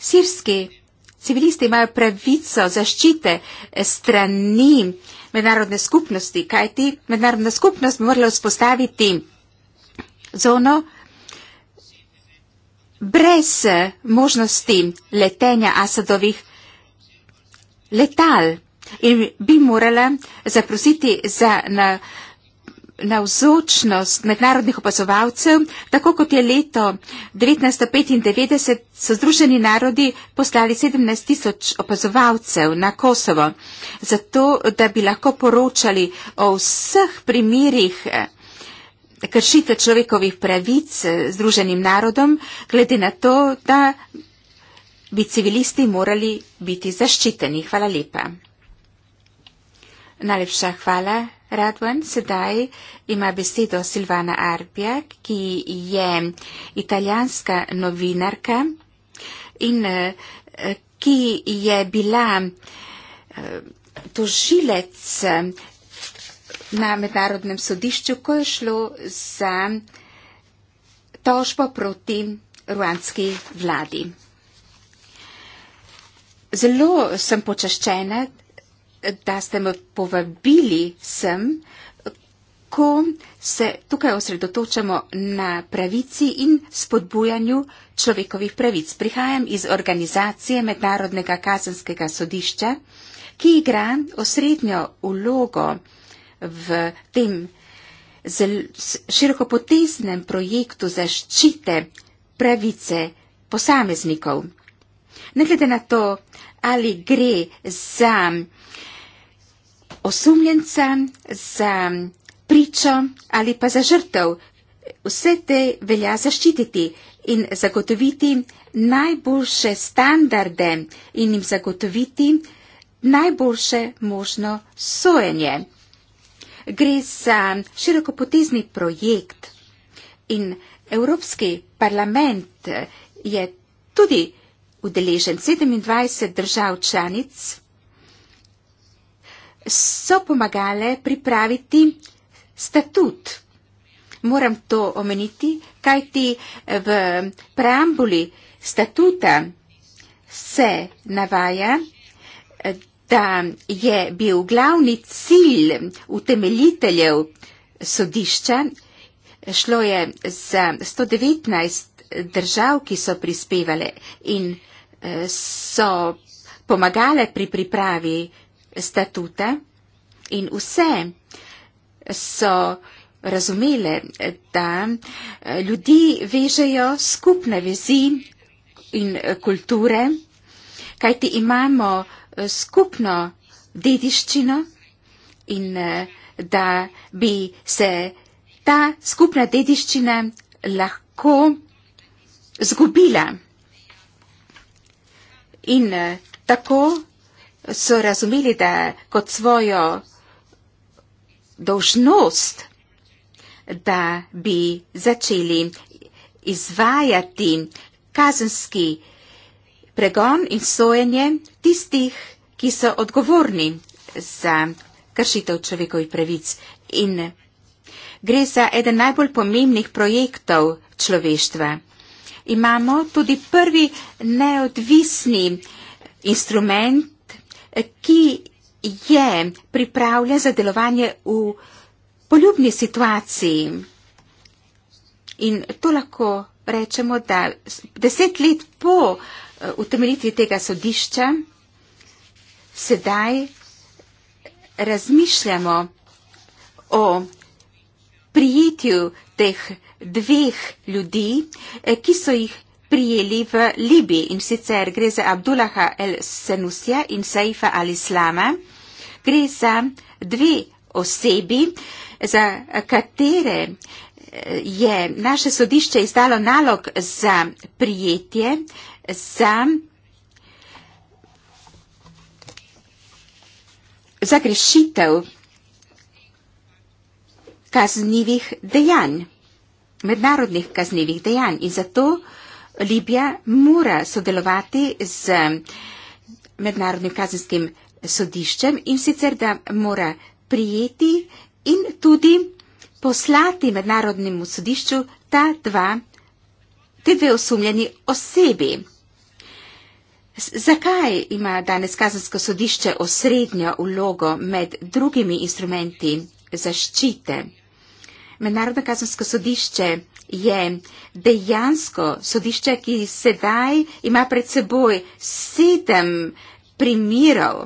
sirski civilisti imajo pravico zaščite strani mednarodne skupnosti, kajti mednarodna skupnost bi morala vzpostaviti zono brez možnosti letenja Asadovih letal in bi morala zaprositi za navzočnost na mednarodnih opazovalcev, tako kot je leto 1995 so Združeni narodi poslali 17 tisoč opazovalcev na Kosovo, zato da bi lahko poročali o vseh primerih eh, kršitev človekovih pravic eh, Združenim narodom, glede na to, da bi civilisti morali biti zaščiteni. Hvala lepa. Najlepša hvala, Radwan. Sedaj ima besedo Silvana Arbija, ki je italijanska novinarka in eh, ki je bila eh, tožilec eh, na mednarodnem sodišču, ko je šlo za tožbo proti ruanski vladi. Zelo sem počaščena, da ste me povabili sem, ko se tukaj osredotočamo na pravici in spodbujanju človekovih pravic. Prihajam iz organizacije Mednarodnega kazenskega sodišča, ki igra osrednjo vlogo v tem širokopoteznem projektu zaščite pravice posameznikov. Ne glede na to, ali gre za osumljenca, za pričo ali pa za žrtev. Vse te velja zaščititi in zagotoviti najboljše standarde in jim zagotoviti najboljše možno sojenje. Gre za širokopotezni projekt in Evropski parlament je tudi udeležen 27 držav članic, so pomagale pripraviti statut. Moram to omeniti, kajti v preambuli statuta se navaja, da je bil glavni cilj utemeljiteljev sodišča, šlo je za 119 držav, ki so prispevale in so pomagale pri pripravi statuta in vse so razumele, da eh, ljudi vežejo skupne vezi in eh, kulture, kajti imamo eh, skupno dediščino in da bi se ta skupna dediščina lahko zgubila in eh, tako so razumeli, da kot svojo dožnost, da bi začeli izvajati kazenski pregon in sojenje tistih, ki so odgovorni za kršitev človekovih pravic. In gre za eden najbolj pomembnih projektov človeštva imamo tudi prvi neodvisni instrument, ki je pripravljen za delovanje v poljubni situaciji. In to lahko rečemo, da deset let po eh, utemeljitvi tega sodišča sedaj razmišljamo o prijetju teh dveh ljudi, eh, ki so jih prijeli v Libiji in sicer gre za Abdullaha El Senusja in Saifa Al Islama. Gre za dve osebi, za katere eh, je naše sodišče izdalo nalog za prijetje, za, za grešitev kaznivih dejanj mednarodnih kaznjivih dejanj in zato Libija mora sodelovati z mednarodnim kazenskim sodiščem in sicer, da mora prijeti in tudi poslati mednarodnemu sodišču ta dva, te dve osumljeni osebi. Zakaj ima danes kazansko sodišče osrednjo vlogo med drugimi instrumenti zaščite? Mednarodno kazansko sodišče je dejansko sodišče, ki sedaj ima pred seboj sedem primirov.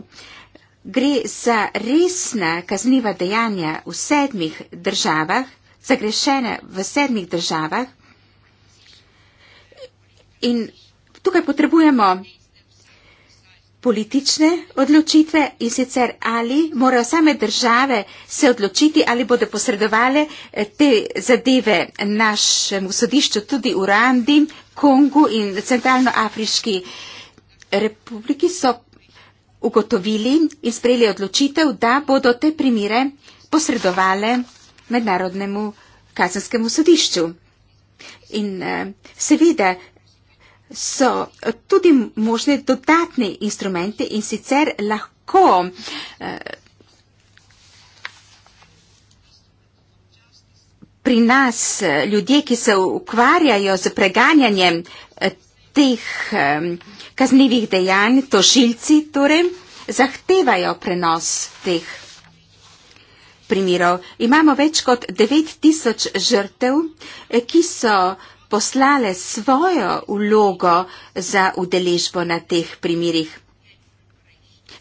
Gre za resna kazniva dejanja v sedmih državah, zagrešene v sedmih državah. In tukaj potrebujemo politične odločitve in sicer ali morajo same države se odločiti, ali bodo posredovali eh, te zadeve našemu sodišču tudi v Randi, Kongu in Centralnoafriški republiki so ugotovili in sprejeli odločitev, da bodo te primire posredovali mednarodnemu kazenskemu sodišču. In eh, seveda so tudi možni dodatni instrumenti in sicer lahko eh, pri nas eh, ljudje, ki se ukvarjajo z preganjanjem eh, teh kaznivih dejanj, tožilci torej, zahtevajo prenos teh primerov. Imamo več kot 9000 žrtev, ki so poslale svojo vlogo za udeležbo na teh primirih.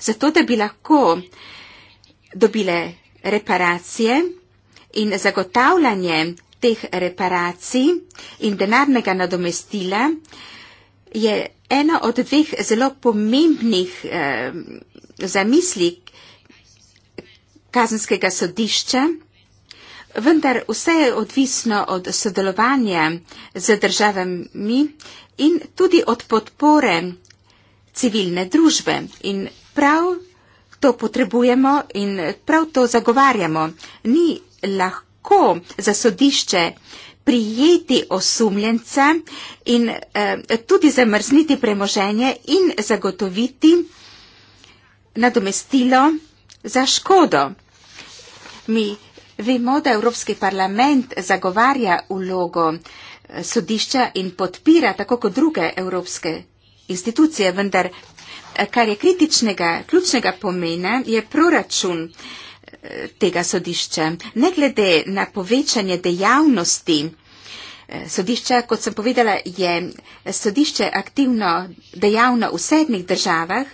Zato, da bi lahko dobile reparacije in zagotavljanje teh reparacij in denarnega nadomestila je eno od dveh zelo pomembnih eh, zamislik kazenskega sodišča, Vendar vse je odvisno od sodelovanja z državami in tudi od podpore civilne družbe. In prav to potrebujemo in prav to zagovarjamo. Ni lahko za sodišče prijeti osumljence in eh, tudi zamrzniti premoženje in zagotoviti nadomestilo za škodo. Mi Vemo, da Evropski parlament zagovarja vlogo eh, sodišča in podpira tako kot druge evropske institucije, vendar eh, kar je kritičnega, ključnega pomena, je proračun eh, tega sodišča. Ne glede na povečanje dejavnosti sodišča, kot sem povedala, je sodišče aktivno dejavno v sedmih državah,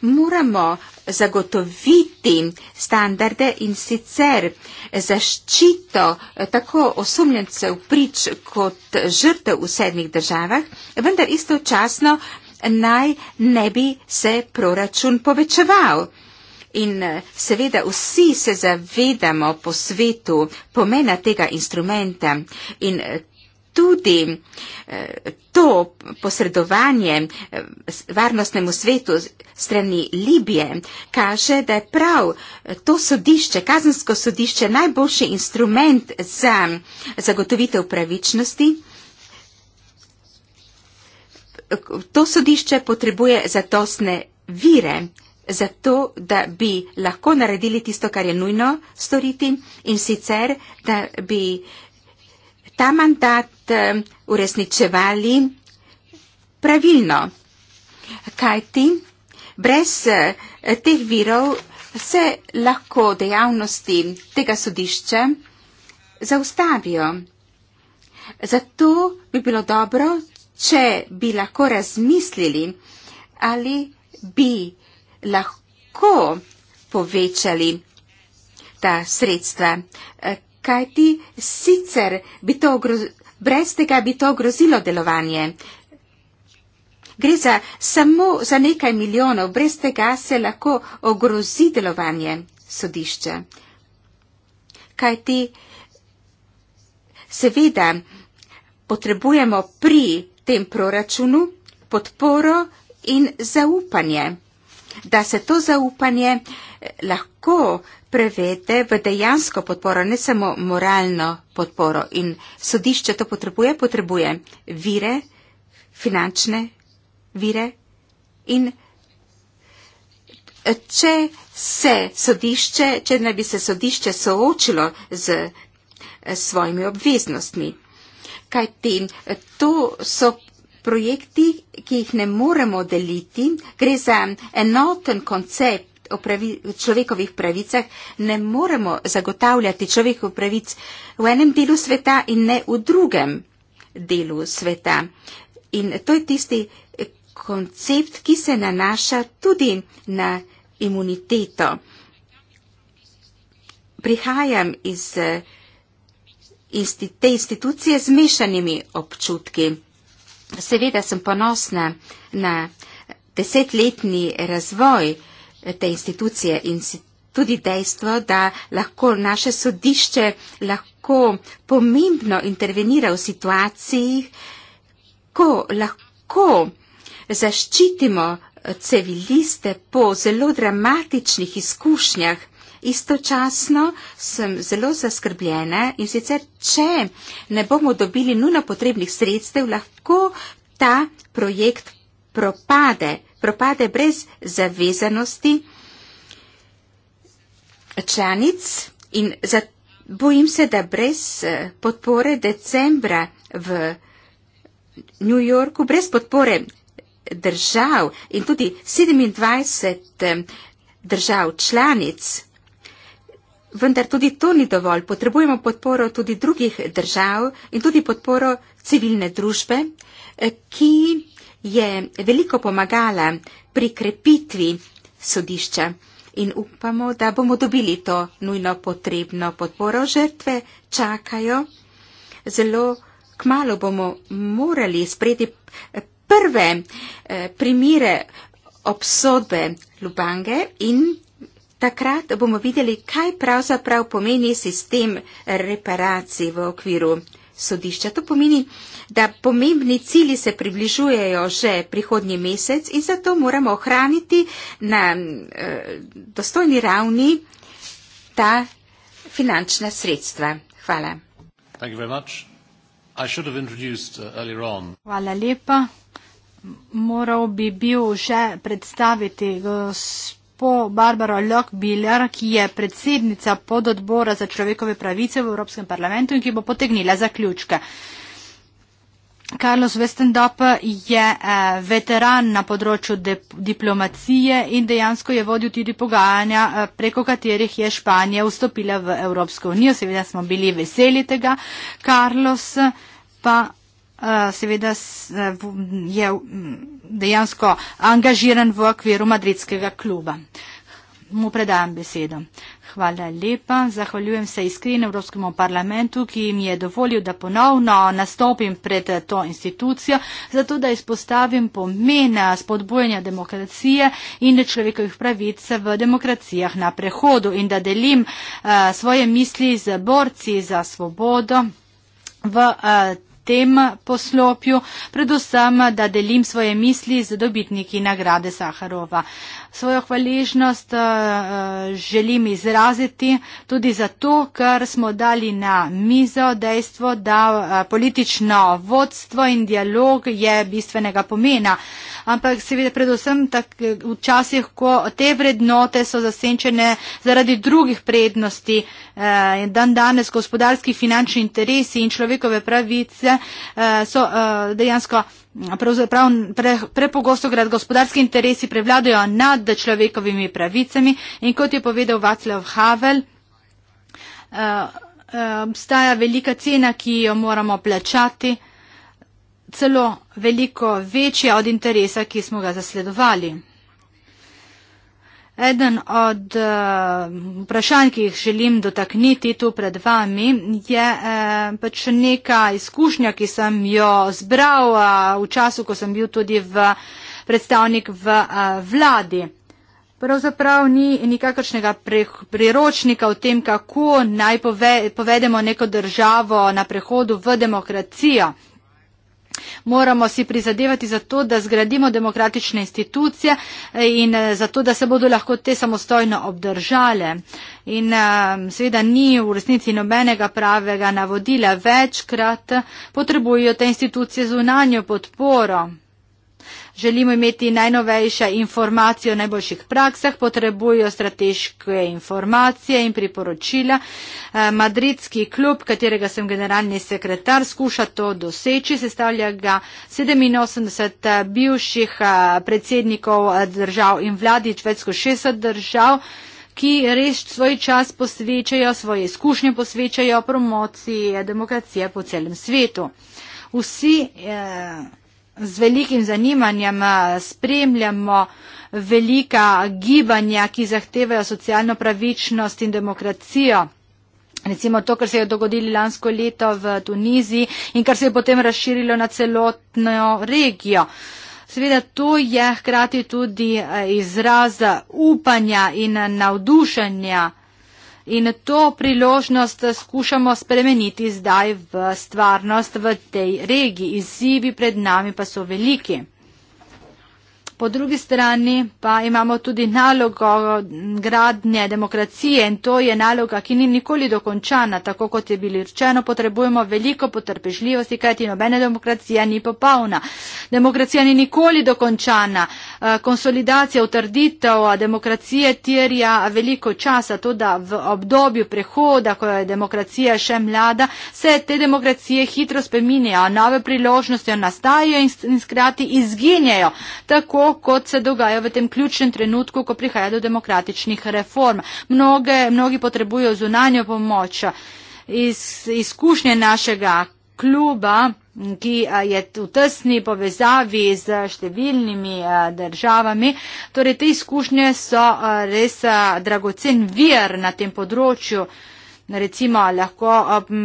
moramo zagotoviti standarde in sicer zaščito eh, tako osumljencev prič kot žrtev v sedmih državah, vendar istočasno naj ne bi se proračun povečeval. In eh, seveda vsi se zavedamo po svetu pomena tega instrumenta in eh, tudi eh, to posredovanje eh, varnostnemu svetu strani Libije kaže, da je prav eh, to sodišče, kazensko sodišče, najboljši instrument za zagotovitev pravičnosti. To sodišče potrebuje zatosne vire za to, da bi lahko naredili tisto, kar je nujno storiti in sicer, da bi eh, ta mandat eh, uresničevali pravilno. Kajti brez eh, teh virov se lahko dejavnosti tega sodišča zaustavijo. Zato bi bilo dobro, če bi lahko razmislili, ali bi lahko povečali ta sredstva, eh, kaj ti sicer bi to ogrozilo, brez tega bi to ogrozilo delovanje. Gre za samo za nekaj milijonov, brez tega se lahko ogrozi delovanje sodišča. Kaj ti seveda potrebujemo pri tem proračunu podporo in zaupanje, da se to zaupanje eh, lahko prevede v dejansko podporo, ne samo moralno podporo. In sodišče to potrebuje, potrebuje vire, finančne vire. In eh, če se sodišče, če naj bi se sodišče soočilo z eh, svojimi obveznostmi, kajti eh, to so. Projekti, ki jih ne moremo deliti, gre za enoten koncept o, pravi, o človekovih pravicah, ne moremo zagotavljati človekovih pravic v enem delu sveta in ne v drugem delu sveta. In to je tisti koncept, ki se nanaša tudi na imuniteto. Prihajam iz te institucije z mešanimi občutki. Seveda sem ponosna na desetletni razvoj uh, te institucije in tudi dejstvo, da lahko naše sodišče lahko pomembno intervenira v situacijah, ko lahko zaščitimo civiliste po zelo dramatičnih izkušnjah. Istočasno sem zelo zaskrbljena in sicer, če ne bomo dobili nujno potrebnih sredstev, lahko ta projekt propade propade brez zavezanosti članic in za, bojim se, da brez eh, podpore decembra v New Yorku, brez podpore držav in tudi 27 eh, držav članic, vendar tudi to ni dovolj. Potrebujemo podporo tudi drugih držav in tudi podporo civilne družbe, eh, ki je veliko pomagala pri krepitvi sodišča in upamo, da bomo dobili to nujno potrebno podporo. Žrtve čakajo. Zelo kmalo bomo morali sprejeti eh, prve eh, primire obsodbe Lubange in takrat bomo videli, kaj pravzaprav pomeni sistem reparacij v okviru sodišča. To pomeni, da pomembni cili se približujejo že prihodnji mesec in zato moramo ohraniti na eh, dostojni ravni ta finančna sredstva. Hvala. Uh, Hvala lepa. Moral bi bil že predstaviti gospo Barbara Lok-Biller, ki je predsednica pododbora za človekove pravice v Evropskem parlamentu in ki bo potegnila zaključke. Carlos Westendop je eh, veteran na področju de, diplomacije in dejansko je vodil tudi pogajanja, eh, preko katerih je Španija vstopila v Evropsko unijo. Seveda smo bili veseli tega. Carlos pa eh, seveda eh, je dejansko angažiran v okviru madridskega kluba. Eh, mu predajam besedo. Hvala lepa. Zahvaljujem se iskreno Evropskemu parlamentu, ki mi je dovolil, da ponovno nastopim pred eh, to institucijo, zato da izpostavim pomen eh, spodbojanja demokracije in človekovih pravic v demokracijah na prehodu in da delim uh, svoje misli z borci za svobodo v. Uh, tem poslopju, predvsem, da delim svoje misli z dobitniki nagrade Saharova. Uh, svojo hvaležnost eh, eh, želim izraziti tudi zato, ker smo dali na mizo dejstvo, da eh, politično vodstvo in dialog je bistvenega pomena. Ampak seveda predvsem tak, včasih, ko te vrednote so zasenčene zaradi drugih prednosti, dan danes gospodarski finančni interesi in človekove pravice so dejansko pravzaprav pre, prepogosto grad gospodarski interesi prevladajo nad človekovimi pravicami in kot je povedal Vaclav Havel, eh, eh, obstaja velika cena, ki jo moramo plačati, celo veliko večja od interesa, ki smo ga zasledovali. Eden od uh, vprašanj, ki jih želim dotakniti tu pred vami, je uh, pač neka izkušnja, ki sem jo zbral uh, v času, ko sem bil tudi v predstavnik v uh, vladi. Pravzaprav ni nikakršnega priročnika o tem, kako naj pove, povedemo neko državo na prehodu v demokracijo. Moramo si prizadevati za to, da zgradimo demokratične institucije eh, in eh, za to, da se bodo lahko te samostojno obdržale. In eh, seveda ni v resnici nobenega pravega navodila. Večkrat potrebujo te institucije zunanjo podporo želimo imeti najnovejše informacije o najboljših praksah, potrebujo strateške informacije in priporočila. Eh, madridski klub, katerega sem generalni sekretar, skuša to doseči, sestavlja ga 87 eh, bivših eh, predsednikov držav in vladi, več kot 60 držav ki res svoj čas posvečajo, svoje izkušnje posvečajo promociji demokracije po celem svetu. Vsi eh z velikim zanimanjem eh, spremljamo velika gibanja, ki zahtevajo socialno pravičnost in demokracijo. Recimo to, kar se je dogodilo lansko leto v Tuniziji in kar se je potem razširilo na celotno regijo. Seveda to je hkrati tudi eh, izraz upanja in navdušenja In to priložnost skušamo spremeniti zdaj v stvarnost v tej regiji. Izzivi pred nami pa so veliki. Po drugi strani pa imamo tudi nalogo gradnje demokracije in to je naloga, ki ni nikoli dokončana, tako kot je bilo rečeno, potrebujemo veliko potrpežljivosti, kajti nobena demokracija ni popolna. Demokracija ni nikoli dokončana. Eh, konsolidacija, utrditev demokracije terja veliko časa, to da v obdobju prehoda, ko je demokracija še mlada, se te demokracije hitro spreminjajo, nove priložnosti nastajajo in skrati izginjajo. Tako kot se dogaja v tem ključnem trenutku, ko prihaja do demokratičnih reform. Mnoge, mnogi potrebujo zunanjo pomoč. Iz izkušnje našega kluba, ki je v tesni povezavi z številnimi državami, torej te izkušnje so res dragocen vir na tem področju. Recimo lahko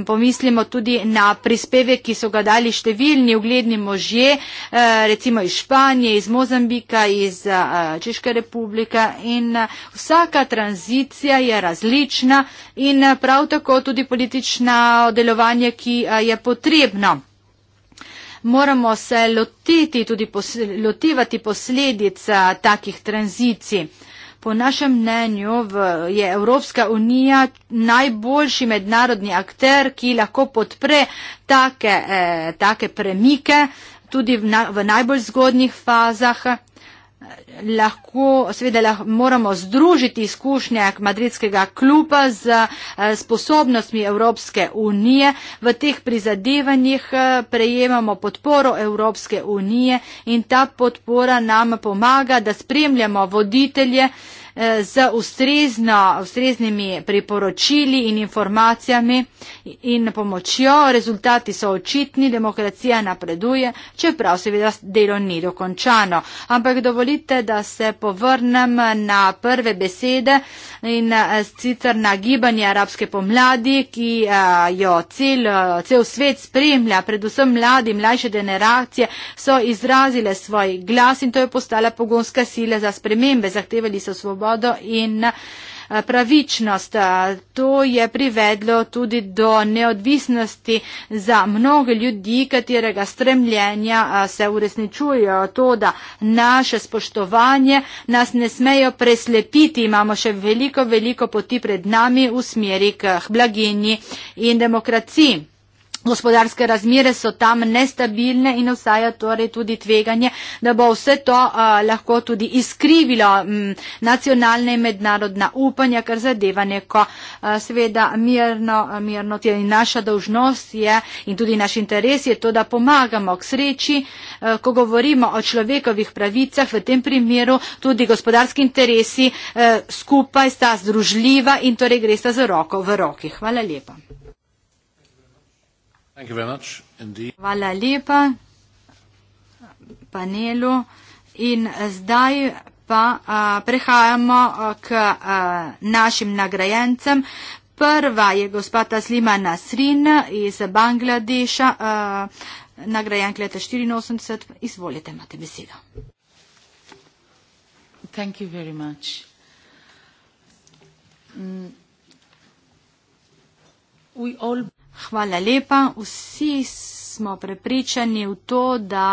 pomislimo tudi na prispevek, ki so ga dali številni ugledni možje, eh, recimo iz Španije, iz Mozambika, iz eh, Češke republike in eh, vsaka tranzicija je različna in prav tako tudi politično delovanje, ki je potrebno. Moramo se lotiti, tudi pos, lotivati posledic takih tranzicij. Po našem mnenju v, je Evropska unija najboljši mednarodni akter, ki lahko podpre take, eh, take premike tudi v, na, v najbolj zgodnih fazah lahko, seveda lahko, moramo združiti izkušnje madridskega kluba z eh, sposobnostmi Evropske unije. V teh prizadevanjih eh, prejemamo podporo Evropske unije in ta podpora nam pomaga, da spremljamo voditelje z ustrezno, ustreznimi priporočili in informacijami in pomočjo. Rezultati so očitni, demokracija napreduje, čeprav seveda delo ni dokončano. Ampak dovolite, da se povrnem na prve besede. Uh, in eh, sicer na gibanje arabske pomladi, ki eh, jo cel, eh, cel svet spremlja, predvsem mladi, mlajše generacije so izrazile svoj glas in to je postala pogonska sila za spremembe, zahtevali so svobodo in. Eh, pravičnost. Eh, to je privedlo tudi do neodvisnosti za mnogo ljudi, katerega stremljenja eh, se uresničujejo. To, da naše spoštovanje nas ne smejo preslepiti, imamo še veliko, veliko poti pred nami v smeri k blaginji in demokraciji. Gospodarske razmere so tam nestabilne in obstaja torej tudi tveganje, da bo vse to uh, lahko tudi izkrivilo m, nacionalne in mednarodna upanja, kar zadeva neko uh, sveda mirno, mirno. Tudi naša dožnost je in tudi naš interes je to, da pomagamo k sreči, uh, ko govorimo o človekovih pravicah, v tem primeru tudi gospodarski interesi uh, skupaj sta združljiva in torej gresta z roko v roki. Hvala lepa. Hvala lepa panelu. In eh, zdaj pa a, eh, prehajamo eh, k a, našim nagrajencem. Prva je gospoda Slima Nasrin iz Bangladeša, nagrajenka leta 84. Izvolite, imate besedo. Thank you very much. Mm. We all... Hvala lepa. Vsi smo prepričani v to, da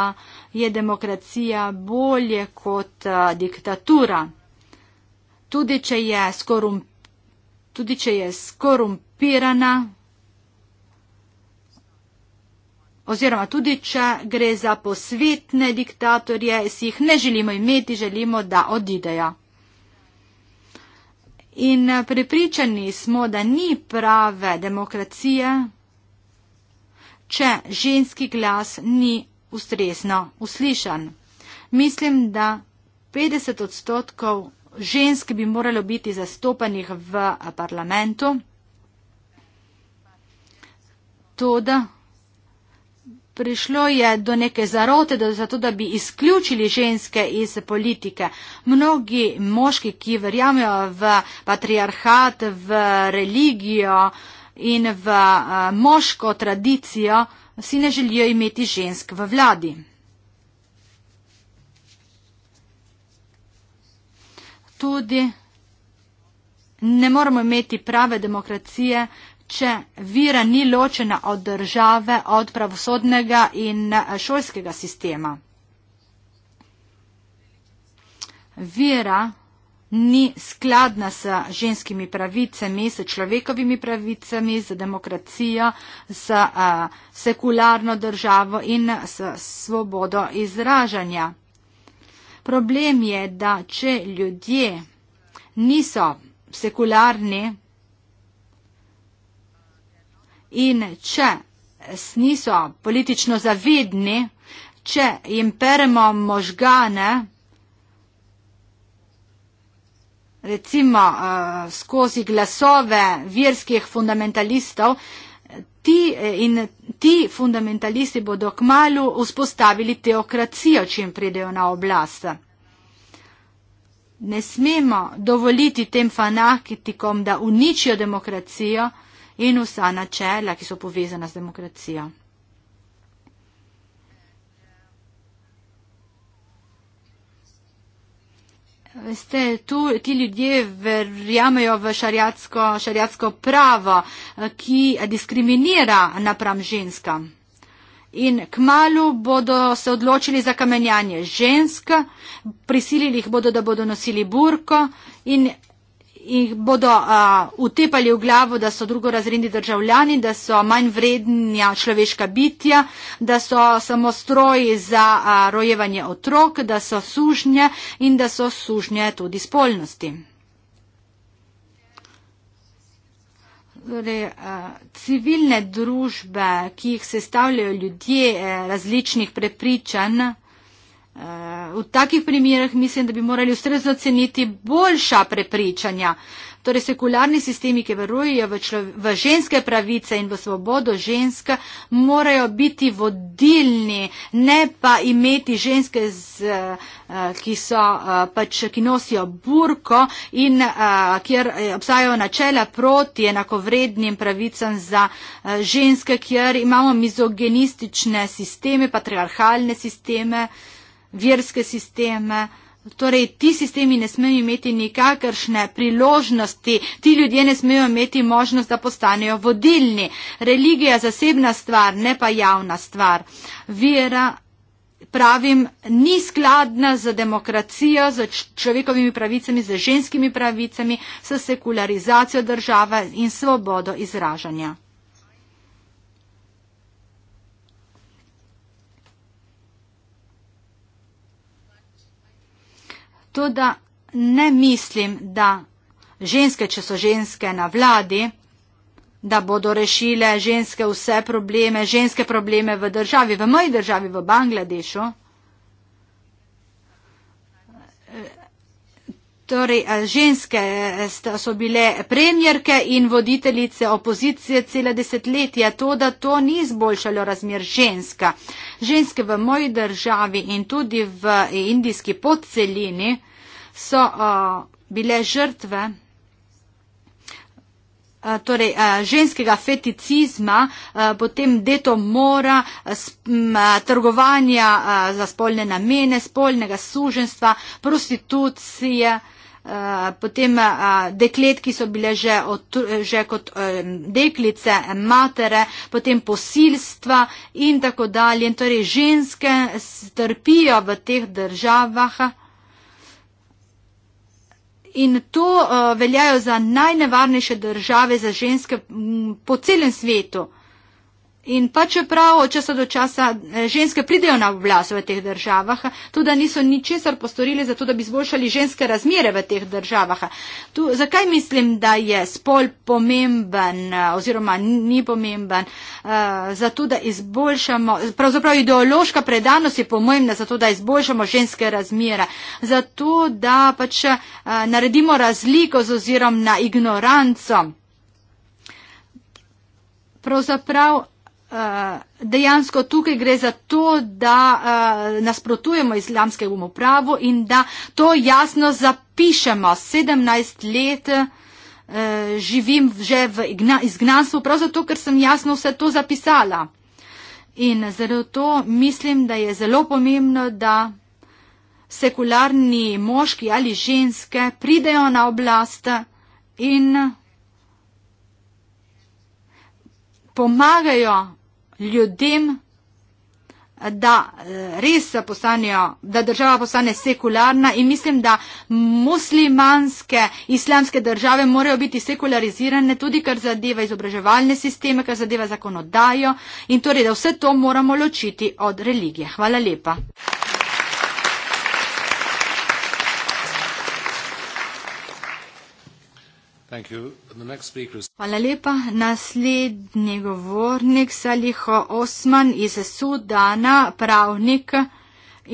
je demokracija bolje kot uh, diktatura. Tudi če je, skorum, tudi če je skorumpirana. Oziroma, tudi če gre za posvetne diktatorje, si jih ne želimo imeti, želimo, da odidejo. In eh, pripričani smo, da ni prave demokracije, če ženski glas ni ustrezno uslišan. Mislim, da 50 odstotkov žensk bi moralo biti zastopanih v eh, parlamentu. Toda prišlo je do neke zarote, da zato, da bi izključili ženske iz politike. Mnogi moški, ki verjamejo v patriarhat, v religijo in v eh, moško tradicijo, si ne želijo imeti žensk v vladi. Tudi ne moremo imeti prave demokracije, če vira ni ločena od države, od pravosodnega in eh, šolskega sistema. Vira ni skladna s ženskimi pravicami, s človekovimi pravicami, s demokracijo, s eh, sekularno državo in s svobodo izražanja. Problem je, da če ljudje niso sekularni, In če niso politično zavedni, če jim peremo možgane, recimo uh, skozi glasove virskih fundamentalistov, ti, eh, in ti fundamentalisti bodo kmalo vzpostavili teokracijo, čim pridejo na oblast. Ne smemo dovoliti tem fanatikom, da uničijo demokracijo in vsa načela, ki so povezana z demokracijo. Veste, tu, ti ljudje verjamejo v šariatsko, šariatsko pravo, ki diskriminira napram ženska. In kmalo bodo se odločili za kamenjanje žensk, prisilili jih bodo, da bodo nosili burko in jih bodo a, utepali v glavo, da so drugorazredni državljani, da so manj vrednja človeška bitja, da so samo stroji za a, rojevanje otrok, da so sužnje in da so sužnje tudi spolnosti. Torej, civilne družbe, ki jih sestavljajo ljudje e, različnih prepričanj, Eh, v takih primerjih mislim, da bi morali ustrezno ceniti boljša prepričanja. Torej, sekularni sistemi, ki verujejo v, člo, v ženske pravice in v svobodo žensk, morajo biti vodilni, ne pa imeti ženske, z, eh, ki, so, eh, pač, ki nosijo burko in kjer obstajajo načela proti enakovrednim pravicam za ženske, kjer imamo mizogenistične sisteme, patriarhalne sisteme verske sisteme. Torej, ti sistemi ne smejo imeti nikakršne priložnosti, ti ljudje ne smejo imeti možnost, da postanejo vodilni. Religija je zasebna stvar, ne pa javna stvar. Vera, pravim, ni skladna z demokracijo, z človekovimi pravicami, z ženskimi pravicami, s sekularizacijo države in svobodo izražanja. Tudi ne mislim, da ženske, če so ženske na vladi, da bodo rešile ženske vse probleme, ženske probleme v državi, v moji državi, v Bangladešu. torej eh, ženske eh, so bile premjerke in voditeljice opozicije cela desetletja, to, da to ni izboljšalo razmer ženska. Ženske v moji državi in tudi v indijski podcelini so a, eh, bile žrtve. Torej, ženskega feticizma, potem detomora, trgovanja za spolne namene, spolnega suženstva, prostitucije. Eh, potem eh, deklet, ki so bile že, od, že kot eh, deklice, matere, potem posilstva in tako dalje. In torej ženske strpijo v teh državah. In to uh, veljajo za najnevarnejše države, za ženske m, mm, po celem svetu. Uh, In pa čeprav od časa do časa eh, ženske pridejo na vlas v teh državah, tudi niso ničesar postorili za to, da bi zboljšali ženske razmere v teh državah. Tu, zakaj mislim, da je spol pomemben eh, oziroma ni pomemben? Eh, zato, da izboljšamo, pravzaprav ideološka predanost je pomembna za to, da izboljšamo ženske razmere. Zato, da pač naredimo razliko z oziroma na ignoranco. Pravzaprav Eh, dejansko tukaj gre za to, da eh, nasprotujemo islamskemu pravu in da to jasno zapišemo. 17 let eh, živim že v izgnanstvu, prav zato, ker sem jasno vse to zapisala. In zato mislim, da je zelo pomembno, da sekularni moški ali ženske pridejo na oblast in pomagajo ljudem, da eh, res postanejo, da država postane sekularna in mislim, da muslimanske, islamske države morajo biti sekularizirane tudi, kar zadeva izobraževalne sisteme, kar zadeva zakonodajo in torej, da vse to moramo ločiti od religije. Hvala lepa. Thank you. Hvala lepa. Naslednji govornik Saliho Osman iz Sudana, pravnik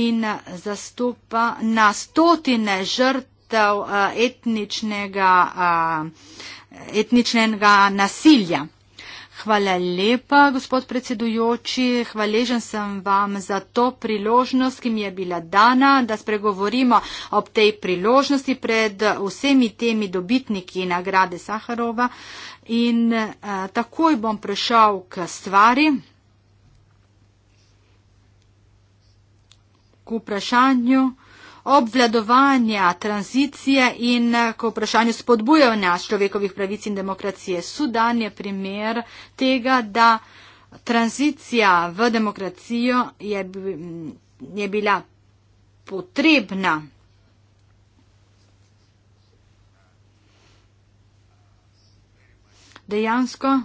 in zastopa na stotine žrtev eh, etničnega, eh, etničnega nasilja. Hvala lepa, gospod predsedujoči. Hvaležen sem vam za to priložnost, ki mi je bila dana, da spregovorimo ob tej priložnosti pred vsemi temi dobitniki nagrade Saharova. In a, eh, takoj bom prešel k stvari, k vprašanju obvladovanja tranzicije in k vprašanju spodbujanja človekovih pravic in demokracije. Sudan je primer tega, da tranzicija v demokracijo je, je bila potrebna. Dejansko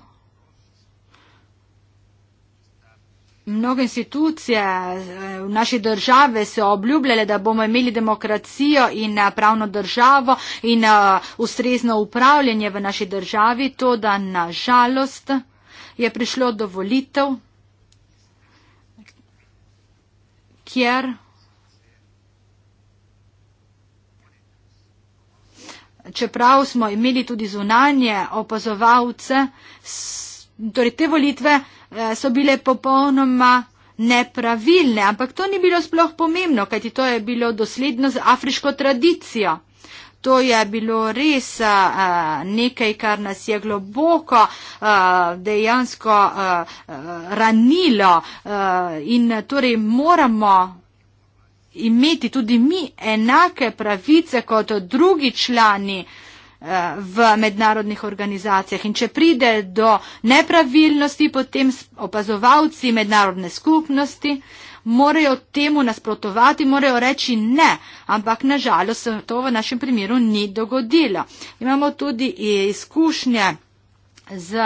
Mnoge institucije eh, v naši države so obljubljale, da bomo imeli demokracijo in eh, pravno državo in eh, ustrezno upravljanje v naši državi, to da na žalost je prišlo do volitev, kjer čeprav smo imeli tudi zunanje opazovalce, torej te volitve eh, so bile popolnoma nepravilne, ampak to ni bilo sploh pomembno, kajti to je bilo dosledno z afriško tradicijo. To je bilo res a, eh, nekaj, kar nas je globoko a, eh, dejansko a, eh, a, ranilo a, in torej moramo imeti tudi mi enake pravice kot drugi člani a, v mednarodnih organizacijah. In če pride do nepravilnosti, potem opazovalci mednarodne skupnosti morajo temu nasprotovati, morajo reči ne, ampak nažalost se to v našem primeru ni dogodilo. Imamo tudi izkušnje z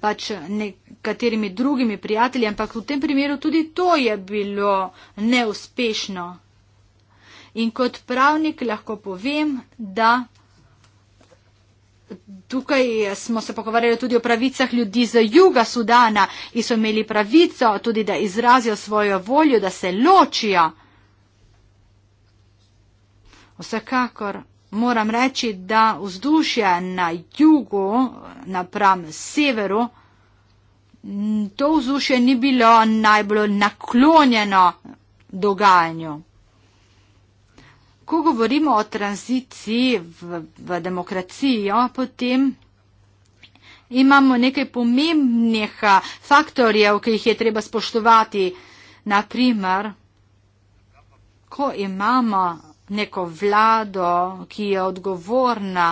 pač nekaterimi drugimi prijatelji, ampak v tem primeru tudi to je bilo neuspešno. In kot pravnik lahko povem, da Tukaj smo se pogovarjali tudi o pravicah ljudi z juga Sudana in so imeli pravico tudi, da izrazijo svojo voljo, da se ločijo. Vsekakor moram reči, da vzdušje na jugu, napram severu, to vzdušje ni bilo najbolj naklonjeno dogajanju ko govorimo o tranziciji v, v demokracijo, ja, potem imamo nekaj pomembnih faktorjev, ki jih je treba spoštovati. Naprimer, ko imamo neko vlado, ki je odgovorna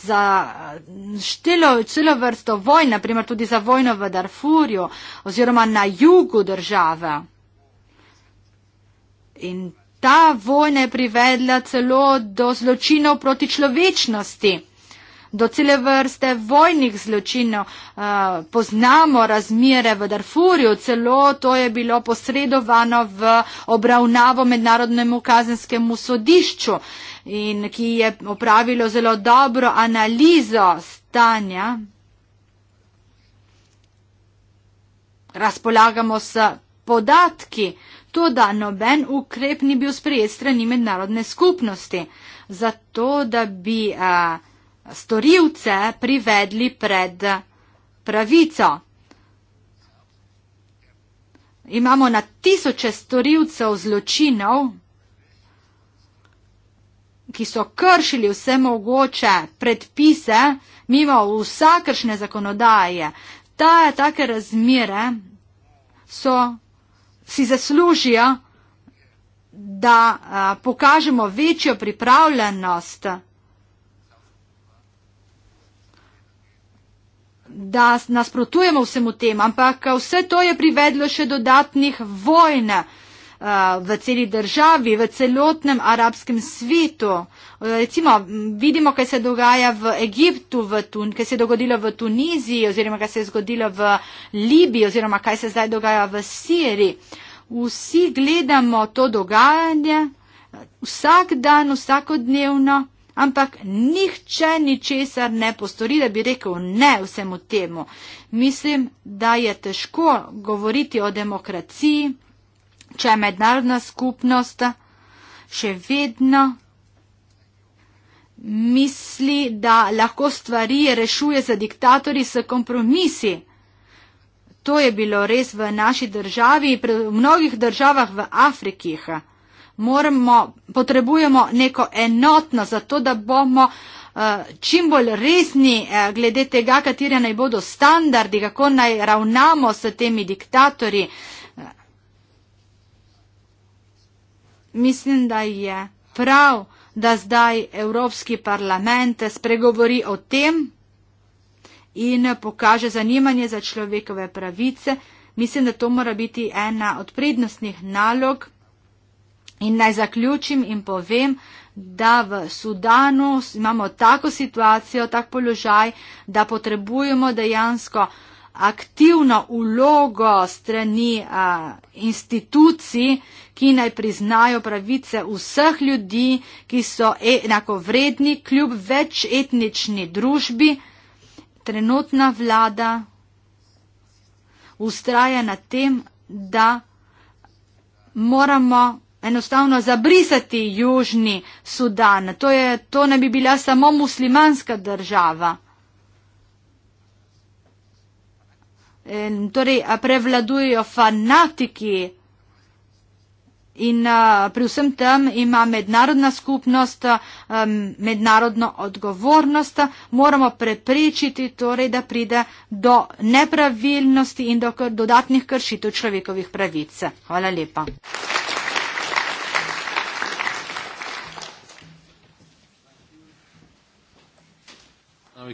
za štelo, celo vrsto vojn, naprimer tudi za vojno v Darfurju oziroma na jugu države. In ta vojna je privedla celo do zločinov proti človečnosti, do cele vrste vojnih zločinov. Poznamo razmere v Darfurju, celo to je bilo posredovano v obravnavo mednarodnemu kazenskemu sodišču, ki je opravilo zelo dobro analizo stanja. Razpolagamo s podatki, To, da noben ukrep ni bil sprejet strani mednarodne skupnosti, zato da bi a, storilce privedli pred pravico. Imamo na tisoče storilcev zločinov, ki so kršili vse mogoče predpise, mimo vsakršne zakonodaje. Ta, take razmere so si zaslužijo, da a, pokažemo večjo pripravljenost, da nasprotujemo vsemu tem, ampak vse to je privedlo še dodatnih vojn. Eh, v celi državi, v celotnem arabskem svetu. Eh, recimo, vidimo, kaj se dogaja v Egiptu, v Tun, kaj se je dogodilo v Tuniziji oziroma kaj se je zgodilo v Libiji oziroma kaj se zdaj dogaja v Siriji. Vsi gledamo to dogajanje eh, vsak dan, vsakodnevno, ampak nihče ničesar ne postori, da bi rekel ne vsemu temu. Mislim, da je težko govoriti o demokraciji, če je mednarodna skupnost še vedno misli, da lahko stvari rešuje za diktatorji s kompromisi. To je bilo res v naši državi in v mnogih državah v Afriki. Moramo, potrebujemo neko enotno, zato da bomo eh, čim bolj resni eh, glede tega, katere naj bodo standardi, kako naj ravnamo s temi diktatorji. mislim, da je prav, da zdaj Evropski parlament spregovori o tem in pokaže zanimanje za človekove pravice. Mislim, da to mora biti ena od prednostnih nalog. In naj zaključim in povem, da v Sudanu imamo tako situacijo, tak položaj, da potrebujemo dejansko aktivno ulogo strani a, institucij, ki naj priznajo pravice vseh ljudi, ki so enakovredni kljub večetnični družbi. Trenutna vlada ustraja na tem, da moramo enostavno zabrisati Južni Sudan. To, je, to ne bi bila samo muslimanska država. in torej prevladujejo fanatiki. In uh, pri vsem tem ima mednarodna skupnost um, mednarodno odgovornost, moramo prepričiti torej, da pride do nepravilnosti in do dodatnih kršitev človekovih pravic. Hvala lepa. Uh,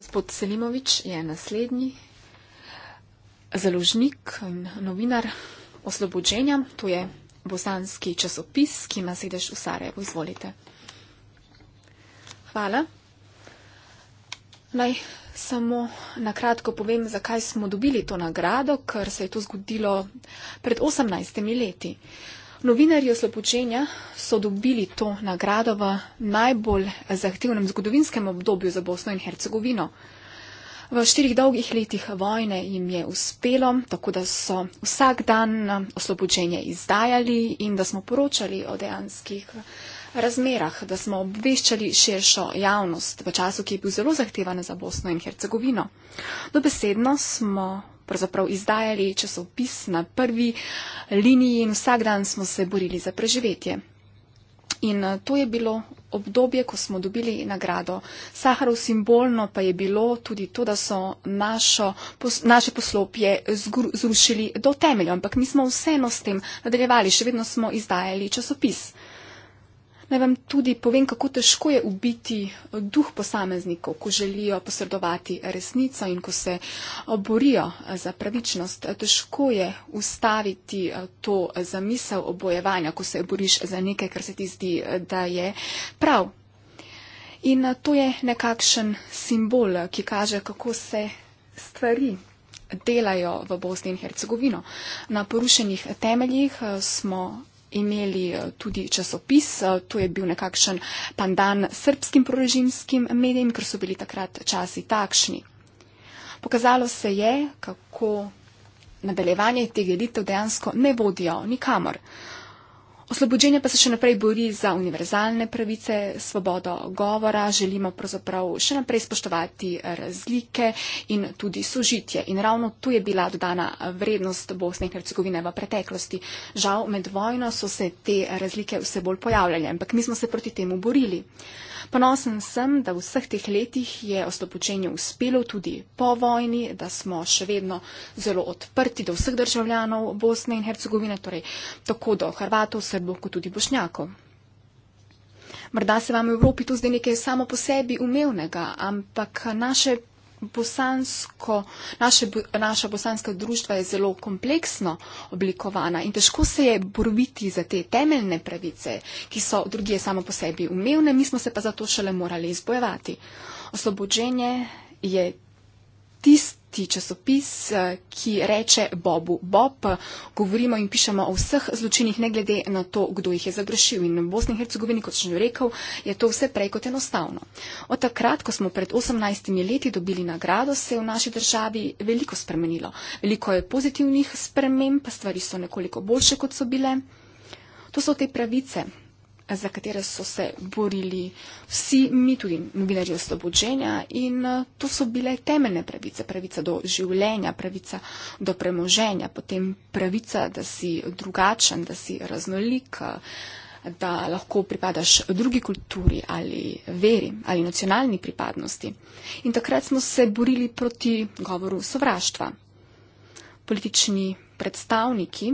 Gospod Selimovič je naslednji založnik in novinar Oslobođenja. To je bosanski časopis, ki ima sedež v Sarajevo. Izvolite. Hvala. Naj samo na kratko povem, zakaj smo dobili to nagrado, ker se je to zgodilo pred 18 leti. Novinarji Slopočenja so dobili to nagrado v najbolj zahtevnem zgodovinskem obdobju za Bosno in Hercegovino. V štirih dolgih letih vojne jim je uspelo, tako da so vsak dan oslobođenje izdajali in da smo poročali o dejanskih razmerah, da smo obveščali širšo javnost v času, ki je bil zelo zahtevan za Bosno in Hercegovino. Dobesedno smo pravzaprav izdajali časopis na prvi liniji in vsak dan smo se borili za preživetje. In eh, to je bilo obdobje, ko smo dobili nagrado. Saharov simbolno pa je bilo tudi to, da so našo, pos, naše poslopje zgr, zrušili do temelja, ampak mi smo vseeno s tem nadaljevali, še vedno smo izdajali časopis. Naj vam tudi povem, kako težko je ubiti duh posameznikov, ko želijo posredovati resnico in ko se eh, borijo eh, za pravičnost. Težko je ustaviti eh, to zamisel obojevanja, ko se boriš za nekaj, kar se ti zdi, da je prav. In to je nekakšen simbol, ki kaže, kako se stvari delajo v Bosni in Hercegovino. Na porušenih temeljih smo imeli eh, tudi časopis, eh, to je bil nekakšen pandan srpskim prorežimskim medijem, ker so bili takrat časi takšni. Pokazalo se je, kako nadaljevanje teh delitev dejansko ne vodijo nikamor. Osvobodjenje pa se še naprej bori za univerzalne pravice, svobodo govora, želimo pravzaprav še naprej spoštovati razlike in tudi sožitje. In ravno tu je bila dodana vrednost Bosne in Hercegovine v preteklosti. Žal, med vojno so se te razlike vse bolj pojavljale, ampak mi smo se proti temu borili. Ponosen sem, da v vseh teh letih je ostopočenje uspelo tudi po vojni, da smo še vedno zelo odprti do vseh državljanov Bosne in Hercegovine, torej tako do Hrvatov, Srbov, kot tudi Bošnjakov. Morda se vam v Evropi tu zdaj nekaj samo po sebi umevnega, ampak naše bosansko, naše, naša bosanska družba je zelo kompleksno oblikovana in težko se je boriti za te temeljne pravice, ki so drugi samo po sebi umevne, mi smo se pa zato šele morali izbojevati. Osloboženje je tisto, tisti časopis, eh, ki reče Bobu Bob. Govorimo in pišemo o vseh zločinih, ne glede na to, kdo jih je zagrešil. In v Bosni in Hercegovini, kot sem že rekel, je to vse prej kot enostavno. Od takrat, ko smo pred 18 leti dobili nagrado, se je v naši državi veliko spremenilo. Veliko je pozitivnih sprememb, pa stvari so nekoliko boljše, kot so bile. To so te pravice, za katere so se borili vsi mi, tudi novinarji osvobođenja. In eh, to so bile temeljne pravice, pravica do življenja, pravica do premoženja, potem pravica, da si drugačen, da si raznolik, eh, da lahko pripadaš drugi kulturi ali veri ali nacionalni pripadnosti. In takrat smo se borili proti govoru sovraštva. Politični predstavniki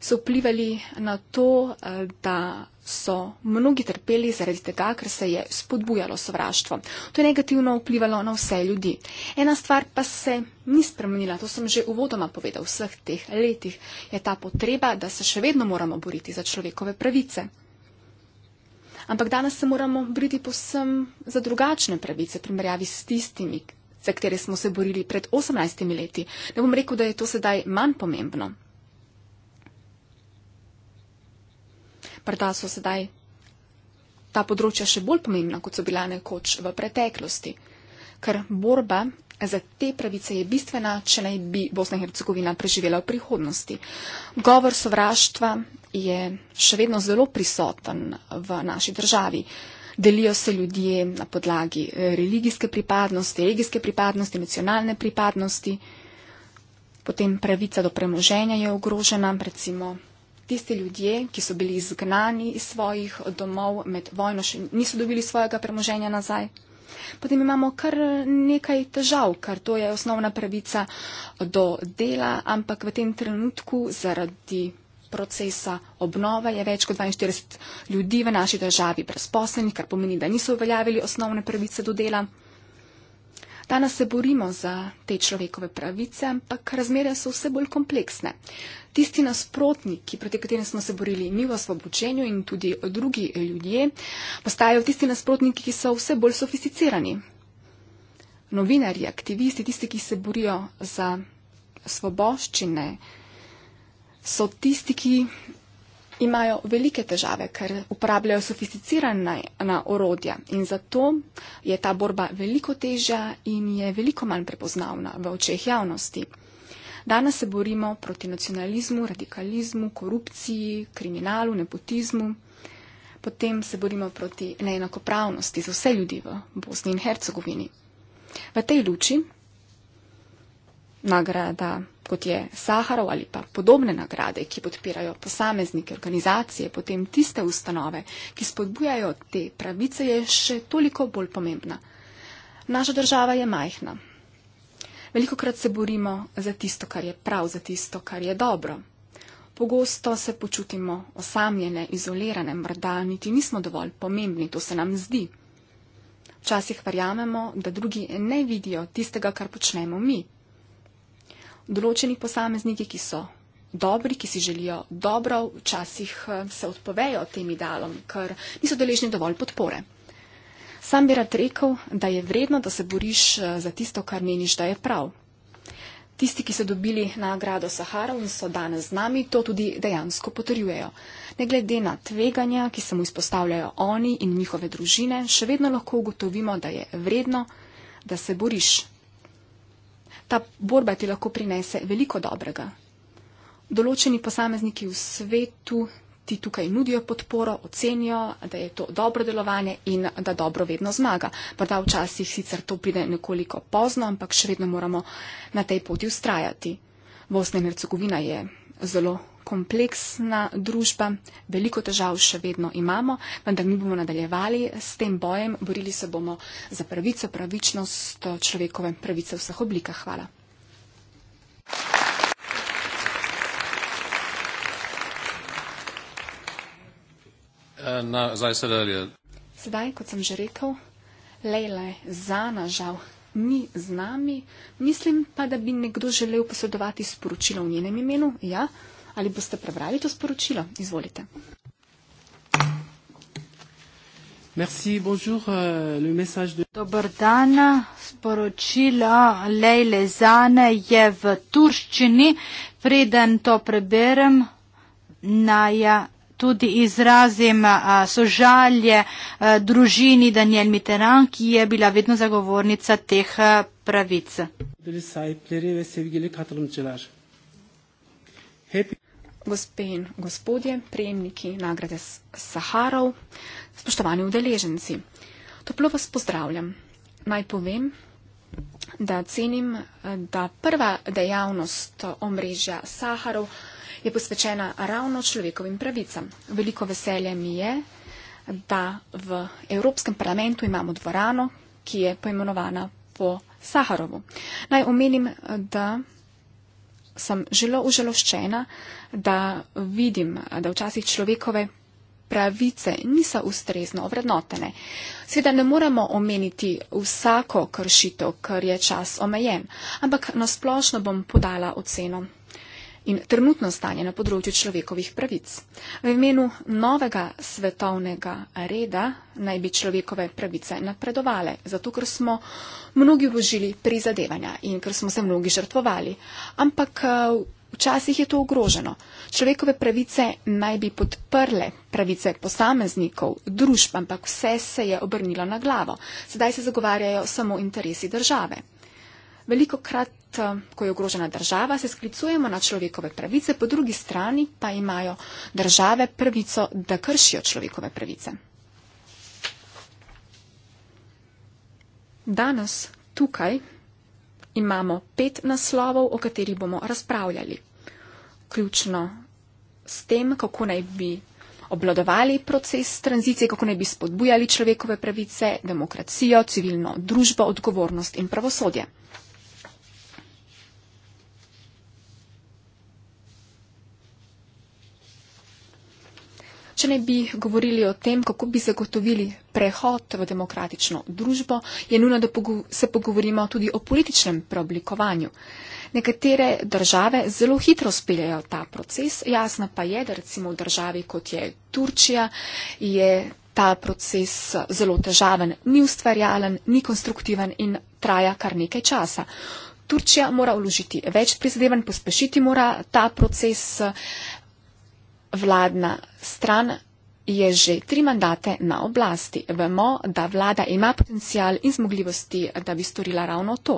so vplivali na to, eh, da so mnogi trpeli zaradi tega, ker se je spodbujalo sovraštvo. To je negativno vplivalo na vse ljudi. Ena stvar pa se ni spremenila, to sem že uvodoma povedal, vseh teh letih je ta potreba, da se še vedno moramo boriti za človekove pravice. Ampak danes se moramo boriti posem za drugačne pravice, primerjavi s tistimi, za katere smo se borili pred 18 leti. Ne bom rekel, da je to sedaj manj pomembno. Morda so sedaj ta področja še bolj pomembna, kot so bila nekoč v preteklosti, ker borba za te pravice je bistvena, če naj bi Bosna in Hercegovina preživela v prihodnosti. Govor sovraštva je še vedno zelo prisoten v naši državi. Delijo se ljudje na podlagi eh, religijske pripadnosti, regijske pripadnosti, nacionalne pripadnosti. Potem pravica do premoženja je ogrožena, recimo tisti ljudje, ki so bili izgnani iz svojih domov med vojno, še niso dobili svojega premoženja nazaj. Potem imamo kar nekaj težav, ker to je osnovna pravica do dela, ampak v tem trenutku zaradi procesa obnova je več kot 42 ljudi v naši državi brezposlenih, kar pomeni, da niso uveljavili osnovne pravice do dela. Danes se borimo za te človekove pravice, ampak razmere so vse bolj kompleksne tisti nasprotniki, proti katerim smo se borili mi v osvobočenju in tudi drugi ljudje, postajajo tisti nasprotniki, ki so vse bolj sofisticirani. Novinarji, aktivisti, tisti, ki se borijo za svoboščine, so tisti, ki imajo velike težave, ker uporabljajo sofisticirana orodja in zato je ta borba veliko težja in je veliko manj prepoznavna v očeh javnosti. Danes se borimo proti nacionalizmu, radikalizmu, korupciji, kriminalu, nepotizmu. Potem se borimo proti neenakopravnosti za vse ljudi v Bosni in Hercegovini. V tej luči nagrada, kot je Saharov ali pa podobne nagrade, ki podpirajo posameznike, organizacije, potem tiste ustanove, ki spodbujajo te pravice, je še toliko bolj pomembna. Naša država je majhna, Veliko krat se borimo za tisto, kar je prav, za tisto, kar je dobro. Pogosto se počutimo osamljene, izolirane, morda niti nismo dovolj pomembni, to se nam zdi. Včasih verjamemo, da drugi ne vidijo tistega, kar počnemo mi. Določeni posamezniki, ki so dobri, ki si želijo dobro, včasih eh, se odpovejo tem idealom, ker niso deležni dovolj podpore. Sam bi rad rekel, da je vredno, da se boriš eh, za tisto, kar meniš, da je prav. Tisti, ki so dobili nagrado Saharov in so danes z nami, to tudi dejansko potrjujejo. Ne glede na tveganja, ki se mu izpostavljajo oni in njihove družine, še vedno lahko ugotovimo, da je vredno, da se boriš. Ta borba ti lahko prinese veliko dobrega. Določeni posamezniki v svetu ti tukaj nudijo podporo, ocenijo, da je to dobro delovanje in da dobro vedno zmaga. Morda včasih sicer to pride nekoliko pozno, ampak še vedno moramo na tej poti ustrajati. Bosna in Hercegovina je zelo kompleksna družba, veliko težav še vedno imamo, vendar mi bomo nadaljevali s tem bojem, borili se bomo za pravico, pravičnost, človekove pravice v vseh oblikah. Hvala. Na, zdaj se dalje. Sedaj, kot sem že rekel, Lejla je zana žal ni z nami. Mislim pa, da bi nekdo želel posredovati sporočilo v njenem imenu. Ja? Ali boste prebrali to sporočilo? Izvolite. Merci, bonjour, euh, le de... Dobar dan. Sporočilo Lejle Zane je v turščini. Preden to preberem, naja ja tudi izrazim sožalje družini Daniel Mitterrand, ki je bila vedno zagovornica teh pravic. Gospe in gospodje, prejemniki nagrade Saharov, spoštovani udeleženci, toplo vas pozdravljam. Naj povem, da cenim, da prva dejavnost omrežja Saharov je posvečena ravno človekovim pravicam. Veliko veselje mi je, da v Evropskem parlamentu imamo dvorano, ki je poimenovana po Saharovu. Naj omenim, da sem zelo užaloščena, da vidim, da včasih človekove pravice niso ustrezno vrednotene. Sveda ne moremo omeniti vsako kršitev, ker je čas omejen, ampak nasplošno bom podala oceno in trenutno stanje na področju človekovih pravic. V imenu novega svetovnega reda naj bi človekove pravice napredovale, zato ker smo mnogi vložili prizadevanja in ker smo se mnogi žrtvovali. Ampak eh, Včasih je to ogroženo. Človekove pravice naj bi podprle pravice posameznikov, družb, ampak vse se je obrnilo na glavo. Sedaj se zagovarjajo samo interesi države. Veliko krat, eh, ko je ogrožena država, se sklicujemo na človekove pravice, po drugi strani pa imajo države pravico, da kršijo človekove pravice. Danes, tukaj, imamo pet naslovov, o katerih bomo razpravljali. Ključno s tem, kako naj bi obladovali proces tranzicije, kako naj bi spodbujali človekove pravice, demokracijo, civilno družbo, odgovornost in pravosodje. Če ne bi govorili o tem, kako bi zagotovili prehod v demokratično družbo, je nujno, da se pogovorimo tudi o političnem preoblikovanju. Nekatere države zelo hitro speljajo ta proces, jasno pa je, da recimo v državi kot je Turčija je ta proces zelo težaven, ni ustvarjalen, ni konstruktiven in traja kar nekaj časa. Turčija mora vložiti več prizadevanj, pospešiti mora ta proces, vladna stran je že tri mandate na oblasti. Vemo, da vlada ima potencial in zmogljivosti, da bi storila ravno to.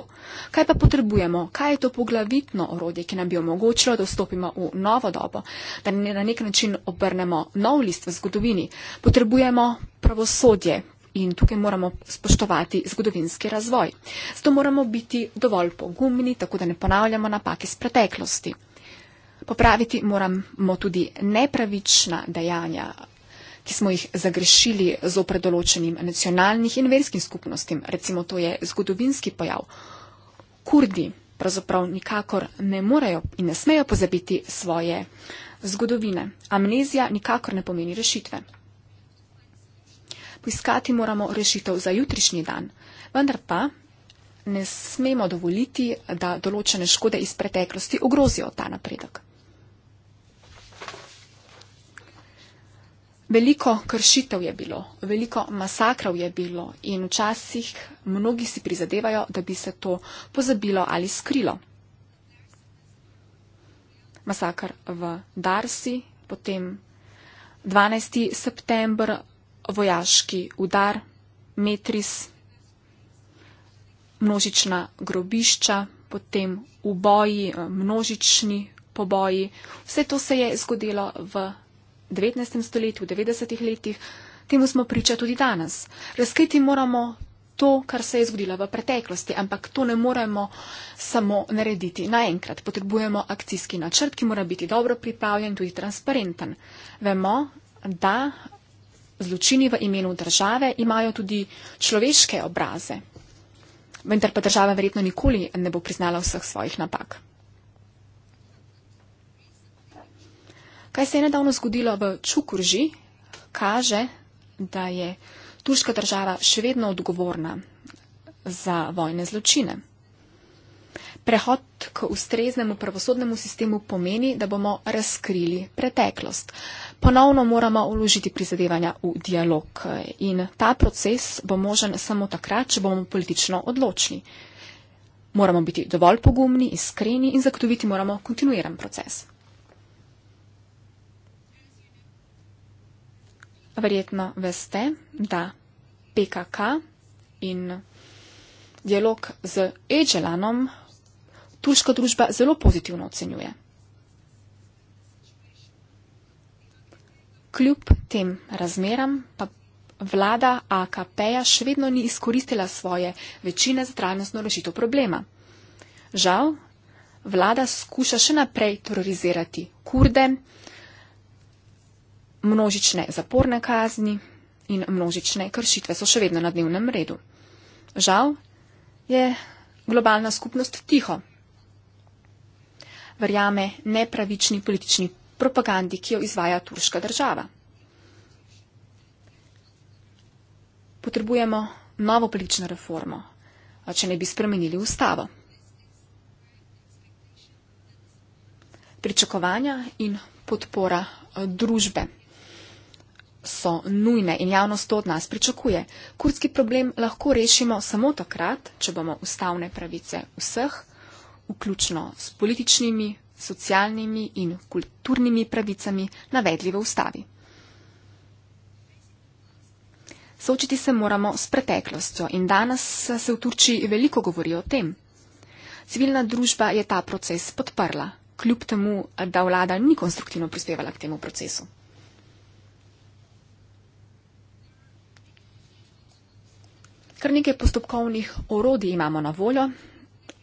Kaj pa potrebujemo? Kaj je to poglavitno orodje, ki nam bi omogočilo, da vstopimo v novo dobo, da ne na nek način obrnemo nov list v zgodovini? Potrebujemo pravosodje. In tukaj moramo spoštovati zgodovinski razvoj. Zato moramo biti dovolj pogumni, tako da ne ponavljamo napake iz preteklosti. Popraviti moramo tudi nepravična dejanja, ki smo jih zagrešili z opredoločenim nacionalnih in verskim skupnostim. Recimo to je zgodovinski pojav. Kurdi pravzaprav nikakor ne morejo in ne smejo pozabiti svoje zgodovine. Amnezija nikakor ne pomeni rešitve. Poiskati moramo rešitev za jutrišnji dan, vendar pa ne smemo dovoliti, da določene škode iz preteklosti ogrozijo ta napredek. Veliko kršitev je bilo, veliko masakrov je bilo in včasih mnogi si prizadevajo, da bi se to pozabilo ali skrilo. Masakr v Darsi, potem 12. september, vojaški udar, Metris, množična grobišča, potem uboji, množični poboji. Vse to se je zgodilo v 19. stoletju, v 90. letih, temu smo priča tudi danes. Razkriti moramo to, kar se je zgodilo v preteklosti, ampak to ne moremo samo narediti naenkrat. Potrebujemo akcijski načrt, ki mora biti dobro pripravljen, tudi transparenten. Vemo, da zločini v imenu države imajo tudi človeške obraze. Vendar pa država verjetno nikoli ne bo priznala vseh svojih napak. Kaj se je nedavno zgodilo v Čukurži, kaže, da je turška država še vedno odgovorna za vojne zločine. Prehod k ustreznemu pravosodnemu sistemu pomeni, da bomo razkrili preteklost. Ponovno moramo uložiti prizadevanja v dialog in ta proces bo možen samo takrat, če bomo politično odločni. Moramo biti dovolj pogumni, iskreni in zagotoviti moramo kontinuiran proces. verjetno veste, da PKK in dialog z Eželanom turška družba zelo pozitivno ocenjuje. Kljub tem razmeram pa vlada AKP-ja še vedno ni izkoristila svoje večine za trajnostno rešitev problema. Žal, vlada skuša še naprej terorizirati kurde, Množične zaporne kazni in množične kršitve so še vedno na dnevnem redu. Žal je globalna skupnost tiho. Verjame nepravični politični propagandi, ki jo izvaja turška država. Potrebujemo novo politično reformo, če ne bi spremenili ustavo. Pričakovanja in podpora družbe so nujne in javnost to od nas pričakuje. Kurdski problem lahko rešimo samo takrat, če bomo ustavne pravice vseh, vključno s političnimi, socialnimi in kulturnimi pravicami, navedli v ustavi. Soočiti se moramo s preteklostjo in danes se v Turčiji veliko govori o tem. Civilna družba je ta proces podprla, kljub temu, da vlada ni konstruktivno prispevala k temu procesu. Kar nekaj postopkovnih orodij imamo na voljo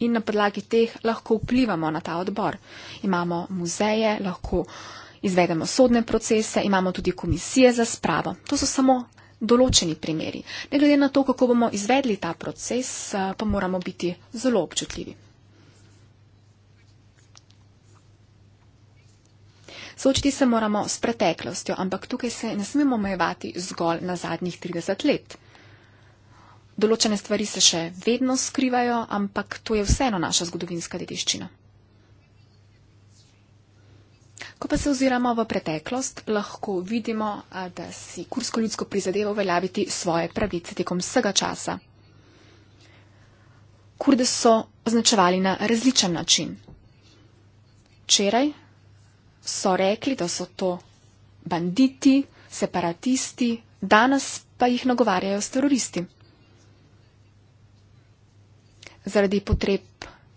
in na podlagi teh lahko vplivamo na ta odbor. Imamo muzeje, lahko izvedemo sodne procese, imamo tudi komisije za spravo. To so samo določeni primeri. Ne glede na to, kako bomo izvedli ta proces, eh, pa moramo biti zelo občutljivi. Soočiti se moramo s preteklostjo, ampak tukaj se ne smemo omejevati zgolj na zadnjih 30 let določene stvari se še vedno skrivajo, ampak to je vseeno naša zgodovinska dediščina. Ko pa se oziramo v preteklost, lahko vidimo, da si kursko ljudsko prizadeva uveljaviti svoje pravice tekom vsega časa. Kurde so označevali na različen način. Včeraj so rekli, da so to banditi, separatisti, danes pa jih nagovarjajo s teroristi zaradi potreb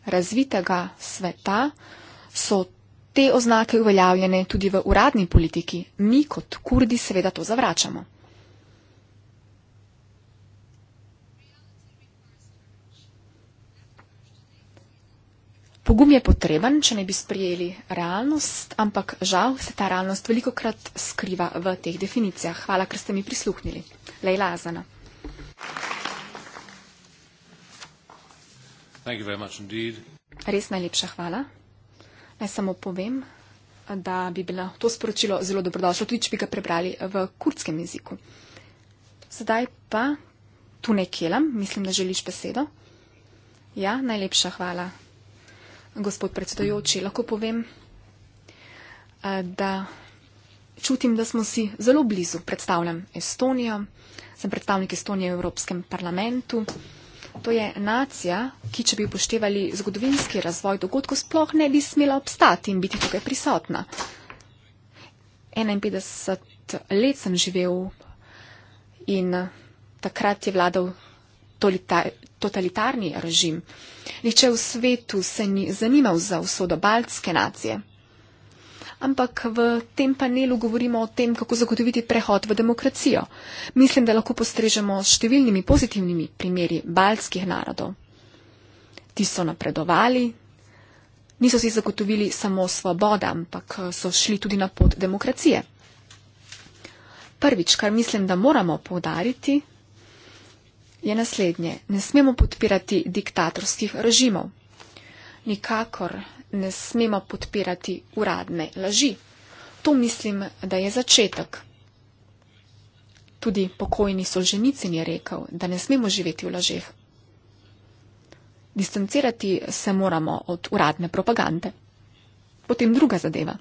razvitega sveta, so te oznake uveljavljene tudi v uradni politiki. Mi kot kurdi seveda to zavračamo. Pogum je potreben, če ne bi sprijeli realnost, ampak žal se ta realnost veliko krat skriva v teh definicijah. Hvala, ker ste mi prisluhnili. Lejla Azana. Thank you. Res najlepša hvala. Naj samo povem, da bi bilo to sporočilo zelo dobrodošlo, tudi če bi ga prebrali v kurdskem jeziku. Zdaj pa tu nekelam, mislim, da želiš besedo. Ja, najlepša hvala, gospod predsedojoči. Lahko povem, eh, da čutim, da smo si zelo blizu. Predstavljam Estonijo, sem predstavnik Estonije v Evropskem parlamentu. To je nacija, ki, če bi upoštevali zgodovinski razvoj dogodkov, sploh ne bi smela obstati in biti tukaj prisotna. 51 let sem živel in takrat je vladal totalitarni režim. Nihče v svetu se ni zanimal za usodo baltske nacije ampak v tem panelu govorimo o tem, kako zagotoviti prehod v demokracijo. Mislim, da lahko postrežemo s številnimi pozitivnimi primeri baltskih narodov. Ti so napredovali, niso si zagotovili samo svoboda, ampak eh, so šli tudi na pot demokracije. Prvič, kar mislim, da moramo povdariti, je naslednje. Ne smemo podpirati diktatorskih režimov. Nikakor ne smemo podpirati uradne laži. To mislim, da je začetek. Tudi pokojni solženici je rekel, da ne smemo živeti v lažeh. Distancirati se moramo od uradne propagande. Potem druga zadeva.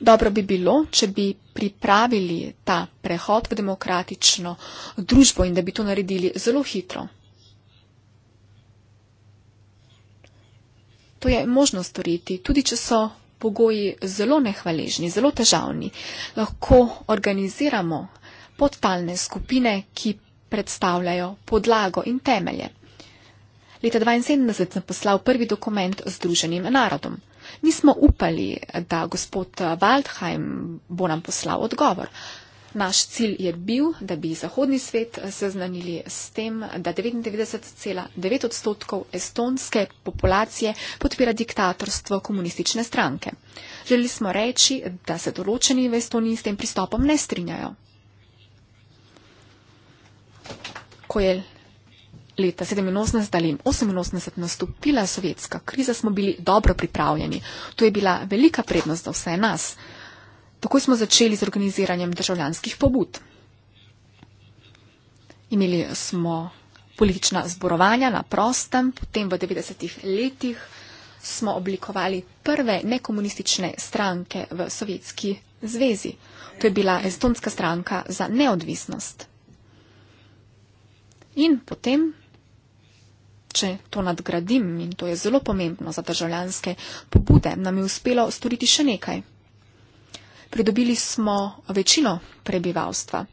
Dobro bi bilo, če bi pripravili ta prehod v demokratično družbo in da bi to naredili zelo hitro. to je možno storiti, tudi če so pogoji zelo nehvaležni, zelo težavni. Lahko organiziramo podtalne skupine, ki predstavljajo podlago in temelje. Leta 1972 sem poslal prvi dokument Združenim narodom. Nismo upali, da gospod Waldheim bo nam poslal odgovor. Naš cilj je bil, da bi zahodni svet eh, seznanili s tem, da 99,9 odstotkov estonske populacije podpira diktatorstvo komunistične stranke. Želeli smo reči, da se določeni v Estoniji s tem pristopom ne strinjajo. Ko je leta 87 ali 88 nastopila sovjetska kriza, smo bili dobro pripravljeni. To je bila velika prednost za vse nas. Tako smo začeli z organiziranjem državljanskih pobud. Imeli smo politična zborovanja na prostem, potem v 90-ih letih smo oblikovali prve nekomunistične stranke v Sovjetski zvezi. To je bila Estonska stranka za neodvisnost. In potem, če to nadgradim, in to je zelo pomembno za državljanske pobude, nam je uspelo storiti še nekaj pridobili smo večino prebivalstva.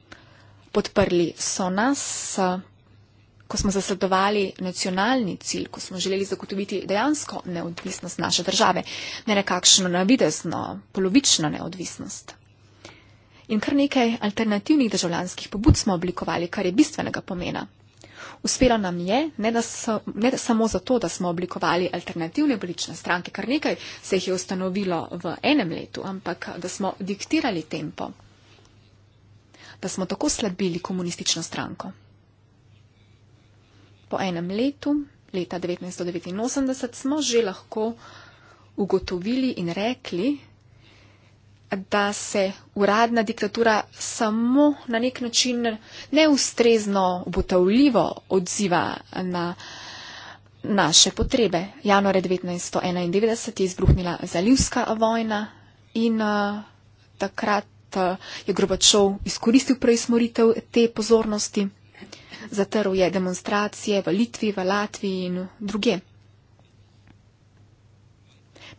Podprli so nas, ko smo zasledovali nacionalni cilj, ko smo želeli zagotoviti dejansko neodvisnost naše države, ne nekakšno navidezno, polovično neodvisnost. In kar nekaj alternativnih državljanskih pobud smo oblikovali, kar je bistvenega pomena. Uspelo nam je, ne, da so, ne da samo zato, da smo oblikovali alternativne politične stranke, kar nekaj se jih je ustanovilo v enem letu, ampak da smo diktirali tempo, da smo tako slabili komunistično stranko. Po enem letu, leta 1989, smo že lahko ugotovili in rekli, da se uradna diktatura samo na nek način neustrezno, obotavljivo odziva na naše potrebe. Januar 1991 je izbruhnila zalivska vojna in uh, takrat uh, je Grobačov izkoristil preizmoritev te pozornosti, zatrl je demonstracije v Litvi, v Latviji in druge.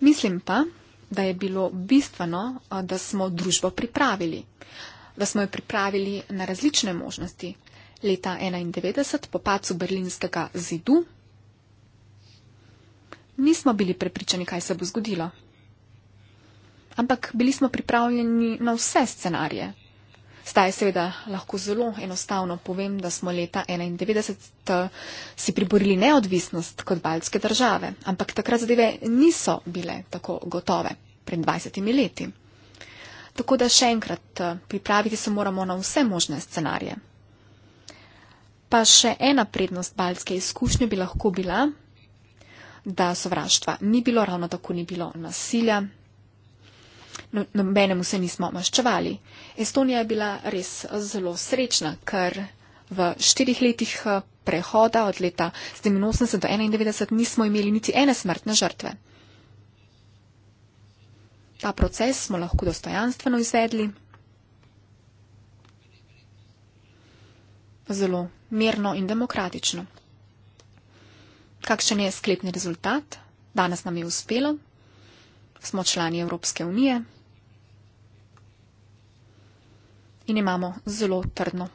Mislim pa, da je bilo bistveno, da smo družbo pripravili, da smo jo pripravili na različne možnosti. Leta 1991, po pacu berlinskega zidu, nismo bili prepričani, kaj se bo zgodilo. Ampak bili smo pripravljeni na vse scenarije. Zdaj seveda lahko zelo enostavno povem, da smo leta 1991 eh, si priborili neodvisnost kot baljske države, ampak takrat zadeve niso bile tako gotove pred 20 leti. Tako da še enkrat eh, pripraviti se moramo na vse možne scenarije. Pa še ena prednost baljske izkušnje bi lahko bila, da sovraštva ni bilo, ravno tako ni bilo nasilja, No, nobenemu se nismo maščevali. Estonija je bila res zelo srečna, ker v štirih letih eh, prehoda od leta 87 do 91 nismo imeli niti ene smrtne žrtve. Ta proces smo lahko dostojanstveno izvedli, zelo mirno in demokratično. Kakšen je sklepni rezultat? Danes nam je uspelo smo člani Evropske unije in imamo zelo trdno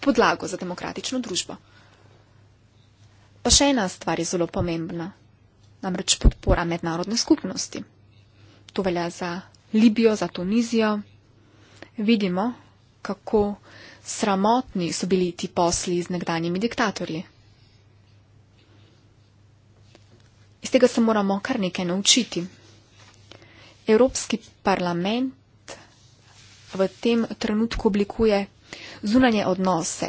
podlago za demokratično družbo. Pa še ena stvar je zelo pomembna, namreč podpora mednarodne skupnosti. To velja za Libijo, za Tunizijo. Vidimo, kako sramotni so bili ti posli z nekdanjimi diktatorji. Iz tega se moramo kar nekaj naučiti. Evropski parlament v tem trenutku oblikuje zunanje odnose,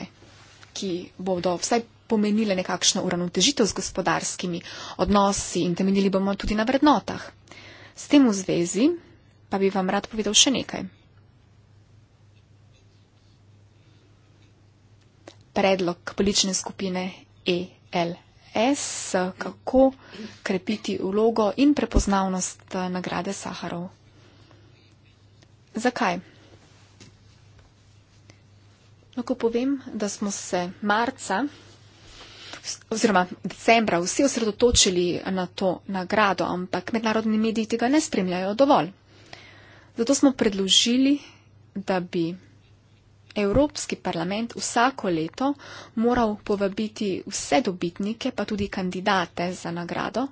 ki bodo vsaj pomenile nekakšno uravnotežitev z gospodarskimi odnosi in temeljili bomo tudi na vrednotah. S tem v zvezi pa bi vam rad povedal še nekaj. Predlog politične skupine ELN. S, kako krepiti vlogo in prepoznavnost eh, nagrade Saharov. Zakaj? Lahko povem, da smo se marca oziroma decembra vsi osredotočili na to nagrado, ampak mednarodni mediji tega ne spremljajo dovolj. Zato smo predložili, da bi Evropski parlament vsako leto moral povabiti vse dobitnike, pa tudi kandidate za nagrado,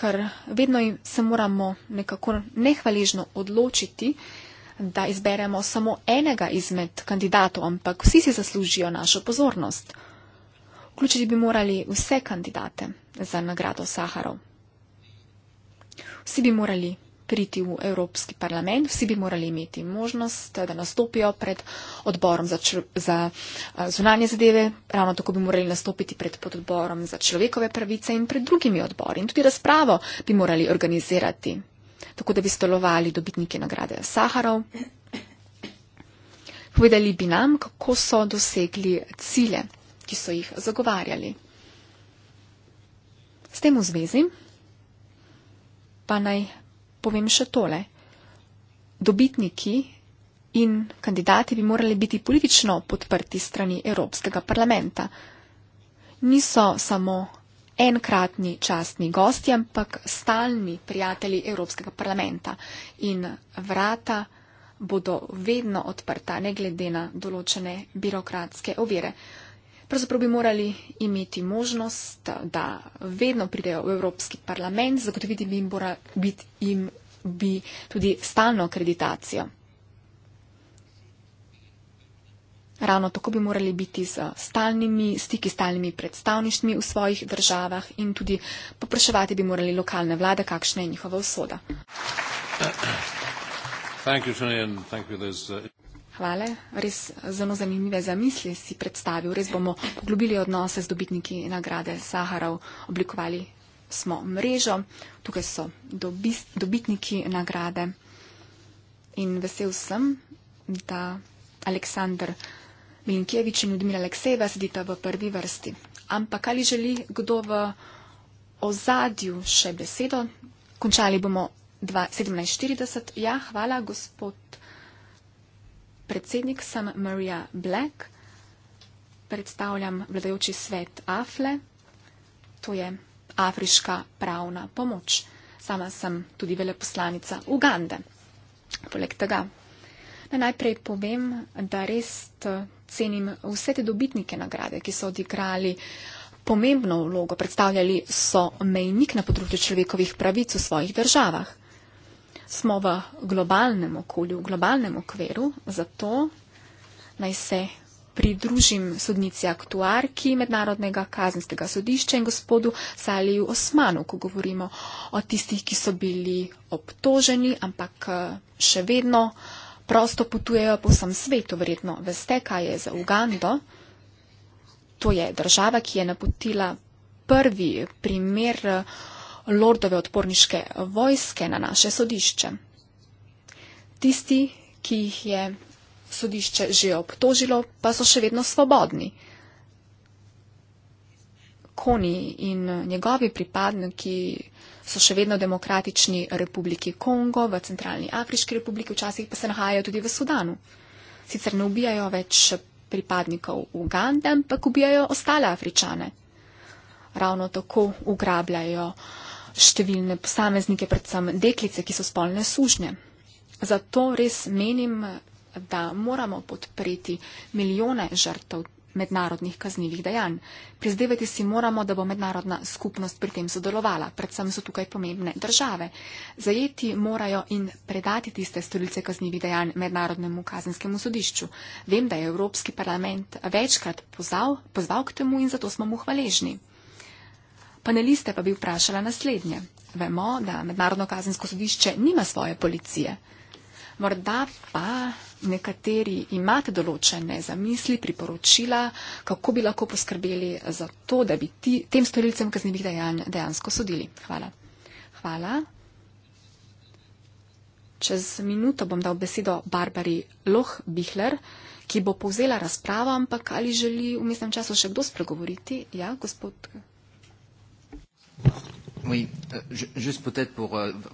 ker vedno se moramo nekako nehvaližno odločiti, da izberemo samo enega izmed kandidatov, ampak vsi si zaslužijo našo pozornost. Vključiti bi morali vse kandidate za nagrado Saharov. Vsi bi morali priti v Evropski parlament. Vsi bi morali imeti možnost, da nastopijo pred odborom za, za zunanje zadeve, ravno tako bi morali nastopiti pred pododborom za človekove pravice in pred drugimi odbori. In tudi razpravo bi morali organizirati, tako da bi stolovali dobitniki nagrade Saharov. Povedali bi nam, kako so dosegli cilje, ki so jih zagovarjali. S tem v zvezi pa naj povem še tole. Dobitniki in kandidati bi morali biti politično podprti strani Evropskega parlamenta. Niso samo enkratni častni gosti, ampak stalni prijatelji Evropskega parlamenta. In vrata bodo vedno odprta, ne glede na določene birokratske ovire. Pravzaprav bi morali imeti možnost, da vedno pridejo v Evropski parlament, zagotoviti bi jim, biti, jim bi tudi stalno akreditacijo. Ravno tako bi morali biti z stalnimi, stiki stalnimi predstavništmi v svojih državah in tudi popraševati bi morali lokalne vlade, kakšna je njihova usoda. Thank you, Sonia, and thank you for those. Uh... Hvala. Res zelo zanimive zamisli si predstavil. Res bomo poglobili odnose z dobitniki nagrade Saharov. Oblikovali smo mrežo. Tukaj so dobis, dobitniki nagrade. In vesel sem, da Aleksandr Milinkjevič in Ludmila Alekseva sedita v prvi vrsti. Ampak ali želi kdo v ozadju še besedo? Končali bomo 17.40. Ja, hvala, gospod predsednik sem Maria Black, predstavljam vladajoči svet AFLE, to je afriška pravna pomoč. Sama sem tudi veleposlanica Ugande. Poleg tega, da najprej povem, da res eh, cenim vse te dobitnike nagrade, ki so odigrali pomembno vlogo, predstavljali so mejnik na področju človekovih pravic v svojih državah smo v globalnem okolju, v globalnem okviru, zato naj se pridružim sodnici aktuarki Mednarodnega kaznjskega sodišča in gospodu Saliju Osmanu, ko govorimo o tistih, ki so bili obtoženi, ampak eh, še vedno prosto potujejo po vsem svetu. Verjetno veste, kaj je za Ugando. To je država, ki je napotila prvi primer eh, lordove odporniške vojske na naše sodišče. Tisti, ki jih je sodišče že obtožilo, pa so še vedno svobodni. Koni in njegovi pripadniki so še vedno demokratični republiki Kongo, v centralni Afriški republiki, včasih pa se nahajajo tudi v Sudanu. Sicer ne ubijajo več pripadnikov Ugande, ampak ubijajo ostale Afričane. Ravno tako ugrabljajo uh, številne posameznike, predvsem deklice, ki so spolne sužnje. Zato res menim, da moramo podpreti milijone žrtev mednarodnih kaznjivih dejanj. Prizdevati si moramo, da bo mednarodna skupnost pri tem sodelovala. Predvsem so tukaj pomembne države. Zajeti morajo in predati tiste storilce kaznjivih dejanj mednarodnemu kazenskemu sodišču. Vem, da je Evropski parlament večkrat pozval, pozval k temu in zato smo mu hvaležni. Paneliste pa bi vprašala naslednje. Vemo, da Mednarodno kazensko sodišče nima svoje policije. Morda pa nekateri imate določene zamisli, priporočila, kako bi lahko poskrbeli za to, da bi ti, tem storilcem kaznjivih dejanj dejansko sodili. Hvala. Hvala. Čez minuto bom dal besedo Barbari Loh-Bihler, ki bo povzela razpravo, ampak ali želi v mestnem času še kdo spregovoriti? Ja, gospod. Euh,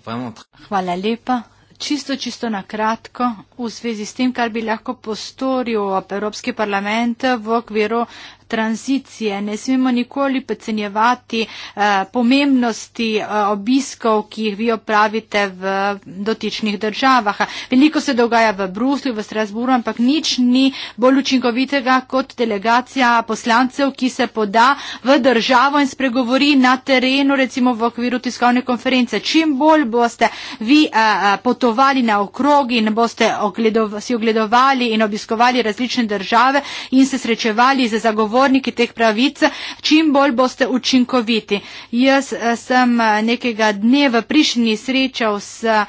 euh, Hvala lepa. Čisto, čisto na kratko, v zvezi s tem, kar bi lahko postoril Evropski parlament v okviru tranzicije. Ne smemo nikoli podcenjevati eh, pomembnosti eh, obiskov, ki jih vi opravite v dotičnih državah. Veliko se dogaja v Bruslju, v Strasburu, ampak nič ni bolj učinkovitega kot delegacija poslancev, ki se poda v državo in spregovori na terenu, recimo v okviru tiskovne konference. Čim bolj boste vi eh, eh potovali na okrogi in boste ogledov, si ogledovali in obiskovali različne države in se srečevali z zagovorniki, zagovorniki teh pravic, čim bolj boste učinkoviti. Jaz eh, sem eh, nekega dne v Prišnji srečal s eh,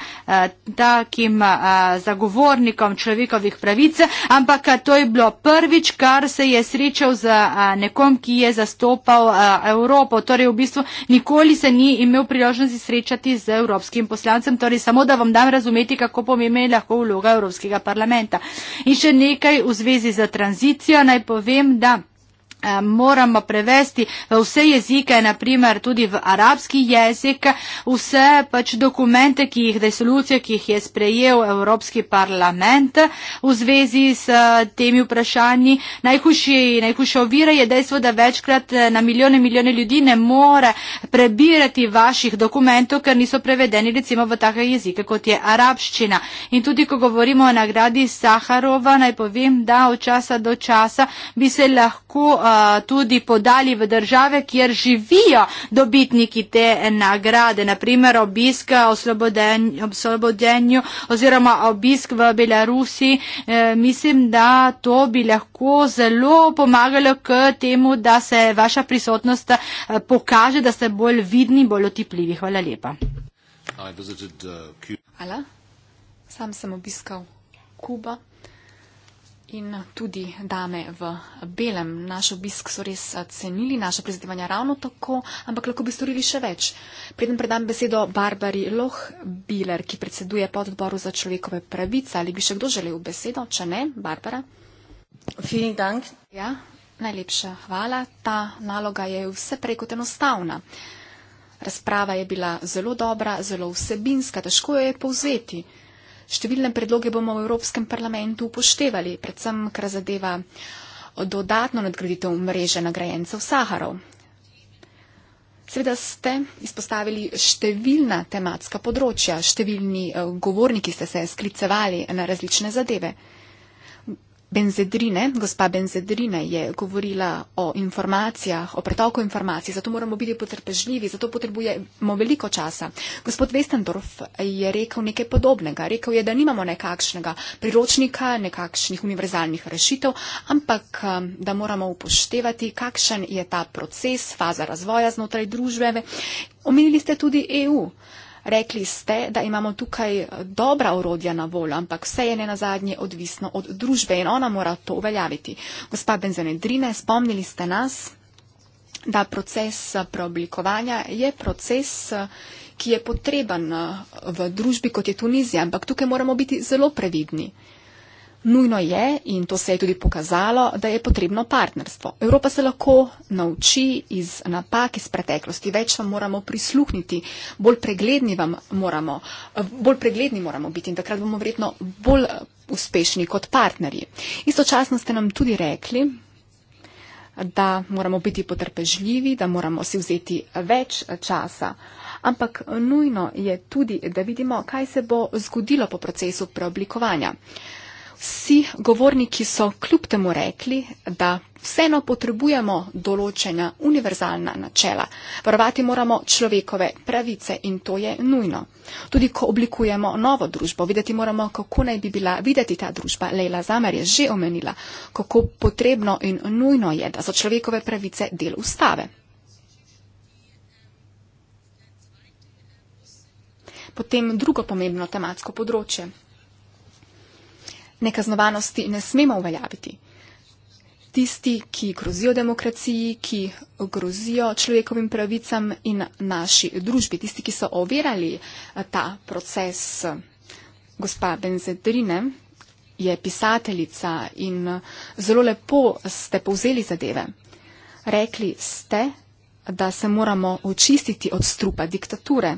takim zagovornikom človekovih pravic, ampak to je bilo prvič, kar se je srečal z nekom, ki je zastopal Evropo. Torej, v bistvu nikoli se ni imel priložnosti srečati z evropskim poslancem, torej samo da vam dam razumeti, kako pomembna je lahko vloga Evropskega parlamenta. In še nekaj v zvezi z tranzicijo naj povem, da moramo prevesti v vse jezike, naprimer tudi v arabski jezik, vse pač dokumente, ki jih resolucije, ki jih je sprejel Evropski parlament v zvezi s temi vprašanji. Najhujša ovira je dejstvo, da večkrat eh, na milijone, milijone ljudi ne more prebirati vaših dokumentov, ker niso prevedeni recimo v take jezike, kot je arabščina. In tudi, ko govorimo o nagradi Saharova, naj povem, da od časa do časa bi se lahko uh, tudi podali v države, kjer živijo dobitniki te nagrade. Naprimer, obisk oslobodenju oziroma obisk v Belarusi, e, mislim, da to bi lahko zelo pomagalo k temu, da se vaša prisotnost e, pokaže, da ste bolj vidni, bolj otipljivi. Hvala lepa. Uh, Hvala. Sam sem obiskal Kuba in tudi dame v belem. Naš obisk so res cenili, naša prizadevanja ravno tako, ampak lahko bi storili še več. Preden predam besedo Barbari Loh Biler, ki predseduje pod odboru za človekove pravice, ali bi še kdo želel besedo, če ne, Barbara? Fini dank. Ja, najlepša hvala. Ta naloga je vse preko enostavna. Razprava je bila zelo dobra, zelo vsebinska, težko jo je povzeti. Številne predloge bomo v Evropskem parlamentu upoštevali, predvsem kar zadeva dodatno nadgraditev mreže nagrajencev Saharov. Seveda ste izpostavili številna tematska področja, številni eh, govorniki ste se sklicevali na različne zadeve. Benzedrine, gospa Benzedrine je govorila o informacijah, o pretoku informacij, zato moramo biti potrpežljivi, zato potrebujemo veliko časa. Gospod Westendorf je rekel nekaj podobnega. Rekel je, da nimamo nekakšnega priročnika, nekakšnih univerzalnih rešitev, ampak um, da moramo upoštevati, kakšen je ta proces, faza razvoja znotraj družbe. Omenili ste tudi EU. Rekli ste, da imamo tukaj eh, dobra orodja na voljo, ampak vse je ne nazadnje odvisno od družbe in ona mora to uveljaviti. Gospa Benzenedrine, spomnili ste nas, da proces eh, preoblikovanja je proces, eh, ki je potreben v družbi kot je Tunizija, ampak tukaj moramo biti zelo previdni. Nujno je, in to se je tudi pokazalo, da je potrebno partnerstvo. Evropa se lahko nauči iz napak iz preteklosti, več vam moramo prisluhniti, bolj pregledni, moramo, bolj pregledni moramo biti in takrat bomo vredno bolj uspešni kot partnerji. Istočasno ste nam tudi rekli, da moramo biti potrpežljivi, da moramo si vzeti več časa. Ampak nujno je tudi, da vidimo, kaj se bo zgodilo po procesu preoblikovanja. Vsi govorniki so kljub temu rekli, da vseeno potrebujemo določena univerzalna načela. Varovati moramo človekove pravice in to je nujno. Tudi ko oblikujemo novo družbo, videti moramo, kako naj bi bila videti ta družba. Leila Zamer je že omenila, kako potrebno in nujno je, da so človekove pravice del ustave. Potem drugo pomembno tematsko področje nekaznovanosti ne smemo uveljaviti. Tisti, ki grozijo demokraciji, ki grozijo človekovim pravicam in naši družbi, tisti, ki so ovirali eh, ta proces, eh, gospa Benzedrine, je pisateljica in eh, zelo lepo ste povzeli zadeve. Rekli ste, da se moramo očistiti od strupa diktature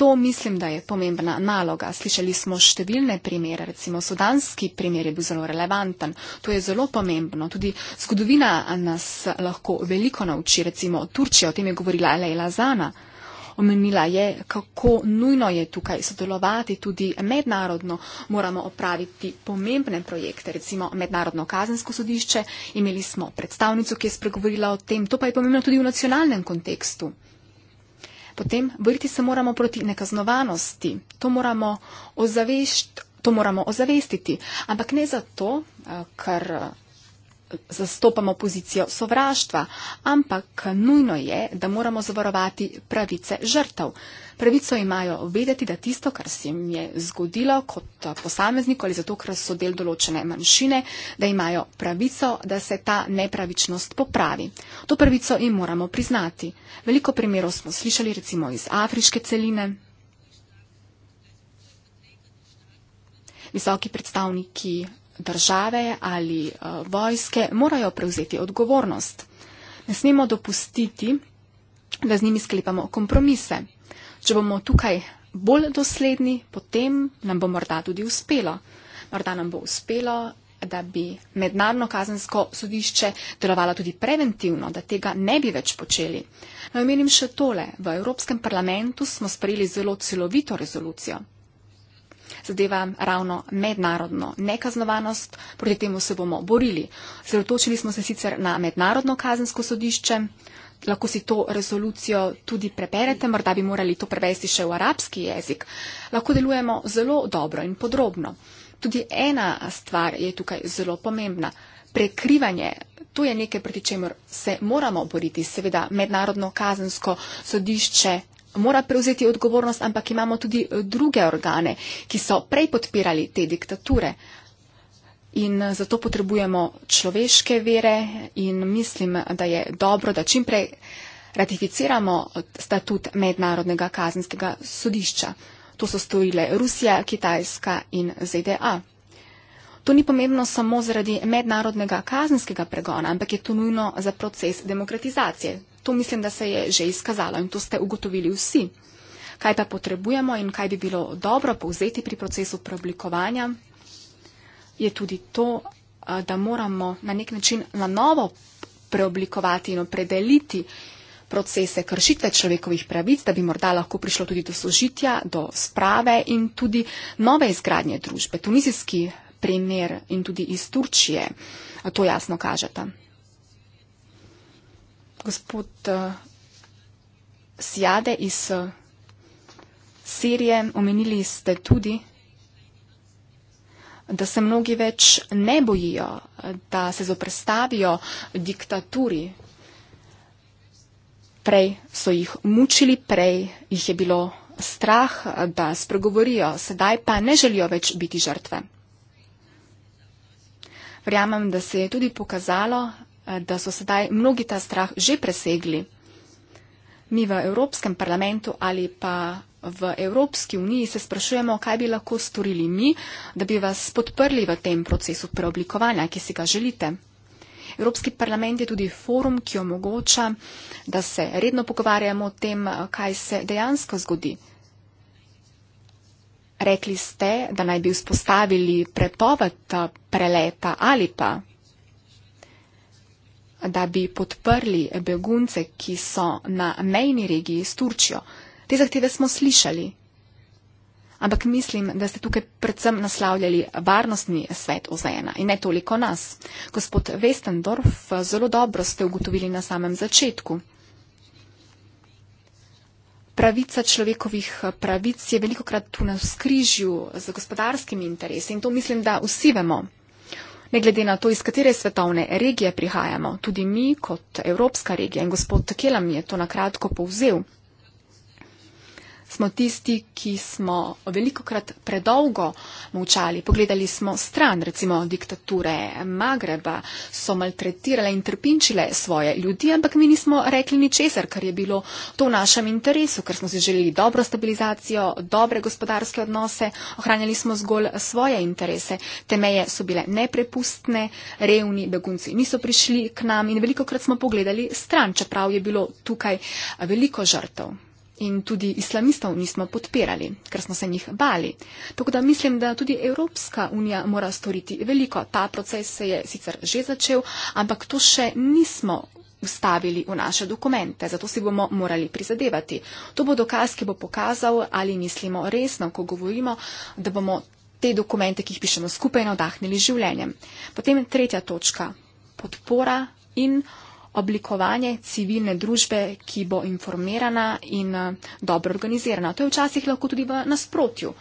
to mislim, da je pomembna naloga. Slišali smo številne primere, recimo sudanski primer je bil zelo relevanten. To je zelo pomembno. Tudi zgodovina nas lahko veliko nauči, recimo Turčija, o tem je govorila Leila Zana. Omenila je, kako nujno je tukaj sodelovati tudi mednarodno. Moramo opraviti pomembne projekte, recimo mednarodno kazensko sodišče. Imeli smo predstavnico, ki je spregovorila o tem. To pa je pomembno tudi v nacionalnem kontekstu potem boriti se moramo proti nekaznovanosti. To moramo, ozavešt, to moramo ozavestiti. Ampak ne zato, eh, ker zastopamo pozicijo sovraštva, ampak nujno je, da moramo zavarovati pravice žrtav. Pravico imajo vedeti, da tisto, kar se jim je zgodilo kot posameznik ali zato, ker so del določene manjšine, da imajo pravico, da se ta nepravičnost popravi. To pravico jim moramo priznati. Veliko primerov smo slišali recimo iz afriške celine. Visoki predstavniki države ali uh, vojske morajo prevzeti odgovornost. Ne smemo dopustiti, da z njimi sklepamo kompromise. Če bomo tukaj bolj dosledni, potem nam bo morda tudi uspelo. Morda nam bo uspelo, da bi mednarno kazensko sodišče delovalo tudi preventivno, da tega ne bi več počeli. Naj omenim še tole. V Evropskem parlamentu smo sprejeli zelo celovito rezolucijo zadeva ravno mednarodno nekaznovanost, proti temu se bomo borili. Zelotočili smo se sicer na mednarodno kazensko sodišče, lahko si to rezolucijo tudi preberete, morda bi morali to prevesti še v arabski jezik. Lahko delujemo zelo dobro in podrobno. Tudi ena stvar je tukaj zelo pomembna. Prekrivanje, to je nekaj, proti čemer se moramo boriti. Seveda, mednarodno kazensko sodišče mora prevzeti odgovornost, ampak imamo tudi eh, druge organe, ki so prej podpirali te diktature. In eh, zato potrebujemo človeške vere in mislim, da je dobro, da čim prej ratificiramo eh, statut Mednarodnega kazenskega sodišča. To so storile Rusija, Kitajska in ZDA. To ni pomembno samo zaradi mednarodnega kazenskega pregona, ampak je to nujno za proces demokratizacije. To mislim, da se je že izkazalo in to ste ugotovili vsi. Kaj pa potrebujemo in kaj bi bilo dobro povzeti pri procesu preoblikovanja, je tudi to, da moramo na nek način na novo preoblikovati in opredeliti procese kršitve človekovih pravic, da bi morda lahko prišlo tudi do sožitja, do sprave in tudi nove izgradnje družbe. Tunizijski primer in tudi iz Turčije to jasno kažeta gospod uh, Sjade iz uh, Sirije, omenili ste tudi, da se mnogi več ne bojijo, da se zoprestavijo diktaturi. Prej so jih mučili, prej jih je bilo strah, da spregovorijo, sedaj pa ne želijo več biti žrtve. Verjamem, da se je tudi pokazalo, Eh, da so sedaj mnogi ta strah že presegli. Mi v Evropskem parlamentu ali pa v Evropski uniji se sprašujemo, kaj bi lahko storili mi, da bi vas podprli v tem procesu preoblikovanja, ki si ga želite. Evropski parlament je tudi forum, ki omogoča, da se redno pogovarjamo o tem, eh, kaj se dejansko zgodi. Rekli ste, da naj bi vzpostavili prepoved eh, preleta ali pa da bi podprli begunce, ki so na mejni regiji s Turčjo. Te zahteve smo slišali. Ampak mislim, da ste tukaj predvsem naslavljali varnostni svet OZN-a in ne toliko nas. Gospod Westendorf, zelo dobro ste ugotovili na samem začetku. Pravica človekovih pravic je veliko krat tu na skrižju z gospodarskimi interesi in to mislim, da vsi vemo. Ne glede na to, iz katere svetovne regije prihajamo, tudi mi kot Evropska regija in gospod Kelam je to na kratko povzel, smo tisti, ki smo veliko krat predolgo molčali. Pogledali smo stran, recimo diktature Magreba, so maltretirale in trpinčile svoje ljudi, ampak mi nismo rekli ničesar, kar je bilo to v našem interesu, ker smo si želeli dobro stabilizacijo, dobre gospodarske odnose, ohranjali smo zgolj svoje interese. Te meje so bile neprepustne, revni begunci niso prišli k nam in veliko krat smo pogledali stran, čeprav je bilo tukaj veliko žrtev in tudi islamistov nismo podpirali, ker smo se njih bali. Tako da mislim, da tudi Evropska unija mora storiti veliko. Ta proces se je sicer že začel, ampak to še nismo ustavili v naše dokumente, zato si bomo morali prizadevati. To bo dokaz, ki bo pokazal, ali mislimo resno, ko govorimo, da bomo te dokumente, ki jih pišemo skupaj, navdahnili življenjem. Potem tretja točka. Podpora in oblikovanje civilne družbe, ki bo informirana in eh, dobro organizirana. To je včasih lahko tudi v nasprotju.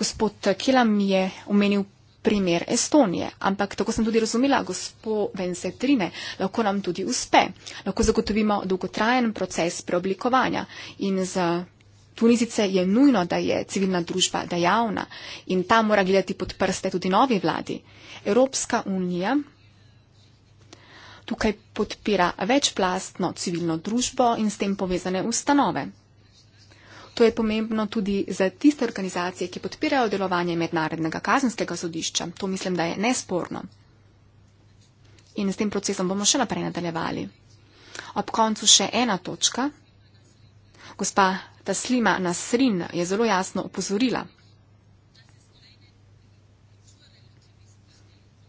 Gospod Kelam je omenil primer Estonije, ampak tako sem tudi razumela, gospod Vensetrine, lahko nam tudi uspe. Lahko zagotovimo dolgotrajen proces preoblikovanja in z. Tunizice je nujno, da je civilna družba dejavna in ta mora gledati pod prste tudi novi vladi. Evropska unija tukaj podpira večplastno civilno družbo in s tem povezane ustanove. To je pomembno tudi za tiste organizacije, ki podpirajo delovanje mednarodnega kazenskega sodišča. To mislim, da je nesporno. In s tem procesom bomo še naprej nadaljevali. Ob koncu še ena točka. Gospa Taslima Nasrin je zelo jasno opozorila,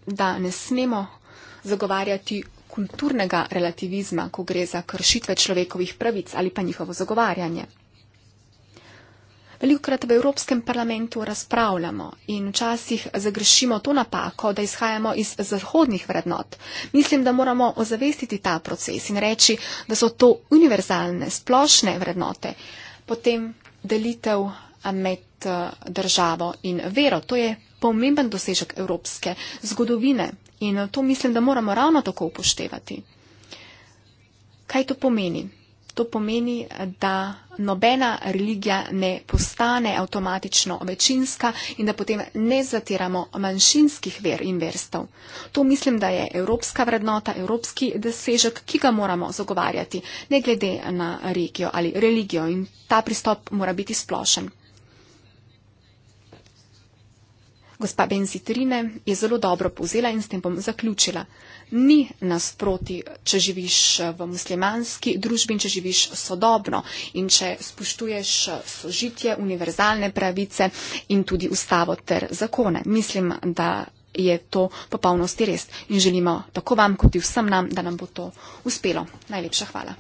da ne smemo zagovarjati kulturnega relativizma, ko gre za kršitve človekovih pravic ali pa njihovo zagovarjanje. Velikokrat v Evropskem parlamentu razpravljamo in včasih zagrešimo to napako, da izhajamo iz zahodnih vrednot. Mislim, da moramo ozavestiti ta proces in reči, da so to univerzalne, splošne vrednote. Potem delitev med eh, državo in vero, to je pomemben dosežek evropske zgodovine in eh, to mislim, da moramo ravno tako upoštevati. Kaj to pomeni? To pomeni, eh, da nobena religija ne postane avtomatično večinska in da potem ne zatiramo manjšinskih ver in verstev. To mislim, da je evropska vrednota, evropski dosežek, ki ga moramo zagovarjati, ne glede na regijo ali religijo in ta pristop mora biti splošen. gospa Benzitrine je zelo dobro povzela in s tem bom zaključila. Ni nas proti, če živiš v muslimanski družbi in če živiš sodobno in če spoštuješ sožitje, univerzalne pravice in tudi ustavo ter zakone. Mislim, da je to popolnosti res in želimo tako vam kot vsem nam, da nam bo to uspelo. Najlepša hvala.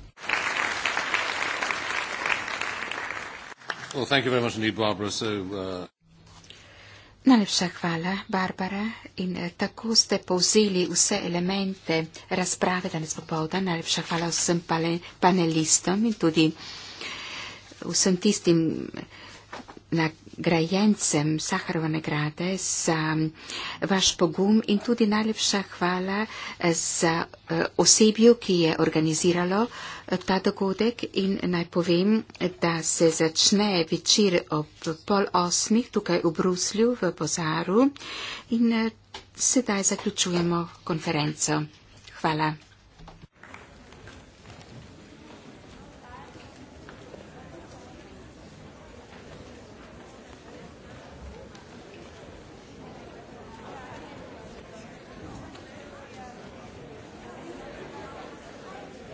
Well, thank you very much indeed, Barbara. So, uh... Najlepša hvala, Barbara. In eh, tako ste povzeli vse elemente razprave danes popovda. Najlepša hvala vsem panelistom in tudi vsem tistim, na grajencem Saharova nagrade za vaš pogum in tudi najlepša hvala eh, za eh, osebju, ki je organiziralo eh, ta dogodek in naj povem, da se začne večer ob pol osmih tukaj v Bruslju v Bozaru in sedaj zaključujemo konferenco. Hvala.